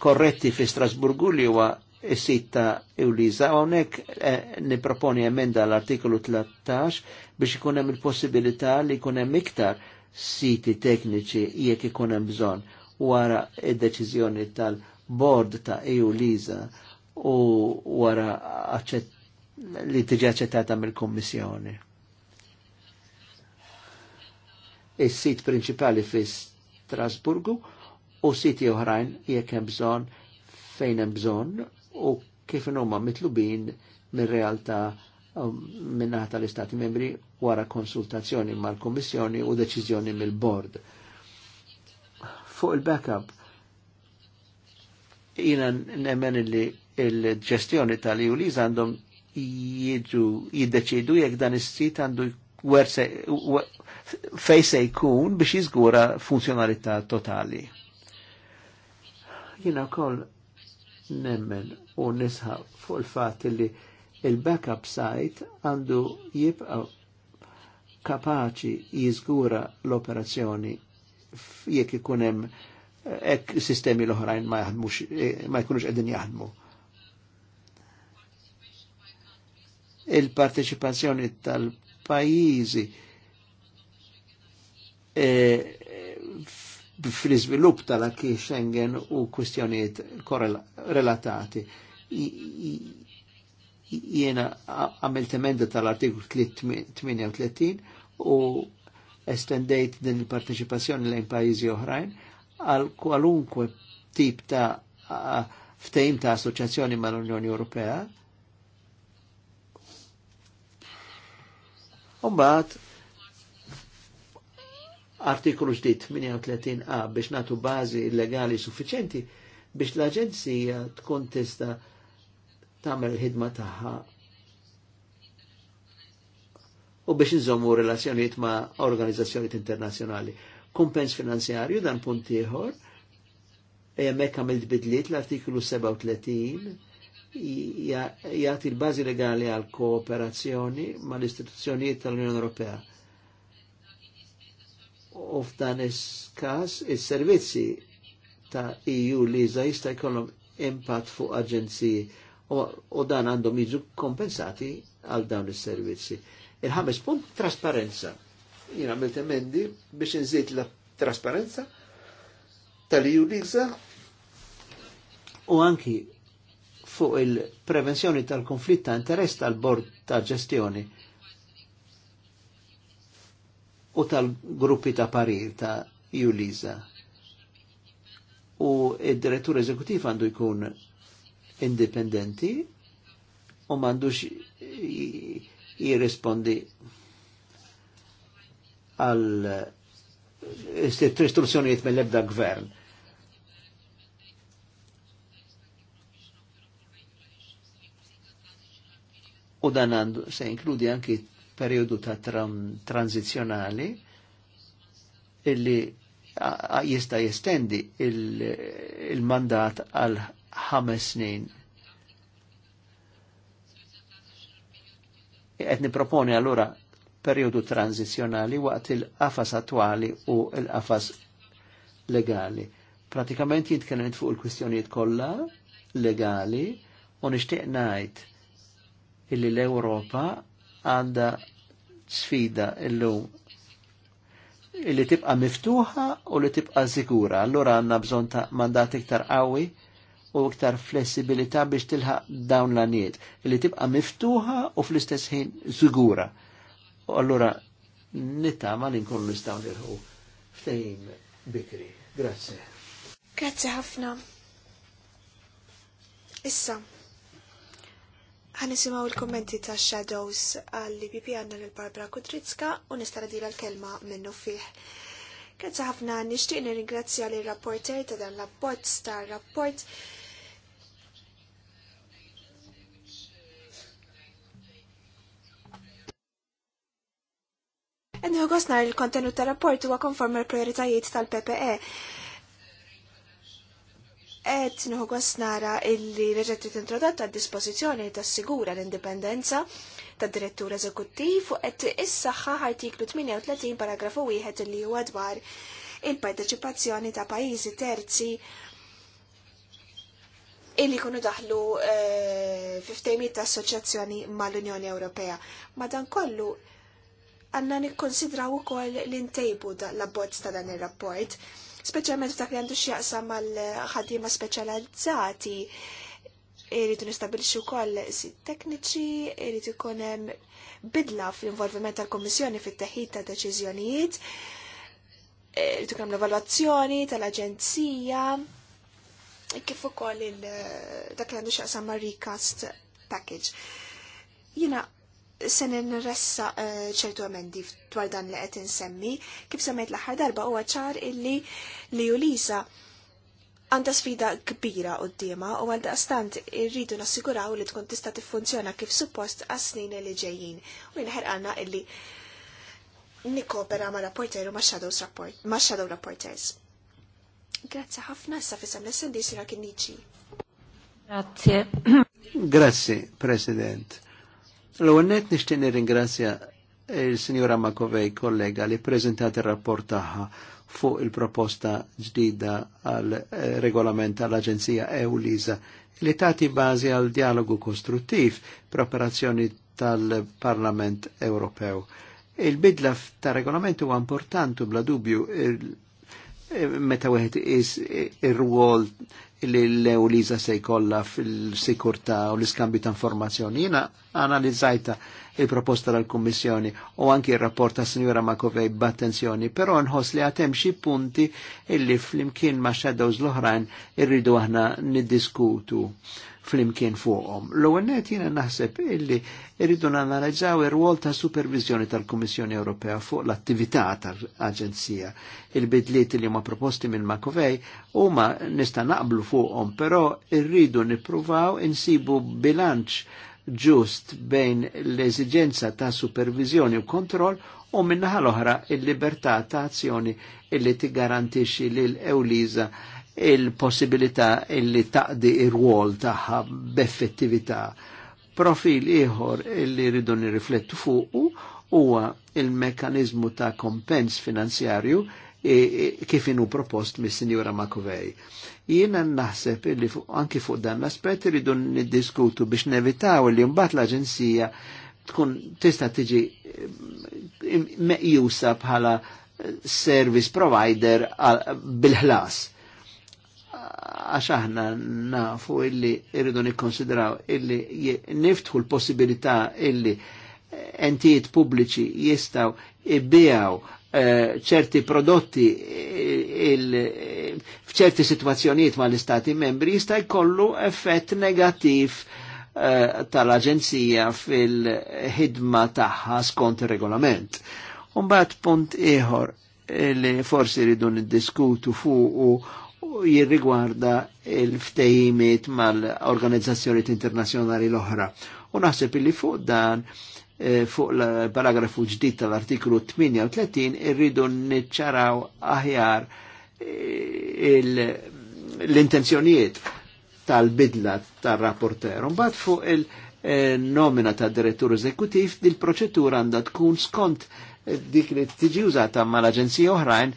korretti fi Strasburgu li huwa is-sit ta' Ewliza, hawnhekk eh, nipproponi emenda l-artikolu 13 biex ikun hemm il-possibilità li jkun hemm iktar siti tekniċi jekk ikun hemm bżonn wara id-deċiżjoni tal-bord ta' Ewliza u wara li tiġi aċċettata mill-Kommissjoni. is-sit prinċipali fi Strasburgu u siti oħrajn jekk hemm bżonn fejn hemm bżonn u kif huma mitlubin mir-realtà um, minnaħa tal-Istati membri wara konsultazzjoni mal-Kommissjoni u deċiżjoni mill-Bord. Fuq il-backup, jina nemmen li il-ġestjoni tal-Juliz għandhom jiddeċidu jekk dan is-sit għandu fej se jkun biex jiżgura funzjonalità totali. Jina kol nemmen u nisħa fuq il-fat li il-backup site għandu jibqa kapaċi jizgura l-operazzjoni jekk ikun hemm hekk sistemi l-oħrajn ma jaħdmux ma jkunux qegħdin jaħdmu. Il-parteċipazzjoni tal-pajjiżi E, e, fl-izvilup tal-akki Schengen u kwistjoniet relatati. Jiena għamilt emenda tal-artiklu 38 u estendejt din il-parteċipazzjoni lejn pajizi oħrajn għal kwalunkwe tip ta' ftehim ta' assoċjazzjoni mal-Unjoni Ewropea. Umbat, Artiklu ġdid 38a biex natu bażi legali suffiċenti biex l-Aġenzija tkun tista' tagħmel il-ħidma tagħha u biex nżommu relazzjoniet ma' organizzazzjonijiet internazzjonali. Kumpens finanzjarju dan punt ieħor, e hemmhekk għamilt bidliet l-artiklu 37 jagħti l-bażi legali għal kooperazzjoni mal istituzzjonijiet tal-Unjoni Ewropea U f'dan is-każ is-servizzi ta' EU liża jista' jkollhom impatt fuq aġenziji u dan għandhom jiġu kompensati għal dawn is-servizzi. Il-ħames punt trasparenza. Jien għamilt emendi biex inżid la trasparenza tal-EU liża u anki fuq il-prevenzjoni tal-konflitt ta' interess tal-bord ta' ġestjoni u tal-gruppi ta' parir ta' Juliza. U id-direttur eżekutif għandu jkun indipendenti u mandux jirrispondi għal istruzzjonijiet mill-ebda gvern. U dan għandu se inkludi anki periodu ta' tranzizjonali illi jista' jestendi il-mandat il għal ħames snin. Qed niproponi allura periodu tranzizjonali waqt il-qafas attwali u l-qafas legali. Pratikament jitkellimt fuq il-kwistjonijiet kollha legali u nixtieq ngħid illi l-Ewropa għanda sfida illum illi tibqa miftuħa u li tibqa zikura. Allura għanna bżon ta' mandat iktar qawwi u iktar flessibilità biex tilħaq dawn l-għaniet. Illi tibqa miftuħa u fl-istess ħin zigura. U allura ma li nkunu nistaw nirħu ftejn bikri. Grazie. Grazie ħafna. Issa, Għanisimaw il-kommenti ta' Shadows għall bibi għanna l-Barbara Kudritska u nistara dira l-kelma minnu fiħ. Grazzi ħafna nishtiq nirringrazzja l rapporter ta' dan l-abbozz ta' rapport. Nħu għosna il-kontenut ta' rapport huwa konform l-prioritajiet tal-PPE qed nieħu nara illi reġgħet trid introdotta dispożizzjoni tas-sigura l-indipendenza tad-direttur eżekuttiv u qed issaħħaħ artiklu 38 paragrafu wieħed illi huwa dwar il-parteċipazzjoni ta' pajjiżi terzi illi kunu daħlu eh, fiftejmiet ta' assoċjazzjoni mal-Unjoni Ewropea. Madan kollu għanna nikkonsidraw ukoll l-intejbu l-abbozz ta' dan ir-rapport speċjalment f'dak li għandu x'jaqsam mal-ħaddiema speċjalizzati. Irridu nistabilixxu wkoll tekniċi, irid ikun hemm bidla fl-involviment tal kummissjoni fit-teħid ta' deċiżjonijiet, irid ikun hemm l-evalwazzjoni tal-Aġenzija, kif ukoll dak li għandu x'jaqsam mar-recast package. Jiena se nirressa eh, ċertu emendi dwar dan li qed insemmi, kif semmejt l-aħħar darba huwa ċar illi li Ulisa għandha sfida kbira d-dima u għalda għastant irridu nassiguraw li tkun tista' tiffunzjona kif suppost għasnin li ġejjin u għanna illi nikopera ma' rapporter u ma' shadow rapporters. Grazzi ħafna sa' fisem l-essendi sira kinniċi. Grazie. Grazie, President L-għonnet nishtiq nirringrazzja il-Sinjora Makovej kollega li prezentat il-rapport taħħa fuq il-proposta ġdida għal eh, regolament għal aġenzija EULISA li tati bazi għal dialogu kostruttiv preparazzjoni tal-Parlament Ewropew. Il-bidla ta' regolament huwa importanti bla dubju eh, meta wieħed is eh, ir-rwol li l-Euliza se jkollha fil-sikurta u l-iskambju ta' informazzjoni. Jina analizzajta il-proposta tal-Kummissjoni u anki il-rapport ta' Sinjura Makovej b'attenzjoni, però nħoss li għatem xi punti illi fl-imkien ma' shadows l-oħrajn irridu aħna niddiskutu fl-imkien fuqhom. L-ewwel jena jiena naħseb illi rridu nanalizzaw ir-rwol ta' supervizjoni tal-Kummissjoni Ewropea fuq l-attività tal-Aġenzija. Il-bidliet li huma proposti minn Makovej huma nista' naqblu fuqhom, però rridu nippruvaw insibu bilanċ ġust bejn l-eżigenza ta' supervizjoni u kontroll u minnaħal l-oħra il-libertà ta' azzjoni illi ti garantixi li l-Ewliza il-possibilità illi taqdi ir-rwol tagħha b'effettività. Profil ieħor illi rridu nirriflettu fuqu huwa il-mekkaniżmu ta' kompens finanzjarju E, e, kif inu propost mis sinjura Makovej. Jiena naħseb illi fu, anki fuq dan l-aspet rridu niddiskutu biex nevitaw li mbagħad l-aġenzija tkun tista' tiġi eh, meqjusa bħala eh, service provider bil-ħlas għax aħna nafu illi irridu nikkonsidraw illi niftħu l-possibilità illi eh, entijiet pubbliċi jistaw ibbijaw eh, ċerti prodotti eh, f'ċerti situazzjonijiet ma l-istati membri jista' jkollu effett negattiv tal-Aġenzija fil-ħidma tagħha skont ir-regolament. Umbat punt ieħor li forsi rridu niddiskutu fuq jirrigwarda il-ftejimiet mal-organizzazzjoniet internazjonali l-oħra. U naħseb li fuq dan eh, fuq l-paragrafu ġdid tal-artiklu 38 irridu niċċaraw aħjar eh, l-intenzjonijiet tal-bidla tal-rapporter. Mbagħad fuq il-nomina eh, tad direttur eżekutiv dil proċedura għandha tkun skont dik li tiġi użata mal aġenzija oħrajn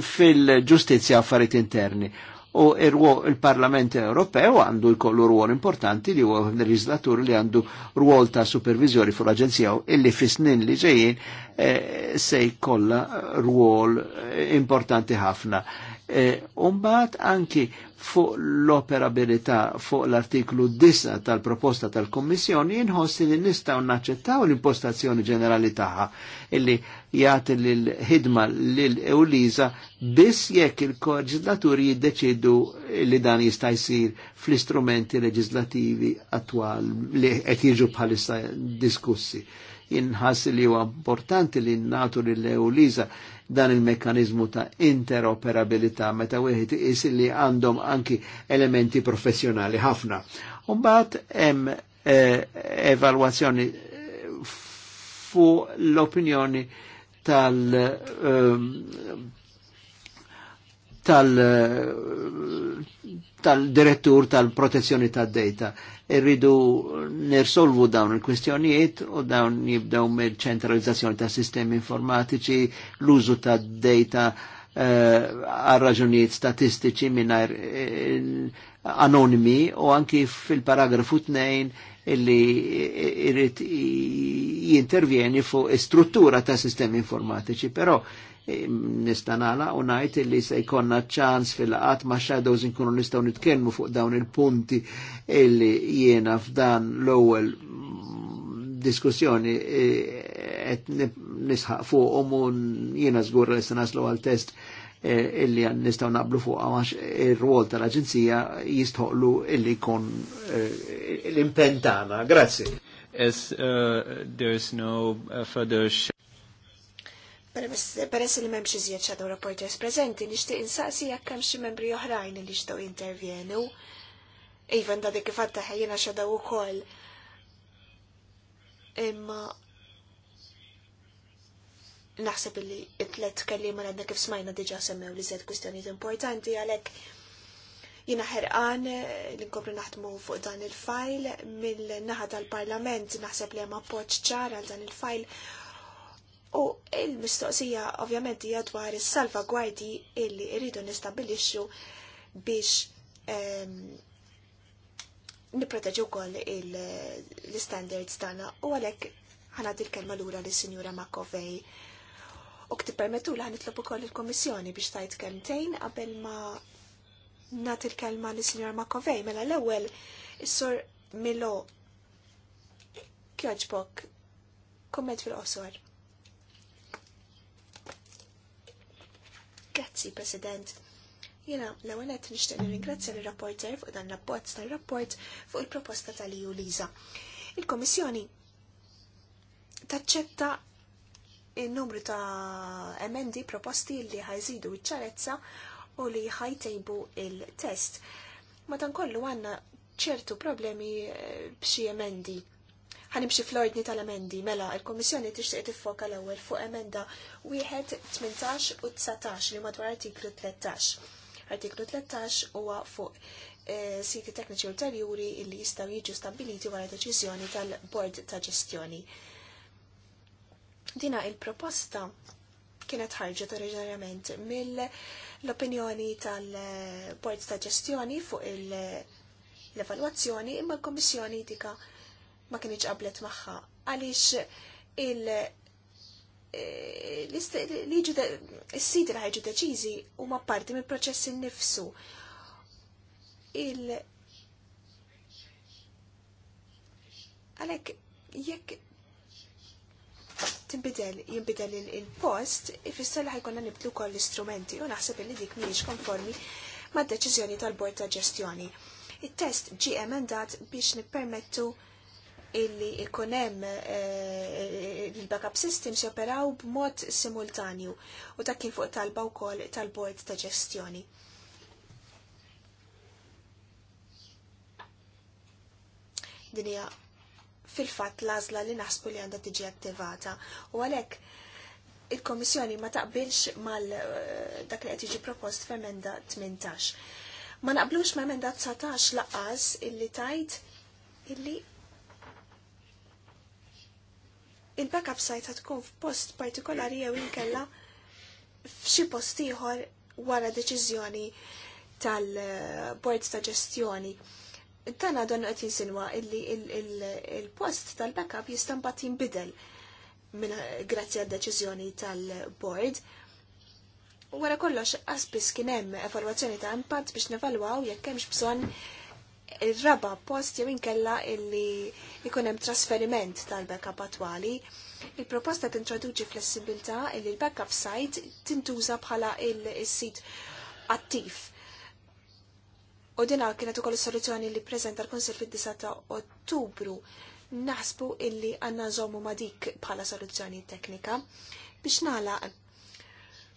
fil-ġustizja affarijiet interni. U il-Parlament Ewropew għandu jkollu ruol importanti li huwa l-leġislatur li għandu ruol ta' supervizjoni fuq l-Aġenzija illi fi snin li ġejjin eh, se jkollha ruol eh, importanti ħafna. E, Umbat anki fuq l-operabilità fuq l-artiklu 9 tal-proposta tal-Kommissjoni inħossi li nistaw naċċettaw l-impostazzjoni ġenerali tagħha illi jagħti l-ħidma lil Ewliza biss jekk il-koġislaturi jiddeċidu li dan jista' jsir fl-istrumenti leġislativi attwal li qed jiġu bħalissa diskussi inħass li huwa importanti li natu l-Ewliza dan il-mekkanizmu ta' interoperabilità meta wieħed is li għandhom anki elementi professjonali ħafna. Umbat hemm eh, evalwazzjoni eh, fu l-opinjoni tal ehm, tal-direttur tal tal direttur tal tad-data. Irridu e nirsolvu dawn il kwestjonijiet u dawn jibdew mill-ċentralizzazzjoni ta' sistemi informatiċi, l-użu tad-data eh, għal uh, raġunijiet statistiċi minnajr eh, anonimi u anki fil-paragrafu 2 illi irrit jintervjeni fuq istruttura ta' sistemi informatiċi, però nistanala u najt li se jkonna ċans fil għat ma shadows nkunu nistaw nitkelmu fuq dawn il-punti illi jiena f'dan l-ewwel diskussjoni qed nisħaq fuq u jiena żgur li se naslu għal test e, illi nistaw naqblu fuq għax ir-rwol tal-Aġenzija jistħoqlu illi kon e, l-impentana. Grazzi. As uh, there is no uh, further Peress li memx iżjed xadow rapporters prezenti, nixtieq insaqsi jekk hemm xi membri oħrajn li xtaw intervjenu. Ivan da dik kif għadda ħejjena xadow ukoll. Imma naħseb li it-tlet kellima għadna kif smajna diġa semmew li zed kwistjonijiet importanti għalhekk jina ħerqan li nkomplu naħdmu fuq dan il-fajl mill-naħa tal-Parlament naħseb li hemm appoġġ ċar għal dan il-fajl U il-mistoqsija ovvjament hija dwar is-salvagwardji illi rridu nistabbilixxu biex ehm, nipproteġu wkoll l-standards tagħna u għalhekk ħanad il-kelma lura lis-Sinjura Makovej. U permettu li ħanitlob ukoll il-Kommissjoni biex tajt kelmtejn qabel ma nagħti il-kelma lis-Sinjura Makovej mela l-ewwel is-Sur Milo Kjoġbok, komment fil-qosor. Grazzi, President. Jena, l-għanet nishtiq nirringrazzja l-rapporter fuq dan l-abbozz tal-rapport fuq il-proposta tal-Iju Liza. Il-Komissjoni taċċetta il-numru ta' emendi proposti li ħajżidu iċ-ċarezza u li ħajtejbu il-test. Matankollu għanna ċertu problemi eh, b'xi emendi ħanimxi fl-ordni tal-emendi, mela il-Komissjoni tixtieq tiffoka l-ewwel fuq emenda wieħed 18 u 19 li madwar artiklu 13. Artiklu 13 huwa fuq eh, siti tekniċi ulterjuri li jistgħu jiġu stabbiliti wara deċiżjoni tal-Bord ta' Ġestjoni. Dina il-proposta kienet ħarġet oriġinarjament mill-opinjoni tal-Bord ta' Ġestjoni fuq l-evalwazzjoni imma l komissjoni dika ma kienieċ qablet magħha għaliex il e, sidra s-sidi li ħajġu deċiżi huma parti mill proċess innifsu. Il għalhekk jekk timbidel, jimbidel il-post, ifisser li ħajkonna nibdlu koll l-istrumenti u naħseb li dik miex konformi ma' deċiżjoni tal-bord ta' ġestjoni. Il-test ġi emendat biex nippermettu illi ikonem eh, il-backup systems joperaw b'mod simultanju u ta' kien fuq talba wkoll tal-bord ta' ġestjoni. Dinja fil-fatt lażla li naħsbu li għandha tiġi attivata u għalhekk il-Komissjoni ma taqbilx mal eh, dak li qed jiġi propost f'emenda 18. Ma naqblux ma' emenda 19 laqqas illi tajt illi il-backup site tkun f'post partikolari jew inkella f'xi post ieħor wara deċiżjoni tal-bord ta' ġestjoni. Tana don qed jinsinwa illi il-post tal-backup jista' mbagħad jinbidel minn grazzi għad deċiżjoni tal-bord. Wara kollox qasbis kien hemm evalwazzjoni ta' impatt biex nevalwaw jekk hemmx bżonn il-raba post jew inkella illi ikun hemm trasferiment tal-backup attwali. Il-proposta tintroduċi flessibilità illi l-backup site tintuża bħala il-sit attiv. U din kienet ukoll is soluzzjoni li preżenta l kunsill fid-9 ta' Ottubru. Naħsbu illi għandna nżommu ma' dik bħala soluzzjoni teknika biex nagħlaq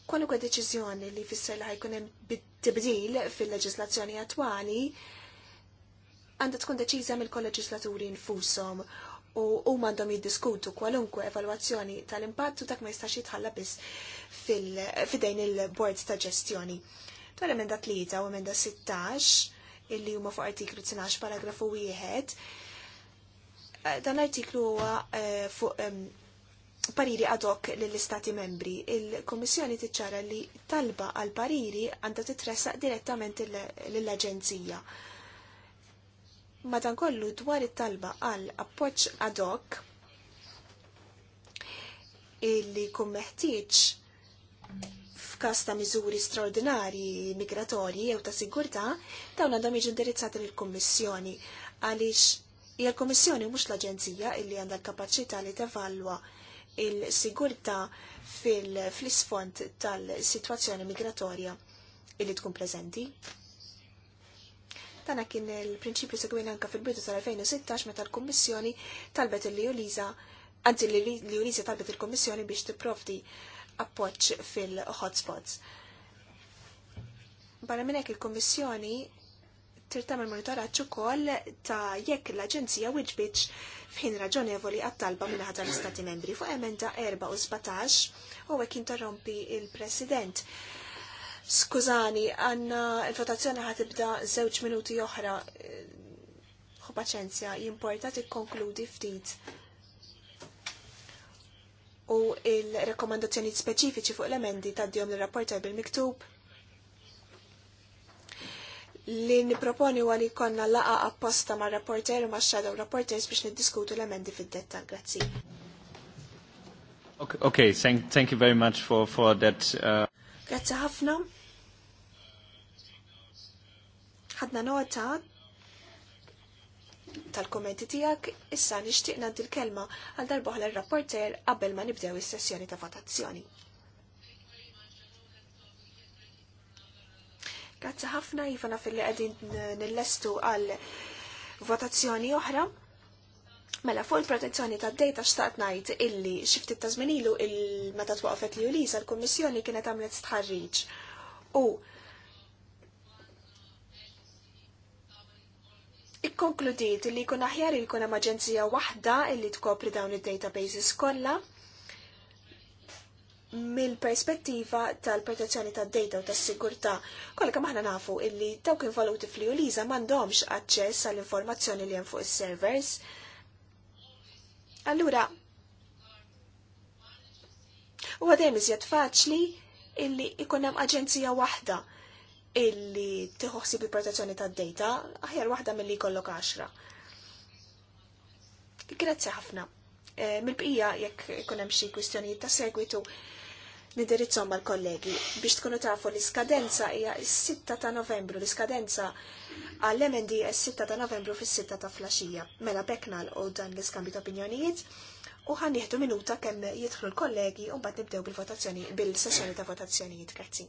kwalunkwe deċiżjoni li fisser li ħajkun hemm tibdil fil-leġislazzjoni attwali għanda tkun deċiża mill-kolleġislaturi nfushom u huma għandhom jiddiskutu kwalunkwe evalwazzjoni tal impattu dak ma jistax jitħalla biss fidejn il board ta' ġestjoni. Dwar emenda 3 u emenda 16 illi huma fuq artiklu 12 paragrafu 1 eh, dan l-artiklu huwa eh, fuq pariri ad hoc lill-Istati membri. Il-Kommissjoni tiċċara li talba għal pariri għandha titressaq direttament lill-Aġenzija. Madankollu dwar it-talba għal appoġġ ad hoc illi jkun meħtieġ f'każ ta' miżuri straordinarji migratorji jew ta' sigurtà, dawn għandhom jiġu indirizzati lill-Kummissjoni għaliex hija l-Kummissjoni mhux l-Aġenzija illi għandha l-kapaċità li tevalwa il-sigurtà fil-isfond tal-sitwazzjoni migratorja illi tkun preżenti. Tana kien il-prinċipju segwin anka fil-bidu tal-2016 meta l-Kummissjoni talbet li Uliza, anzi li Uliza talbet il-Kummissjoni biex tipprovdi appoċ fil-hotspots. Barra minn il-Kummissjoni tirtam il-monitoraċ ukoll ta' jekk l-Aġenzija wiġbitx f'ħin raġonevoli għat-talba minna ħadar l-Stati membri fuq emenda 4 u 17 u għek interrompi il-President Skużani, għanna il-votazzjoni ħatibda żewġ minuti oħra. Ħu paċenzja, jimporta tikkonkludi ftit. U il-rekomandazzjoni speċifiċi fuq l-emendi d djom l rapporta bil-miktub li niproponi u għalli konna laqa apposta ma' rapporter u ma' shadow rapporters biex niddiskutu l-emendi fid-dettal. Grazzi. okay thank, thank you very much for, for that. Uh... Grazzi ħafna. Ħadna nota tal-kommenti tijak, issa nishtiq naddi l-kelma għal darboħla l-rapporter qabel ma nibdew is-sessjoni ta' votazzjoni. Grazzi ħafna jifana fil-li għedin nillestu għal votazzjoni oħra. Mela, fuq il-protezzjoni ta' data xtaqt ngħid illi xiftit ta' żminilu il-meta twaqfet li Ulisa l-Kummissjoni kienet għamlet stħarriġ. U Ikkonkludiet li jkun aħjar li jkun hemm aġenzija waħda illi tkopri dawn id-databases kollha mill-perspettiva tal-protezzjoni tad-data u tas-sigurtà. Kollha kemm aħna nafu illi dawk involuti fl-Uliza m'għandhomx aċċess għall-informazzjoni li hemm fuq is-servers, Allura, u għadem iżjed faċli illi ikunem aġenzija wahda illi tħuħsi il-protezzjoni tad data aħjar wahda mill-li kollok għaxra. Grazzi ħafna. Eh, mil-bqija jekk ikunem xie kwistjonijiet ta' segwitu nidirizzom mal kollegi biex tkunu tafu l-iskadenza hija s-6 ta' novembru, l-iskadenza għall-MND s-6 ta' novembru fis-6 ta' flaxija. Mela bekna l dan l-iskambju ta' opinjonijiet u ħan minuta kemm jidħlu l-kollegi u mbagħad nibdew bil-votazzjoni bil-sessjoni ta' votazzjonijiet. Grazzi.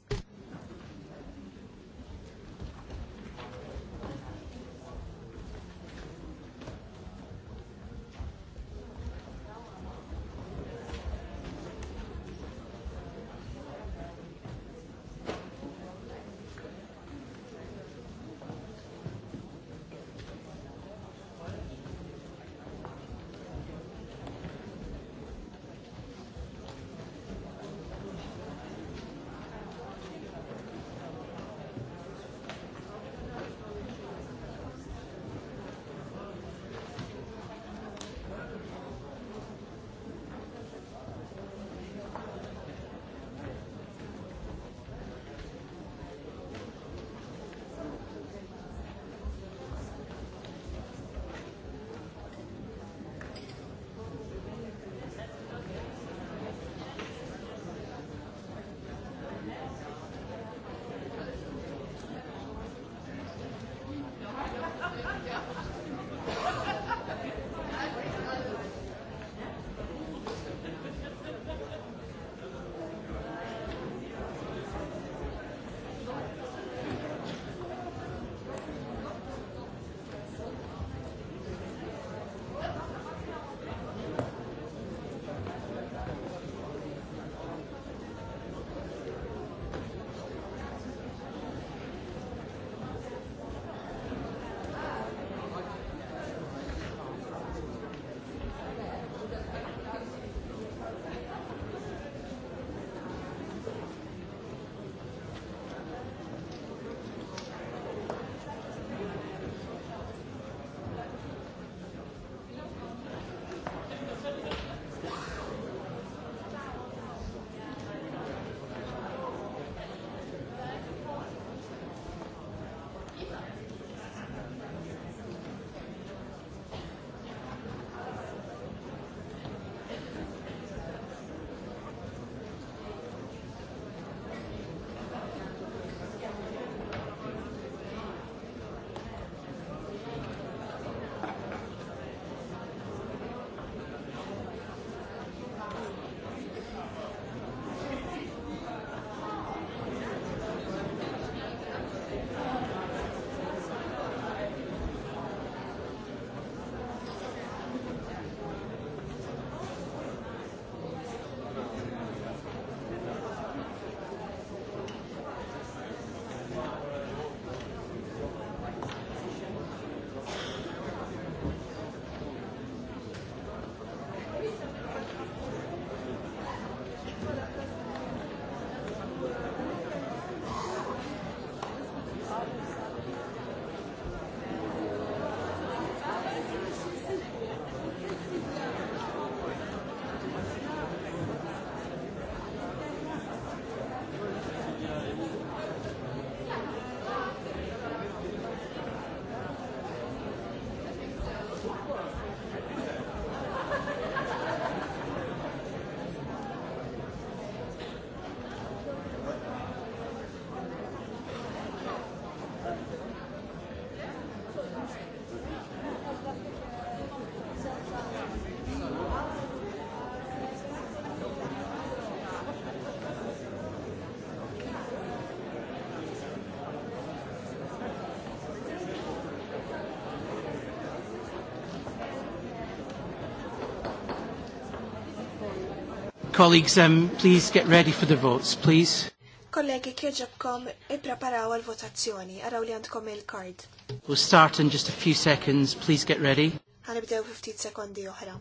Colleagues, um, please get ready for the votes, please. Kollegi, kieġabkom i-preparaw għal-votazzjoni, għaraw li għandkom il-kard. We'll start in just a few seconds, please get ready. Għanibdew 50 sekondi oħra.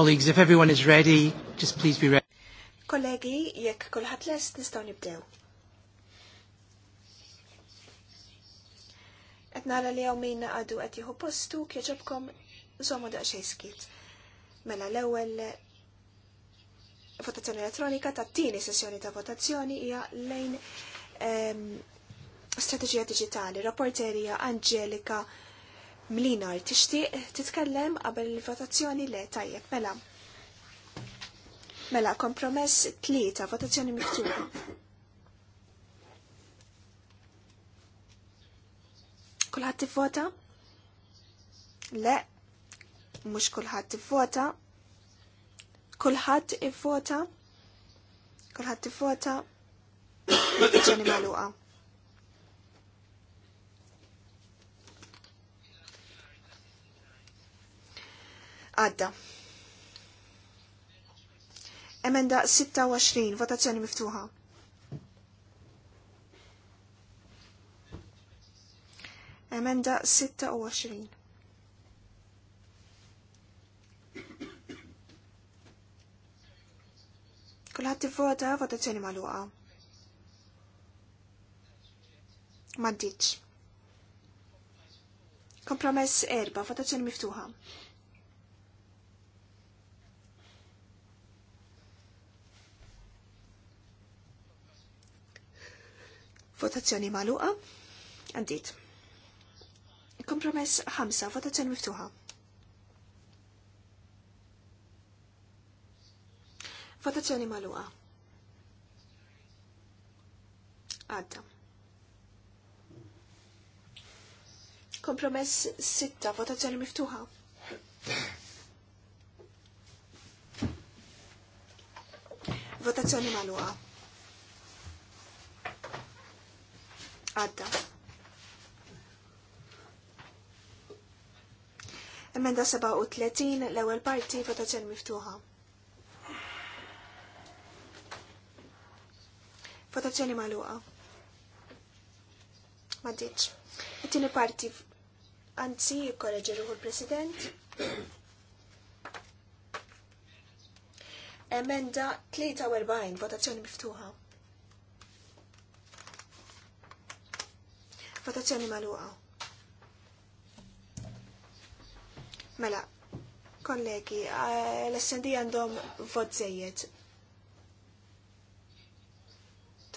Colleagues, if everyone is ready, just please be ready. Kollegi, jekk kulħadd lest nistgħu nibdew. Qed nara li hawn għadu qed jieħu postu kieġobkom żommu daqsxejn skit. Mela l-ewwel votazzjoni elettronika tat-tieni sessjoni ta' votazzjoni hija lejn ehm, Strategija Digitali Rapporterija Angelika Mlina tixtieq titkellem qabel il-votazzjoni le tajjeb mela. Mela, kompromess tlieta, votazzjoni miktuba. Kulħadd tivvota? Le, mhux kulħadd tivvota. Kulħadd ivvota. Kulħadd tivvota. Votazzjoni magħluqa. għadda. Emenda 26, votazzjoni miftuħa. Emenda 26. Kulħat Kulħadd tivvota votazzjoni magħluqa. M'għaddiċ. Kompromess erba' votazzjoni miftuħa. Votazzjoni maluqa. għandit. Kompromess 5. Votazzjoni miftuħa. Votazzjoni maluqa. Għadda. Kompromess 6. Votazzjoni miftuħa. Votazzjoni maluqa. Għadda. Emenda 37 l-ewwel parti votazzjoni miftuħa. Votazzjoni magħluqa. Ma ditx. It-tieni parti anzi jikkoreġi ruħu l-President. Emenda 43 votazzjoni miftuħa. Votazzjoni maluqa. Mela, kollegi, eh, l-SND għandhom vot zejjed.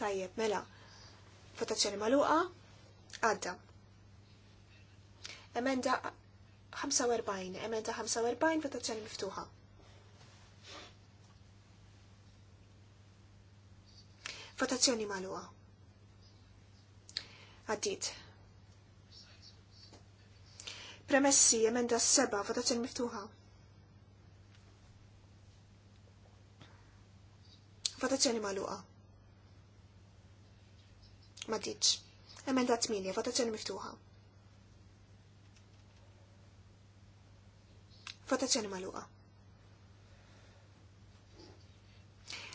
Tajjeb, mela, votazzjoni maluqa, għadda. Emenda 45, emenda 45, votazzjoni miftuħa. Votazzjoni maluqa għaddit. Premessi, emenda seba, votazzjoni miftuħa. Votazzjoni maluqa. Ma ditx. Emenda 8, votazzjoni miftuħa. Votazzjoni maluqa.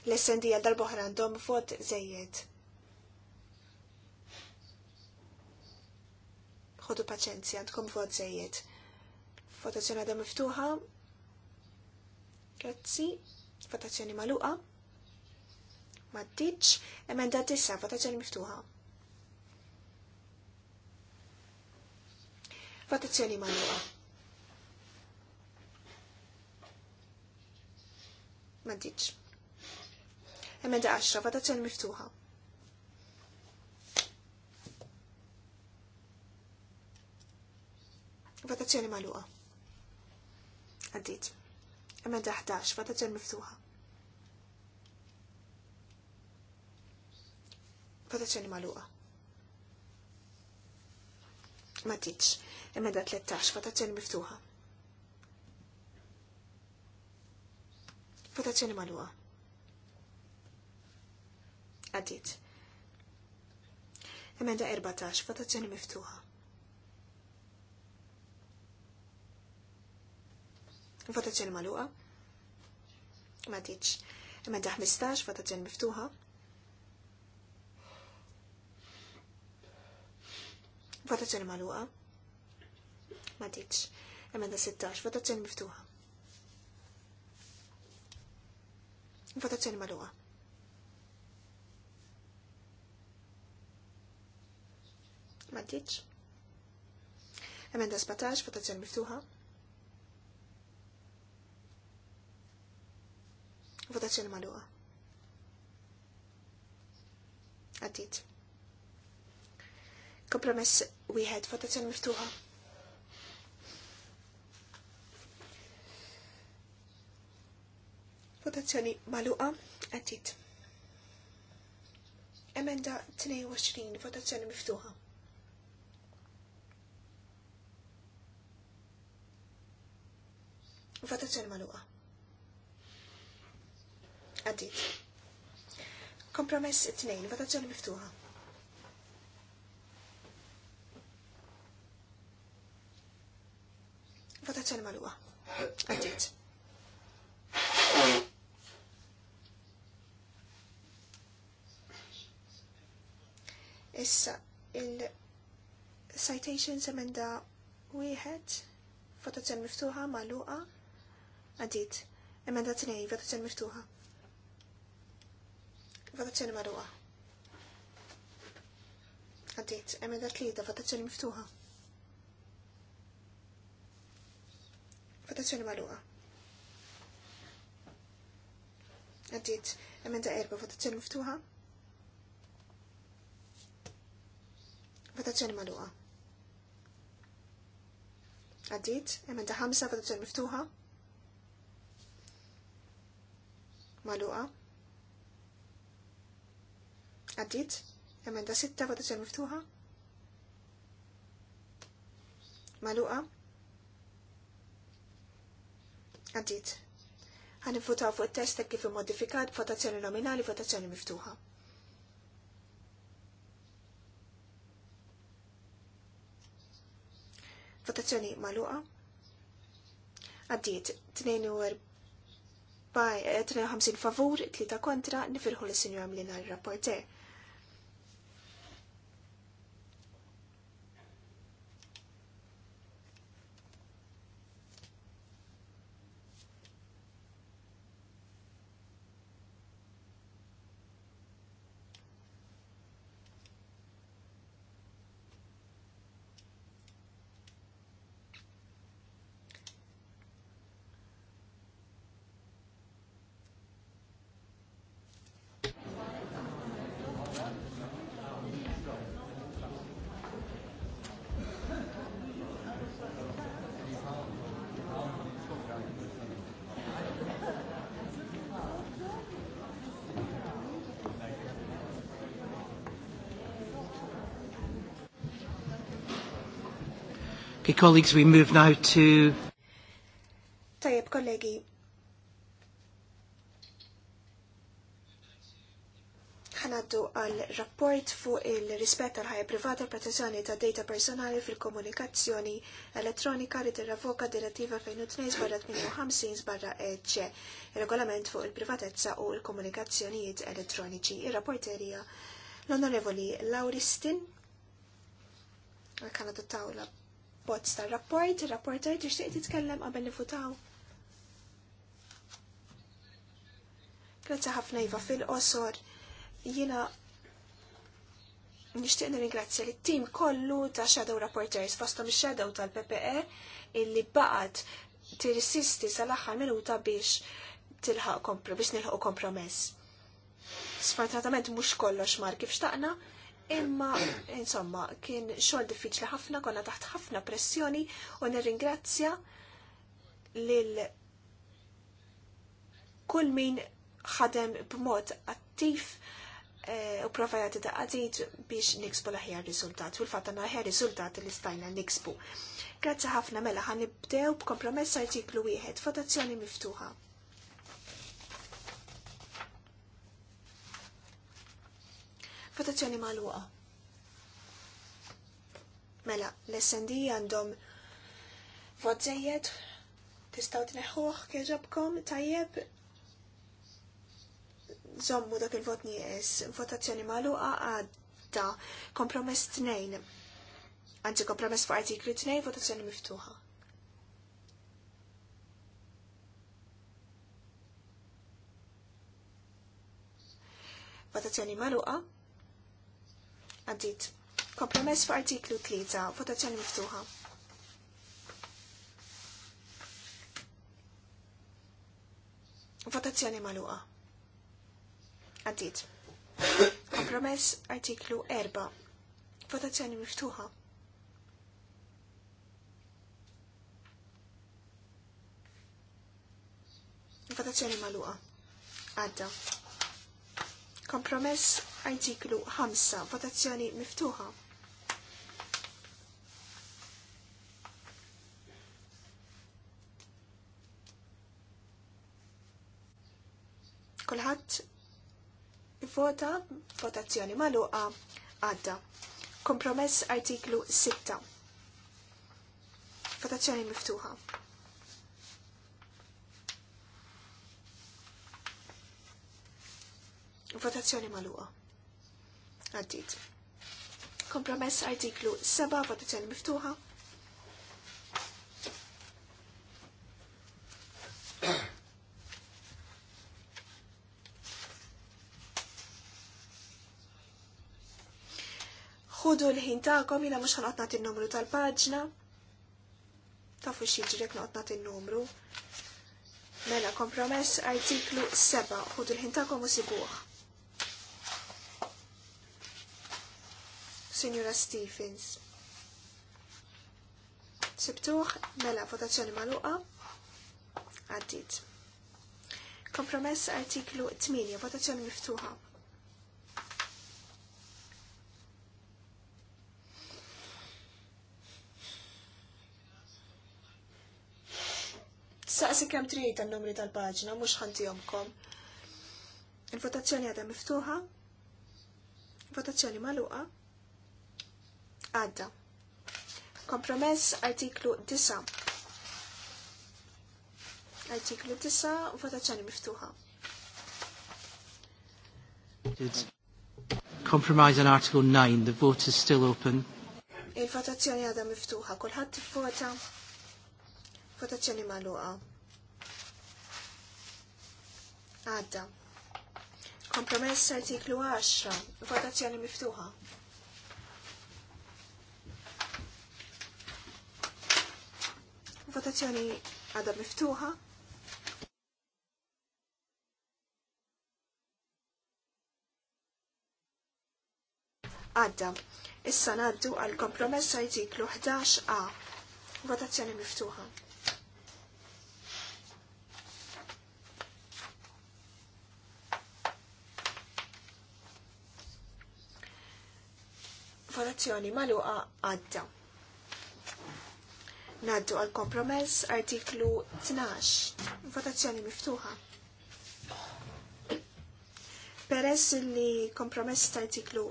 L-essendi għal darbohra għandhom vot zejjed. ħodu paċenzja, għandkom vot Votazzjoni għadha miftuħa. Grazzi. Votazzjoni maluqa. Mattiċ. Emenda tissa, votazzjoni miftuħa. Votazzjoni maluqa. Mattiċ. Emenda 10, votazzjoni miftuħa. Votazzjoni maluqa. Għaddit. Emenda 11, votazzjoni miftuħa. Votazzjoni maluqa. Ma tiċ. da' 13, votazzjoni miftuħa. Votazzjoni maluqa. Għaddit. da' 14, votazzjoni miftuħa. Votazzjoni maluqa. Ma tiċ. Emenda 15, votazzjoni miftuħa. Votazzjoni maluqa. Ma tiċ. Emenda sittax votazzjoni miftuħa. Votazzjoni maluqa. Ma tiċ. Emenda 17, votazzjoni miftuħa. Votazzjoni madwa. Għaddit. Kompromess wieħed, votazzjoni miftuħa. Votazzjoni maluqa, għaddit. Emenda 22, votazzjoni miftuħa. Votazzjoni maluqa. Għaddit. Kompromess tnejn. votazzjoni miftuħa. Votazzjoni maluqa. Għaddit. Issa, il-citations emenda wieħed, votazzjoni miftuħa, maluqa, għaddit. Emenda 2, votazzjoni miftuħa. Votazzjoni marruqa. Għaddit, emenda tlida, votazzjoni miftuħa. Votazzjoni marruqa. Għaddit, da erba, votazzjoni miftuħa. Votazzjoni marruqa. Għaddit, da ħamsa, votazzjoni miftuħa. Marruqa. Għaddit, emenda sitta votazzjoni miftuħa. Maluqa. Għaddit. Għan nifutaw fuq test ta' kif immodifikat votazzjoni nominali, votazzjoni miftuħa. Votazzjoni maluqa. Għaddit 52 eh, favur, 3 kontra, nifirħu l-Sinjor għamlina l-rapporter. Okay, colleagues, we move now to... Tajab, kollegi. ħanaddu għal rapport fuq il-rispett għal ħajja privata protezzjoni ta' data personali fil-komunikazzjoni elettronika li t-ravoka direttiva 2002 58 barra eċ regolament fuq il-privatezza u il-komunikazzjonijiet elettroniċi. Ir-rapporterija l-Onorevoli Lauristin, għal Tawla bots ta' rapport il-rapporter tixtieq titkellem qabel nifutaw. Grazzi ħafna Iva fil-qosor. Jiena nixtieq nirringrazzja lit tim kollu ta' Shadow Rapporters fostom ix-Shadow tal-PPE illi baqgħet tirsisti sal-aħħar minuta biex tilħaq kompro, biex nilħaq kompromess. Sfortunatament mhux kollox mar kif xtaqna, Imma, insomma, kien xogħol diffiċli ħafna, konna taħt ħafna pressjoni u nirringrazzja lil kull min ħadem b'mod attiv eh, u prova jagħti daqatit biex niksbu l-aħjar riżultat. U l-fatt għandna aħjar li stajna niksbu. Grazzi ħafna mela ħanibdew b'kompromessa artiklu wieħed, votazzjoni miftuħa. Votazzjoni maluqa. Mela, l-SND għandhom vot zejjed, tistaw tneħħuħ kieġobkom, tajjeb, zommu dak il-vot nijes, votazzjoni maluqa għadda, kompromess tnejn, għanzi kompromess fuq artiklu tnejn, votazzjoni miftuħa. Votazzjoni maluqa, Għaddit. Kompromess fuq artiklu 3, votazzjoni miftuħa. Votazzjoni maluqa. Għaddit. Kompromess artiklu 4, votazzjoni miftuħa. Votazzjoni maluqa. Għadda. Kompromess artiklu 5, votazzjoni miftuħa. Kulħadd vota votazzjoni maluqa għadda. Kompromess artiklu 6. Votazzjoni miftuħa. votazzjoni maluqa għaddit. Kompromess artiklu 7, votazzjoni miftuħa. ħudu l-ħin ta'kom jina mux ħanqot il-numru tal-paġna. Tafu noqgħod naqot il-numru. Mela kompromess artiklu 7. ħudu l-ħin ta'kom u sibuħ. Signora Stephens. Sibtuħ, mela votazzjoni maluqa, għaddit. Kompromess artiklu 8, votazzjoni miftuħa. Saqsi kem trid tan-numri tal-paġna, mhux ħantihomkom. Il-votazzjoni għadha miftuħa, votazzjoni maluqa, għadda. Kompromess artiklu 9. Artiklu 9, votazzjoni miftuħa. Compromise on Article 9, the vote is still open. Il-votazzjoni għadha miftuħa, kulħadd vota votazzjoni magħluqa. Għadda. Kompromess artiklu 10, votazzjoni miftuħa. Votazzjoni għadha miftuħa. Għadda. Issa naddu għal kompromess artiklu 11a. Votazzjoni miftuħa. Votazzjoni maluqa għadda. Naddu għal kompromess artiklu 12. Votazzjoni miftuħa. Peress li kompromess ta' artiklu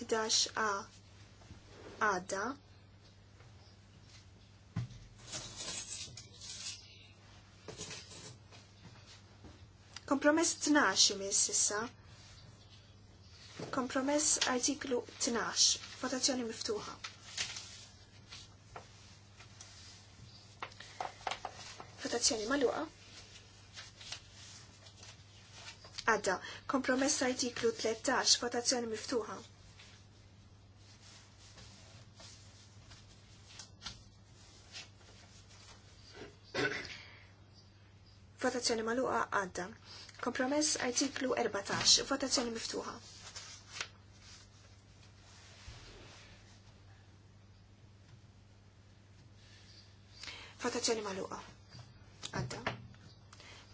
11a għadda, Kompromess 12 miss issa. Kompromess artiklu 12. Votazzjoni miftuħa. votazzjoni maluqa. Għadda, kompromess artiklu 13, votazzjoni miftuħa. Votazzjoni maluqa għadda. Kompromess artiklu 14, votazzjoni miftuħa. Votazzjoni maluqa għadda.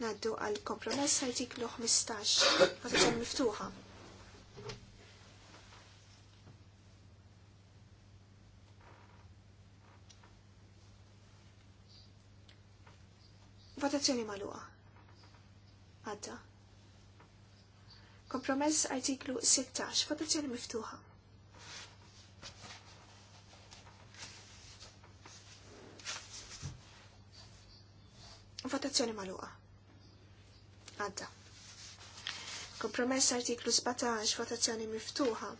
Naddu għal kompromess artiklu 15, għadġan miftuħa. Votazzjoni maluqa. Għadda. Kompromess artiklu 16, votazzjoni miftuħa. Votazzjoni maluqa. Għadda. Kompromess artiklu 17, votazzjoni miftuħa.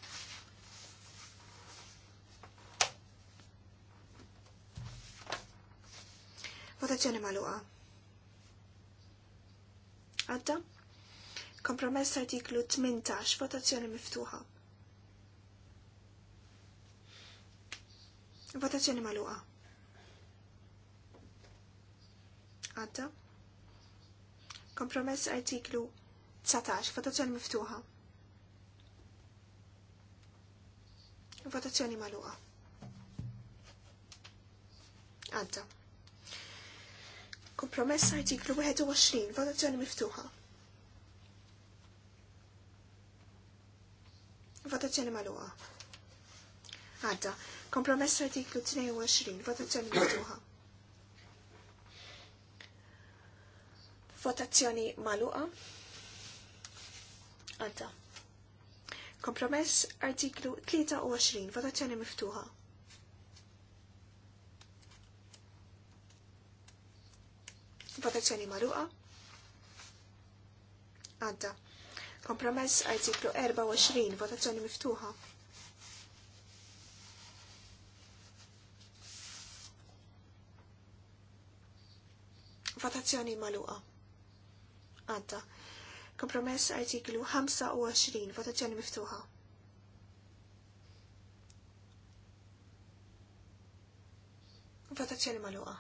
Votazzjoni maluqa. Għadda. Kompromess artiklu 18, votazzjoni miftuħa. Votazzjoni maluqa. għadda. Kompromess artiklu 19, votazzjoni miftuħa. Votazzjoni maluqa. Għadda. Kompromess artiklu 21, votazzjoni miftuħa. Votazzjoni maluqa. Għadda. Kompromess artiklu 22, votazzjoni miftuħa. Votazzjoni maluqa. Għadda. Kompromess artiklu 23, votazzjoni miftuħa. Votazzjoni maluqa. Għadda. Kompromess artiklu 24, votazzjoni miftuħa. Votazzjoni maluqa għadda. Kompromess artiklu 25, votazzjoni miftuħa. Votazzjoni maluqa.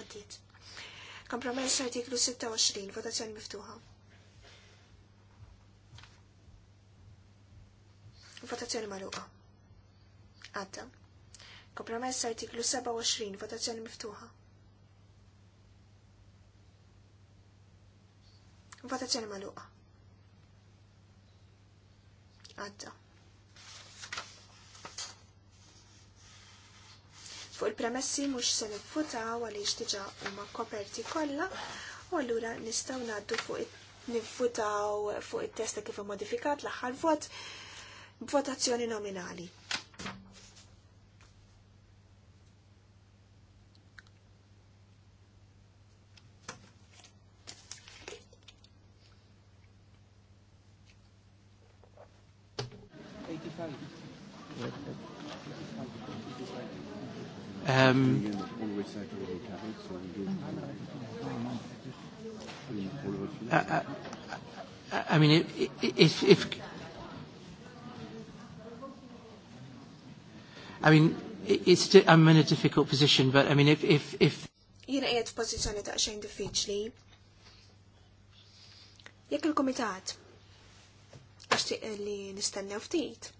Għaddit. Kompromess artiklu 26, votazzjoni miftuħa. Votazzjoni maluqa. Għadda. Kompromess artiklu 27, votazzjoni miftuħa. Votazzjoni maluqa. Għadda. Fuq il-premessi mhux se nivvutaw għaliex diġà huma koperti kollha u allura nistgħu naddu fuq nivvutaw fuq it-testa kif modifikat l-aħħar vot b'votazzjoni nominali. Um, I, mean, if, if, I mean, it's, I'm in a difficult position, but I mean, if, if, if jina f-pozizjoni ta' xejn diffiċli. Jekk il komitat għax li nistennew ftit.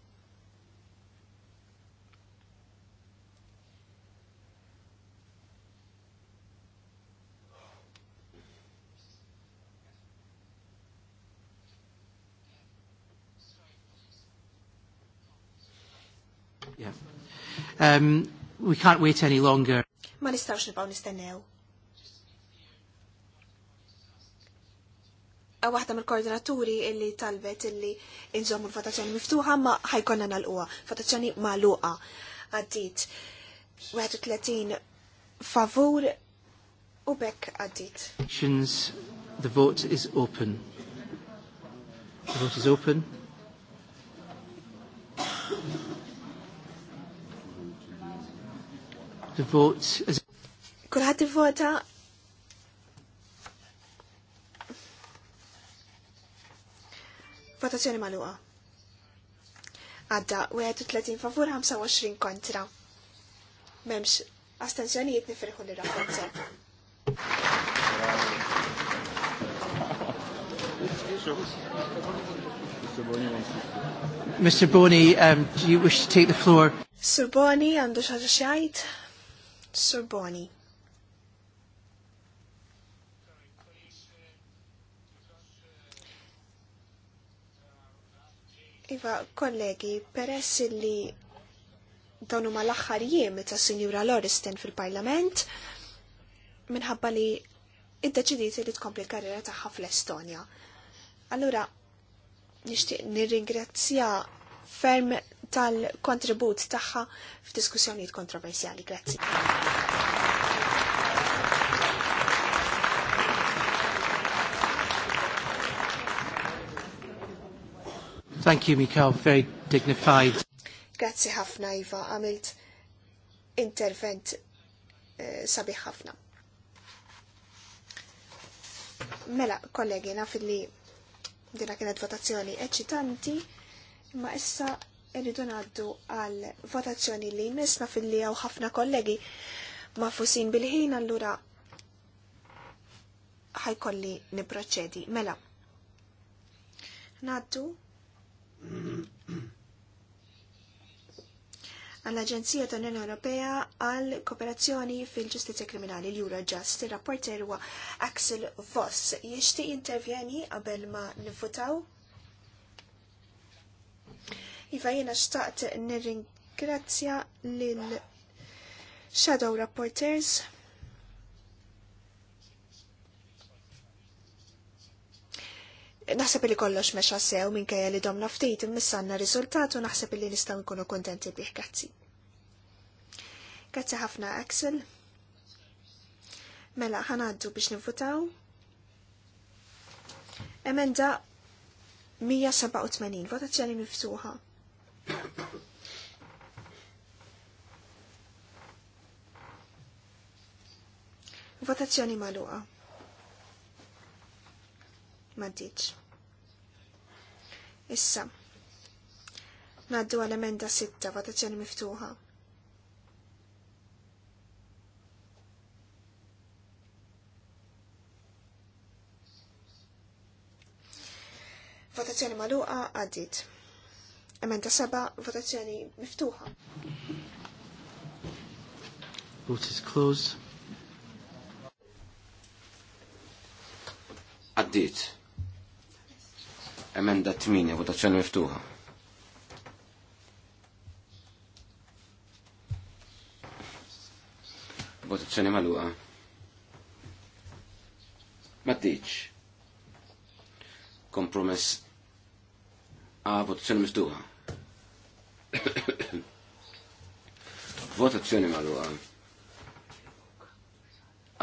Yeah. Um, we can't wait any longer. Ma nistawx nibqaw nistennew. Waħda mill-koordinaturi illi talbet illi inżommu l-votazzjoni miftuħa ma ħajkonna nal-uqa. Votazzjoni mal-uqa. Għaddit. 31 favur u bekk għaddit. The vote is open. The vote is open. The vote Kulħat vota Votazzjoni maluqa. Għadda, 31 favur, 25 kontra. Memx, astenzjonijiet nifirħu li rapporta. Mr. Boni, um, do you wish to take the floor? Sir Boni, għandu xaġa xajt? Sorboni. Iva, kollegi, peress li donu ma l-axħar jiem ta' Sinjura Loristen fil-Parlament, minħabba li id-deċidiet li tkompli karriera tagħha fl-Estonja. Allura, nixtieq nirringrazzja ferm tal-kontribut tagħha f'diskussjonijiet kontroversjali. Grazzi. Thank you, Mikael. Very dignified. Grazzi ħafna, Iva. Għamilt intervent sabi eh, sabiħ ħafna. Mela, kollegi, naf li dina kienet votazzjoni eċitanti, ma issa Irridu ngħaddu għal votazzjoni li jmissna fil-li għaw ħafna kollegi ma' fusin bil-ħin allura ħajkolli niproċedi. Mela. Naddu għall-Aġenzija ta' Unjoni Ewropea għal kooperazzjoni fil-ġustizja kriminali l Just, Il-rapporter huwa Axel Voss. Jixtieq intervjeni qabel ma nifutaw? Iva jena xtaqt nirringrazzja lil Shadow Rapporters Naħseb li kollox meċa sew minkejja li domna ftit immissanna u naħseb li nistgħu nkunu kontenti bih grazzi. Kazzi ħafna Axel. Mela ħanaddu biex nivvutaw. Emenda 187 votazzjoni miftuħa. Votazzjoni maluqa. Maddiċ. Issa. Naddu għal-emenda sitta votazzjoni miftuħa. Votazzjoni maluqa għaddit. Emenda seba, votazzjoni miftuħa. Vote is closed. Għaddit. Emenda 8, votazzjoni miftuħa. Votazzjoni maluqa. Maddiċ. Kompromess. A, votazzjoni miftuħa. Votazzjoni magħluqa.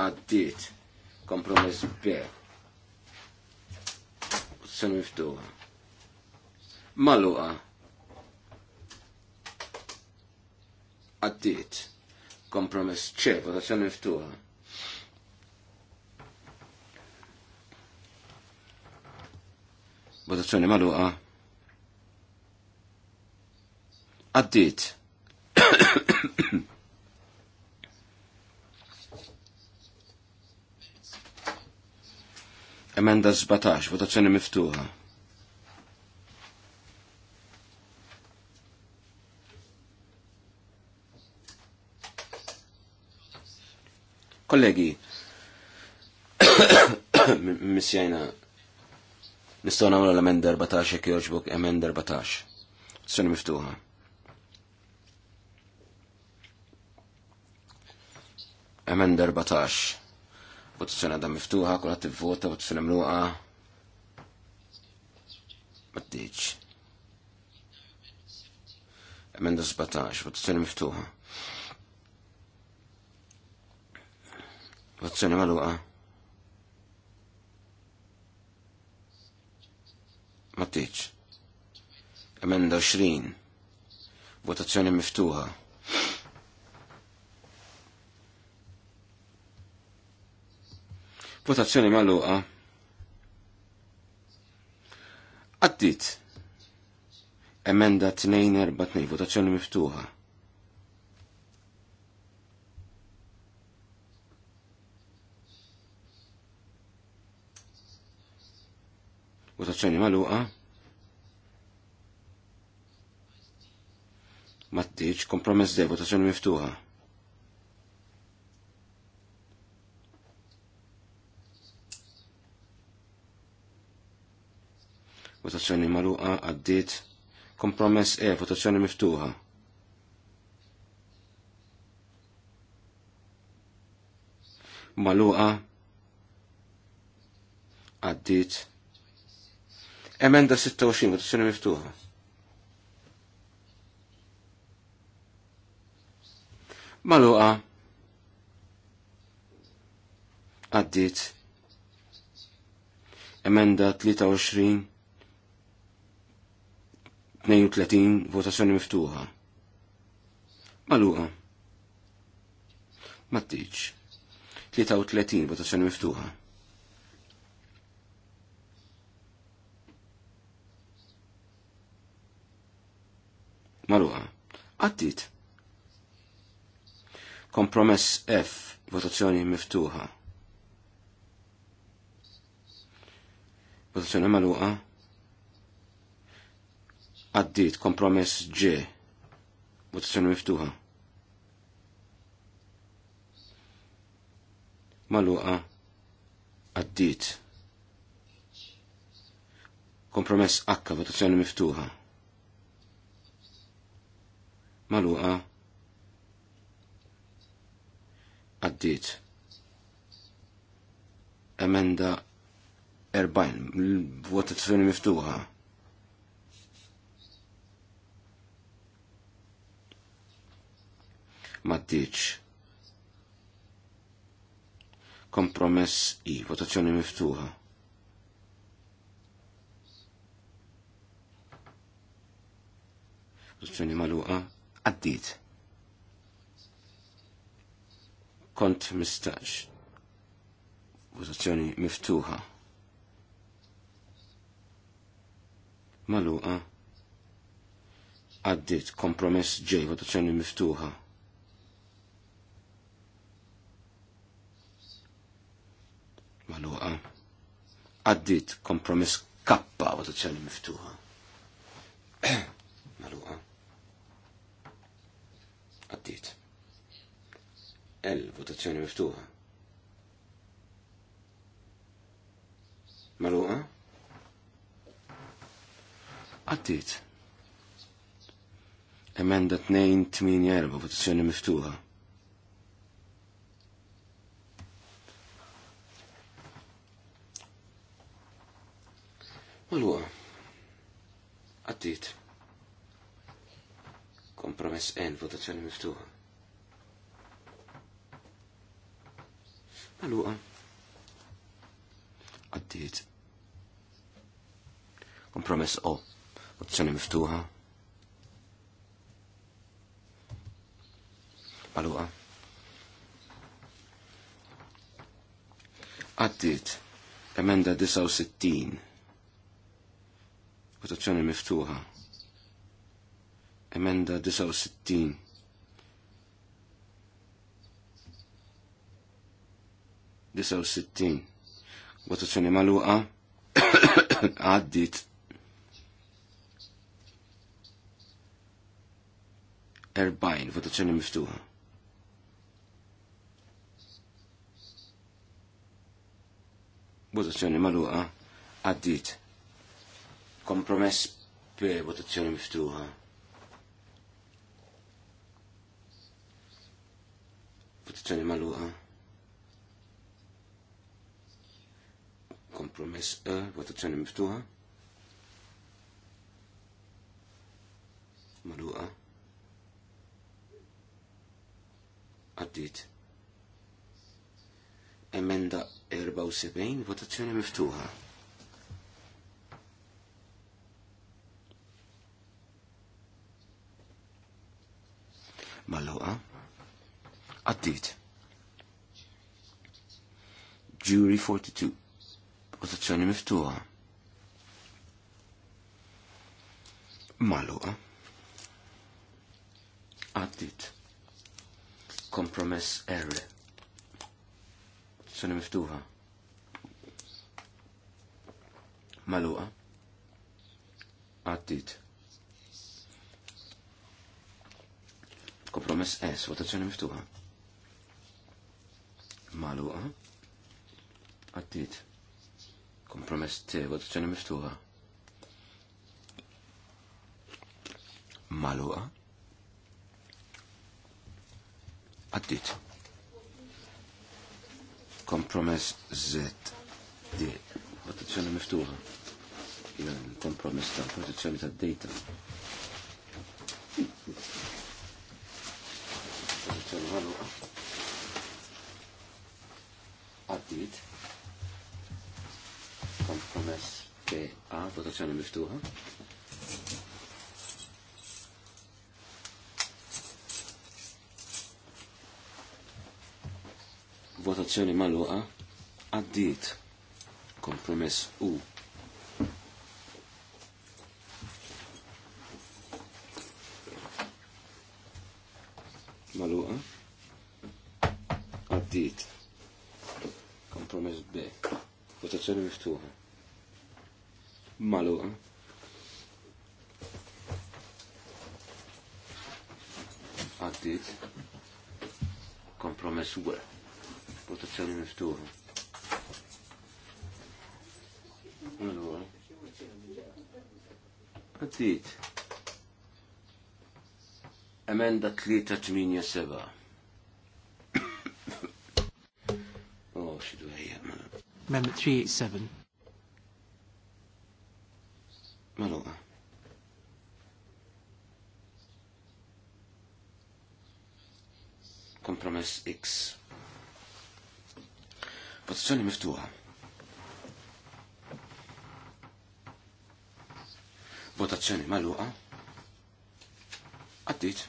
Għaddiet. Kompromess B. Votazzjoni miftuħa. Magħluqa. Għaddiet. Kompromess C. Votazzjoni miftuħa. Votazzjoni magħluqa. Għaddit. Emenda 17, votazzjoni miftuħa. Kollegi, missjajna nistaw namlu l-emenda 14 kjoġbuk emenda 14. sunni miftuħa. emen darbatax. Votazzjoni għadha miftuħa, kull ħadd ivvota, votazzjoni mluqa. Maddiċ. Emen darbatax, votazzjoni miftuħa. Votazzjoni mluqa. Maddiċ. Emen 20. Votazzjoni miftuħa. Votazzjoni maluqa. Għaddit. Emenda 242, votazzjoni miftuħa. Votazzjoni maluqa. Mattiċ, kompromess de votazzjoni miftuħa. votazzjoni maruqa għaddit, kompromess E, votazzjoni miftuħa. Maluqa għaddit, emenda 26, votazzjoni miftuħa. Maluqa għaddit, emenda 23, 32 votazzjoni miftuħa. Maluqa. Mattiċ. 33 votazzjoni miftuħa. Maluqa. Għattit. Kompromess F, votazzjoni miftuħa. Votazzjoni maluqa għaddit kompromess ġe votazzjoni miftuħa. Maluqa għaddit. Kompromess akka votazzjoni miftuħa. Maluqa għaddit. Emenda 40 votazzjoni miftuħa. maddiċ. Kompromess i, votazzjoni miftuħa. Votazzjoni maluqa, għaddit. Kont mistax. Votazzjoni miftuħa. Maluqa, għaddit kompromess ġej votazzjoni miftuħa. maluqa. Għaddit kompromiss kappa votazzjoni miftuħa. maluqa. Għaddit. El votazzjoni miftuħa. Maluqa. Għaddit. Emenda 2-8-4 votazzjoni miftuħa. Malwa, għaddit. Kompromess N, votazzjoni miftuħa. Malwa, għaddit. Kompromess O, votazzjoni miftuħa. Malwa, għaddit. Emenda 69 votazzjoni miftuħa. Emenda 69. Disa u sittin. Votazzjoni maluqa. Għaddit. Erbajn, votazzjoni miftuħa. Votazzjoni maluqa. Għaddit. Kompromess P, votazzjoni miftuħa. Votazzjoni maluħa. Kompromess E, votazzjoni miftuħa. Maluħa. Għaddit. Emenda 74, votazzjoni miftuħa. mal-loqa. Għaddit. Jury 42. Votazzjoni miftuħa. Mal-loqa. Għaddit. Kompromess R. Votazzjoni miftuħa. Mal-loqa. Malluqa. Għaddit Kompromess S, votazzjoni miftuħa. Maluqa. Għaddit. Kompromess T, votazzjoni miftuħa. Maluqa. Għaddit. Kompromess Z, D, votazzjoni miftuħa. Il-kompromess tal-protezzjoni tad-data votazzjoni marruqa. Għaddit. Kompromess a votazzjoni miftuħa. Votazzjoni marruqa. Għaddit. Kompromess U, miftuħa. Maluqa. Għaddit. Kompromess u Votazzjoni miftuħa. Allora. Għaddit. Emenda 387. Amendment 387. Maluqa. Kompromess X. Votazzjoni miftuħa. Votazzjoni maluqa. Għaddit.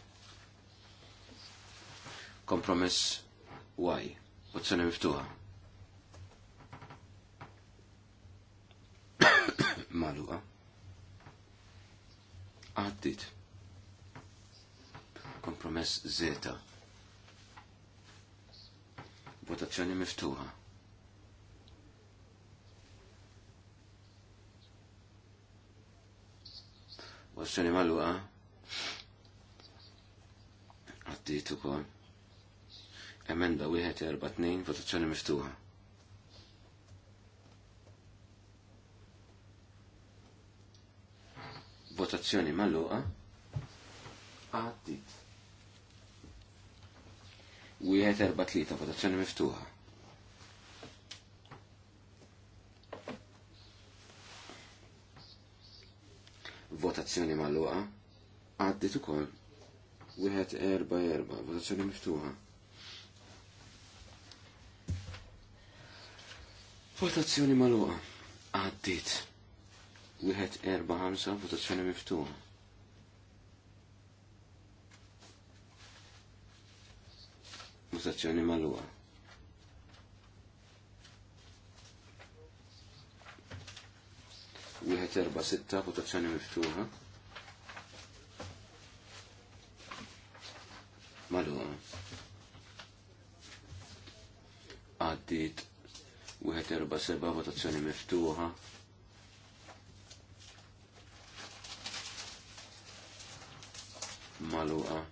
Kompromess Y. Votazzjoni miftuħa. votazzjoni miftuħa. Votazzjoni maluqa. Għaddit kol, Emenda wieħed erba' tnejn votazzjoni miftuħa. Votazzjoni maluqa. Għaddit. Wieħed erba' tlieta votazzjoni miftuħa. votazzjoni mal-luqa, għaddit ukoll wieħed erba erba, votazzjoni miftuħa. Votazzjoni mal-luqa, għaddit wieħed erba ħamsa, votazzjoni miftuħa. Votazzjoni mal-luqa. Wieħed erba' sitta votazzjoni miftuħa. Maluma. Għaddit wieħed erba' seba' votazzjoni miftuħa. Maluqa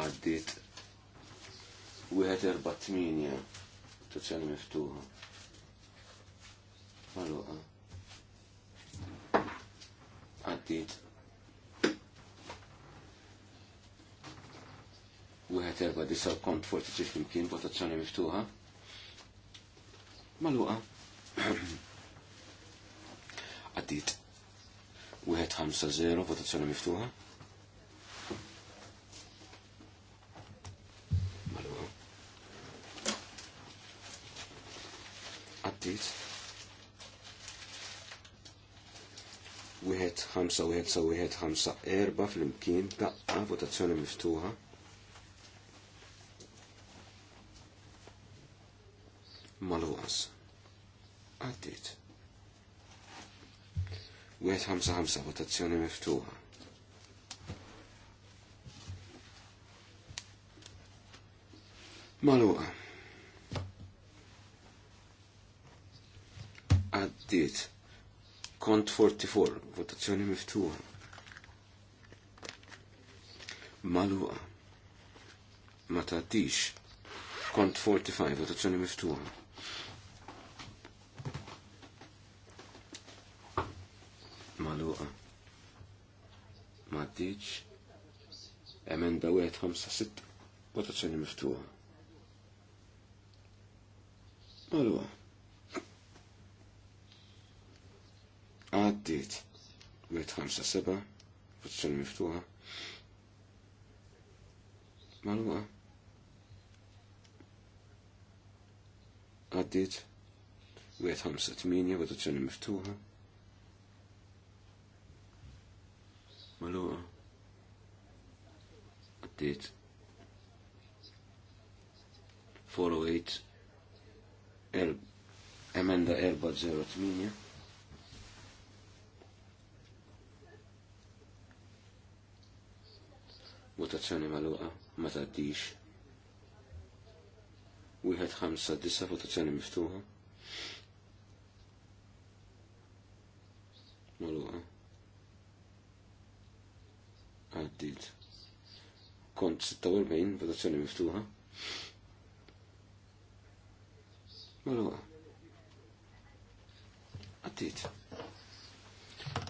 għaddit wieħed erba' tminja votazzjoni miftuħa. Maluqa U għet erba' disa kont forti ġiex flimkien votazzjoni miftuħa. Maluqa. Għaddiet. għet 5-0, votazzjoni miftuħa. 4 fl-imkien taqqa votazzjoni miftuħa. Malwas. Għaddit. 1-5-5 votazzjoni miftuħa. Maluqa. Għaddit kont 44, votazzjoni miftuħa. Maluqa. Ma tatix. Kont 45, votazzjoni miftuħa. Maluqa. Ma taddix. Emenda 6, votazzjoni miftuħa. Maluqa. għaddit. Wet 5-7, votazzjoni miftuħa. Maluqa. Għaddit. Wet 5-8, votazzjoni miftuħa. Maluqa. Għaddit. 408 er, emenda 408 votazzjoni maluqa ma taddix. Wieħed ħamsa disa votazzjoni miftuħa. Maluqa. Għaddit. Kont 46 votazzjoni miftuħa. Maluqa. Għaddit.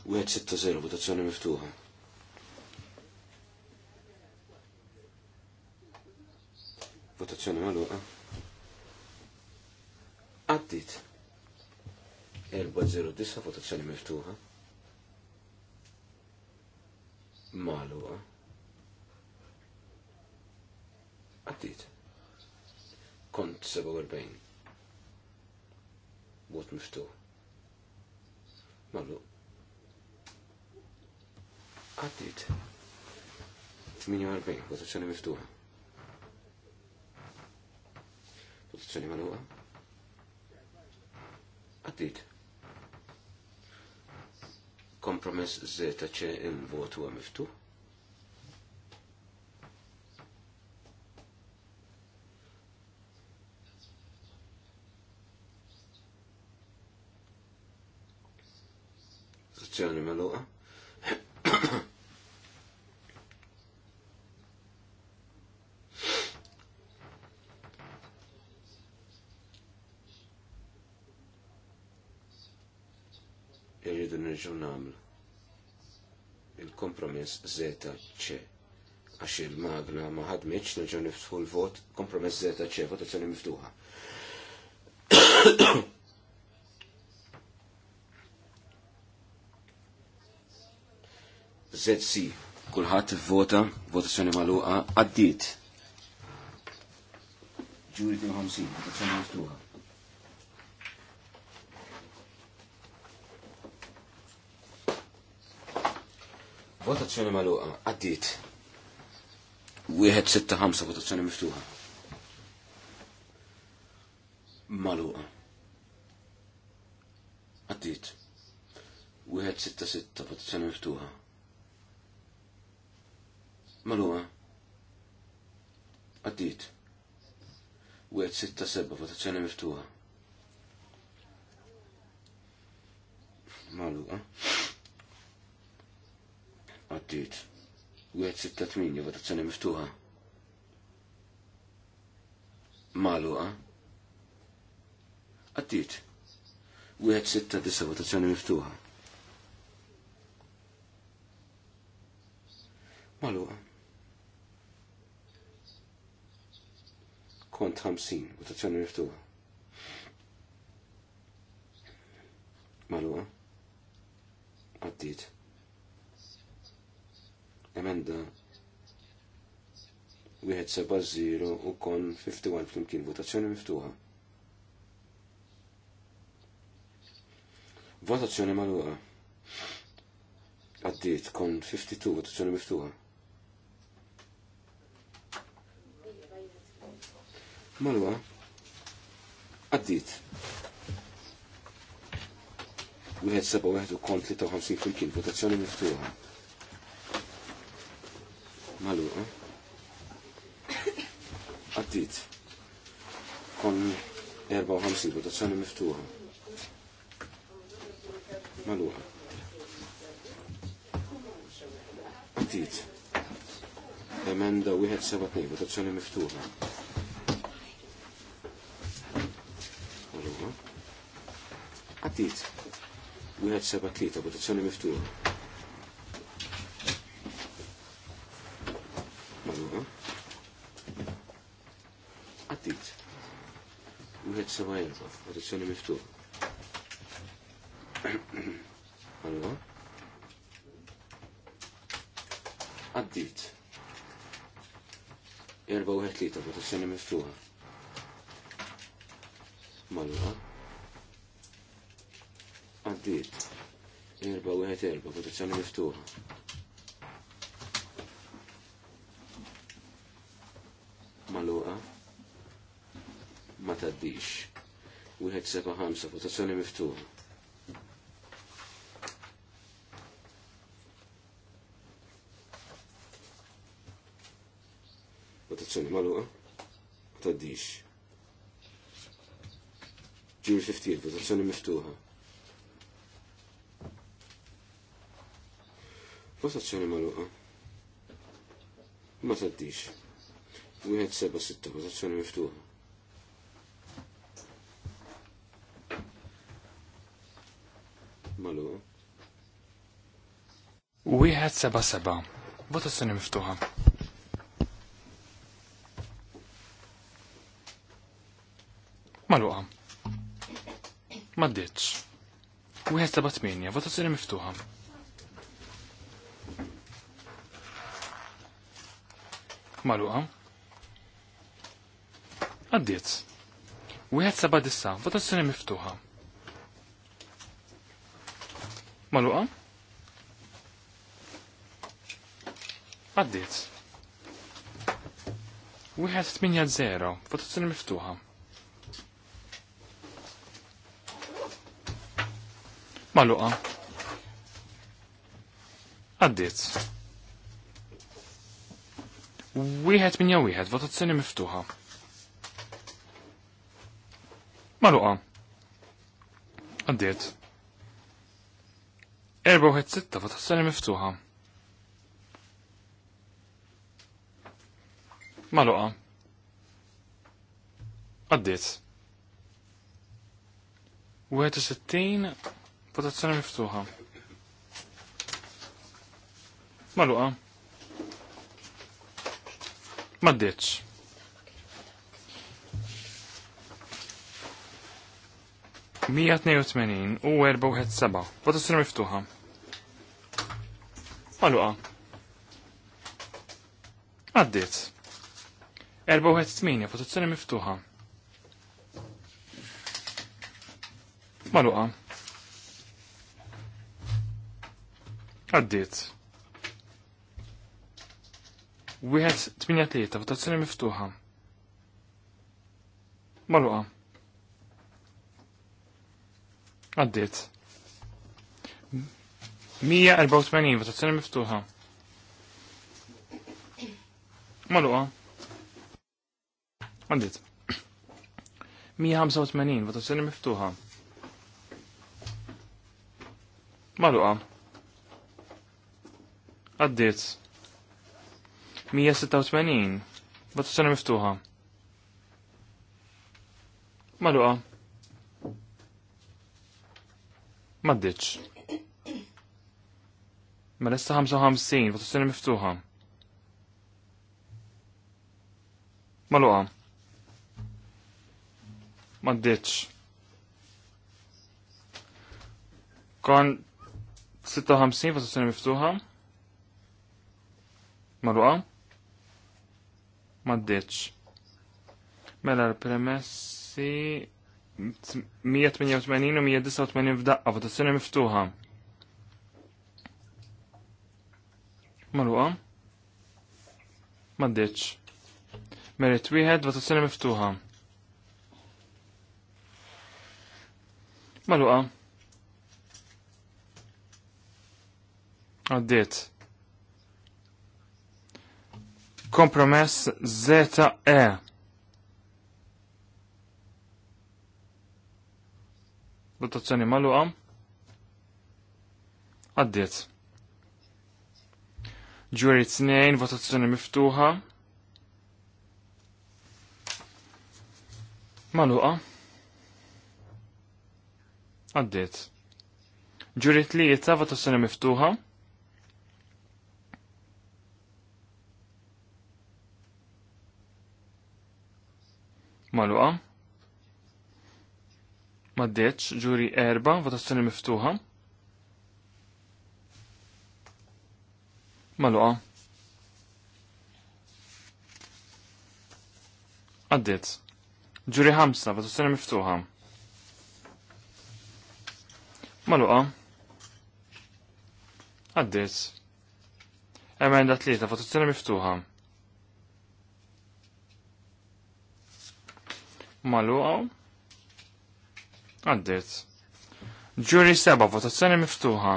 Wieħed 6-0 votazzjoni miftuħa. votazzjoni maluqa. Għaddit. 409 votazzjoni miftuħa. Maluqa. Għaddit. Kont 47. Vot miftuħ. Maluqa. Għaddit. 48 votazzjoni miftuħa. ma l magħluqa. Għaddit. Kompromess zeta ċe il-vot votu huwa ma l magħluqa. rridu nirġu namlu. Il-kompromess zeta ċe. Għax il-magna ma ħadmitx nerġu niftħu l-vot, kompromess zeta ċe, votazzjoni miftuħa. ZC, kullħat vota, votazzjoni maluqa, għaddit. Ġuri 50, votazzjoni miftuħa. Votazzjoni maluqa, għaddit. Wieħed sitta ħamsa votazzjoni miftuħa. Maluqa. Għaddit. Wieħed sitta sitta votazzjoni miftuħa. Maluqa. Għaddit. Wieħed sitta seba votazzjoni miftuħa. Maluqa għaddit. Għed 6-8, votazzjoni miftuħa. Maluqa. Għaddit. Għed 6-9, votazzjoni miftuħa. Maluqa. Kont 50 votazzjoni miftuħa. Maluqa. Għaddit emenda wieħed seba' żiro u kon 51 flimkien votazzjoni miftuħa. Votazzjoni magħluqa. Għaddiet kon 52 votazzjoni miftuħa. Malwa, għaddit. Wieħed seba' wieħed u 53 flimkien votazzjoni miftuħa eh? Għaddit. Kon 54 votazzjoni miftuħa. Maluqa. Eh? Għaddit. Emenda 172 votazzjoni miftuħa. Maluqa. Eh? Għaddit. 173 votazzjoni miftuħa. Seba erba, votazzjoni miftuħa. Allora. Għaddit. Erba u ħetlita, votazzjoni miftuħa. Malluqa. Għaddit. Erba u ħet erba, votazzjoni miftuħa. taddix. Wieħed seba' ħamsa votazzjoni miftuħ. Votazzjoni magħluqa taddix. Ġuri 50 votazzjoni miftuħa. Votazzjoni magħluqa. Ma taddix. Wieħed seba' sitta votazzjoni miftuħa. Wieħed seba' seba'. s-sini miftuħa. Maluqa. Maddiċ. Wieħed seba' tminja. sini miftuħa. Maluqa. Għaddiet. Wieħed seba' dissa. s-sini miftuħa. Maluqa. Għaddiet. Wieħed 8-0, votazzjoni miftuħa. Maluqa. Għaddiet. Wieħed minja wieħed, votazzjoni miftuħa. Maluqa. Għaddiet. Erba wieħed sitta, votazzjoni miftuħa. Maluqa. Għaddiet. 61 votazzjoni miftuħa. Maluqa. Maddiċ. Mija tmenin u erba u seba. Votazzjoni miftuħa. Maluqa. Għaddiet. 8, votazzjoni miftuħa. Maluqa. Għaddit. 1-8-3, votazzjoni miftuħa. Maluqa. Għaddit. 184, votazzjoni miftuħa. Maluqa. Għandit. 185, votazzjoni miftuħa. Maluqa. Għaddit. 186, votazzjoni miftuħa. Maluqa. Maddiċ. Ma lesta 55, votazzjoni miftuħa. Maluqa ma ddeċ. Kon 56 votazzjoni miftuħa. Marruqa. ddeċ. Mela l-premessi 188 u 189 f'daqqa votazzjoni miftuħa. Marruqa. ddeċ. Merit wieħed votazzjoni miftuħa. Maluqa. Għaddiet. Kompromess ZE. E. Votazzjoni maluqa. Għaddiet. Ġuri 2, votazzjoni miftuħa. Maluqa. Għaddiet. Ġuri tlieta sena miftuħa. Maluqa. Maddeċ, ġuri erba, votazzjoni miftuħa. Maluqa. Għaddiet. Ġuri ħamsa, votazzjoni miftuħa. Maluqa. Għaddit. Emenda tlieta votazzjoni miftuħa. Maluqa. Għaddis. Ġuri seba votazzjoni miftuħa.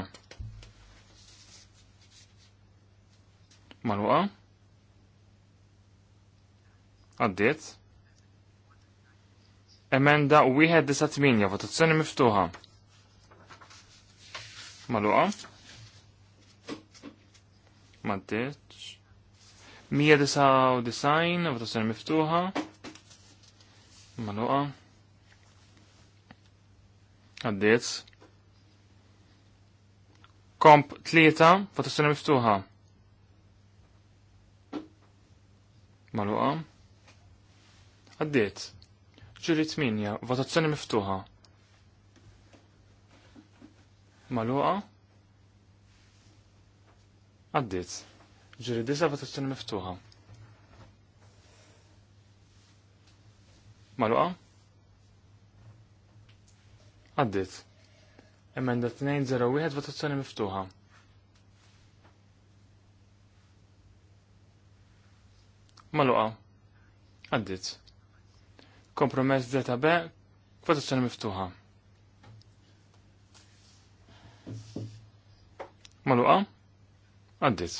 Maluqa. Għaddis. Emenda 1.98 votazzjoni miftuħa. Maluqa. Maddeċ. 199, s votazzjoni miftuħa. Maluqa. Għaddeċ. Komp 3, s votazzjoni miftuħa. Maluqa. Għaddeċ. Ġurit 8, s votazzjoni miftuħa maluqa għaddit ġiri disa votazzjoni miftuħa maluqa għaddit emenda 201 votazzjoni miftuħa maluqa għaddit kompromess zeta B votazzjoni miftuħa Maluqa? Għaddit.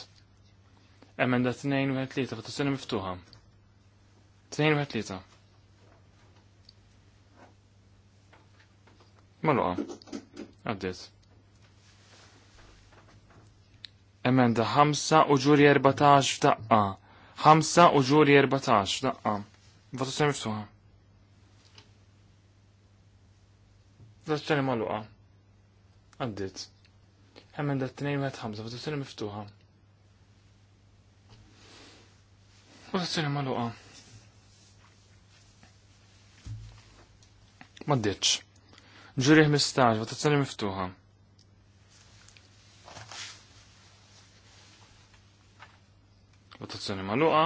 Emenda 2-3, votazzjoni miftuħa. 2-3. Maluqa? Għaddit. Emenda 5 u ġuri 14 f'daqqa. 5 u ġuri 14 f'daqqa. Votazzjoni miftuħa. Votazzjoni maluqa? Għaddit tnejn Emenda 215, votazzjoni miftuħa. Votazzjoni maluqa. Maddiċ. Ġuri 15, votazzjoni miftuħa. Votazzjoni maluqa.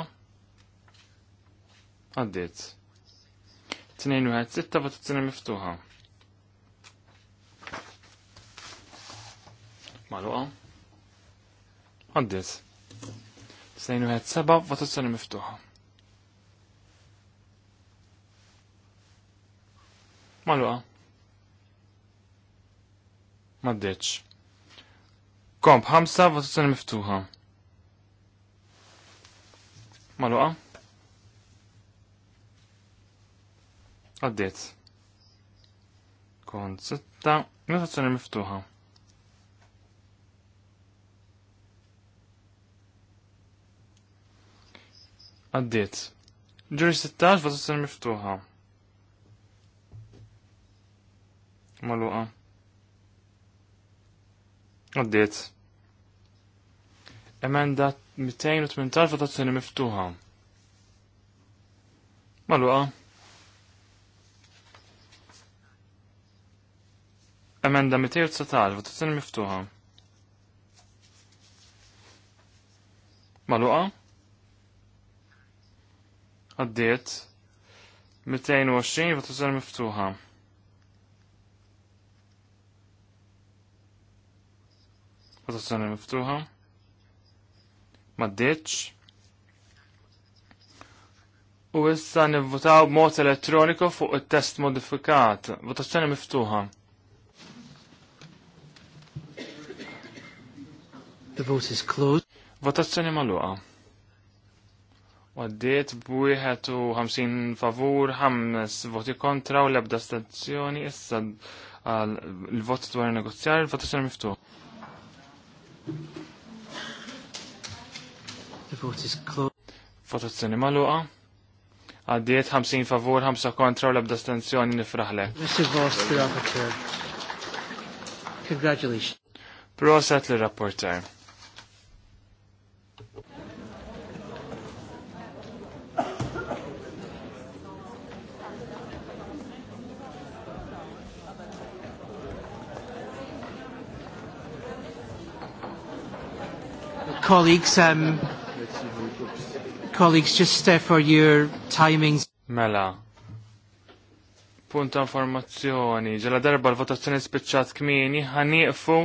Għaddit. 2 1 6 votazzjoni miftuħa. Maluqa. Għaddis. Sejnu għed seba votazzjoni miftuħa. Maluqa. Maddeċ. Komp ħamsa votazzjoni miftuħa. Maluqa. Għaddit. Kont sitta, votazzjoni miftuħa. Għaddiet. Ġuri 16 votazzjoni miftuħa. Maluqa. Għaddiet. Emenda 218 votazzjoni miftuħa. Maluqa. Emenda 219 votazzjoni miftuħa. Maluqa. Maluqa għaddiet 220 votazzjoni miftuħa. Votazzjoni miftuħa. Maddiċ. U issa nivvotaw b'mod elettroniku fuq il test modifikat. Votazzjoni miftuħa. The vote is closed. Votazzjoni maluqa. Għaddiet b'wieħed u ħamsin favur, 5 voti kontra u l-ebda stazzjoni issa l-vot dwar negozjar, il-votazzjoni miftuħ. The Votazzjoni maluqa. Għaddiet 50 favur, 5 kontra u l-ebda stazzjoni nifraħle. Mr. Voss, the rapporteur. Congratulations. Proset l rapporter colleagues, um, colleagues, just uh, for your timings. Mela, punta informazzjoni, ġela darba l-votazzjoni spiċċat kmini, ħaniqfu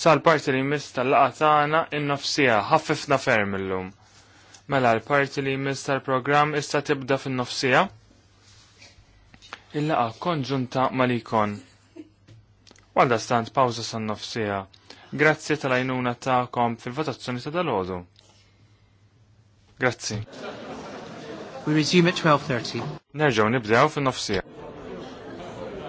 sal-parti li jmiss tal-laqa tagħna in-nofsija, ħaffifna ferm illum. Mela l-parti li jmiss tal-programm issa tibda fin-nofsija. Il-laqa konġunta malikon. Għalda stant pawza san-nofsija. Grazzi tal-għajnuna ta'kom fil-votazzjoni ta' dal-ħodu. Grazzi. We resume at 12.30. Nerġaw nibdew fil nofsija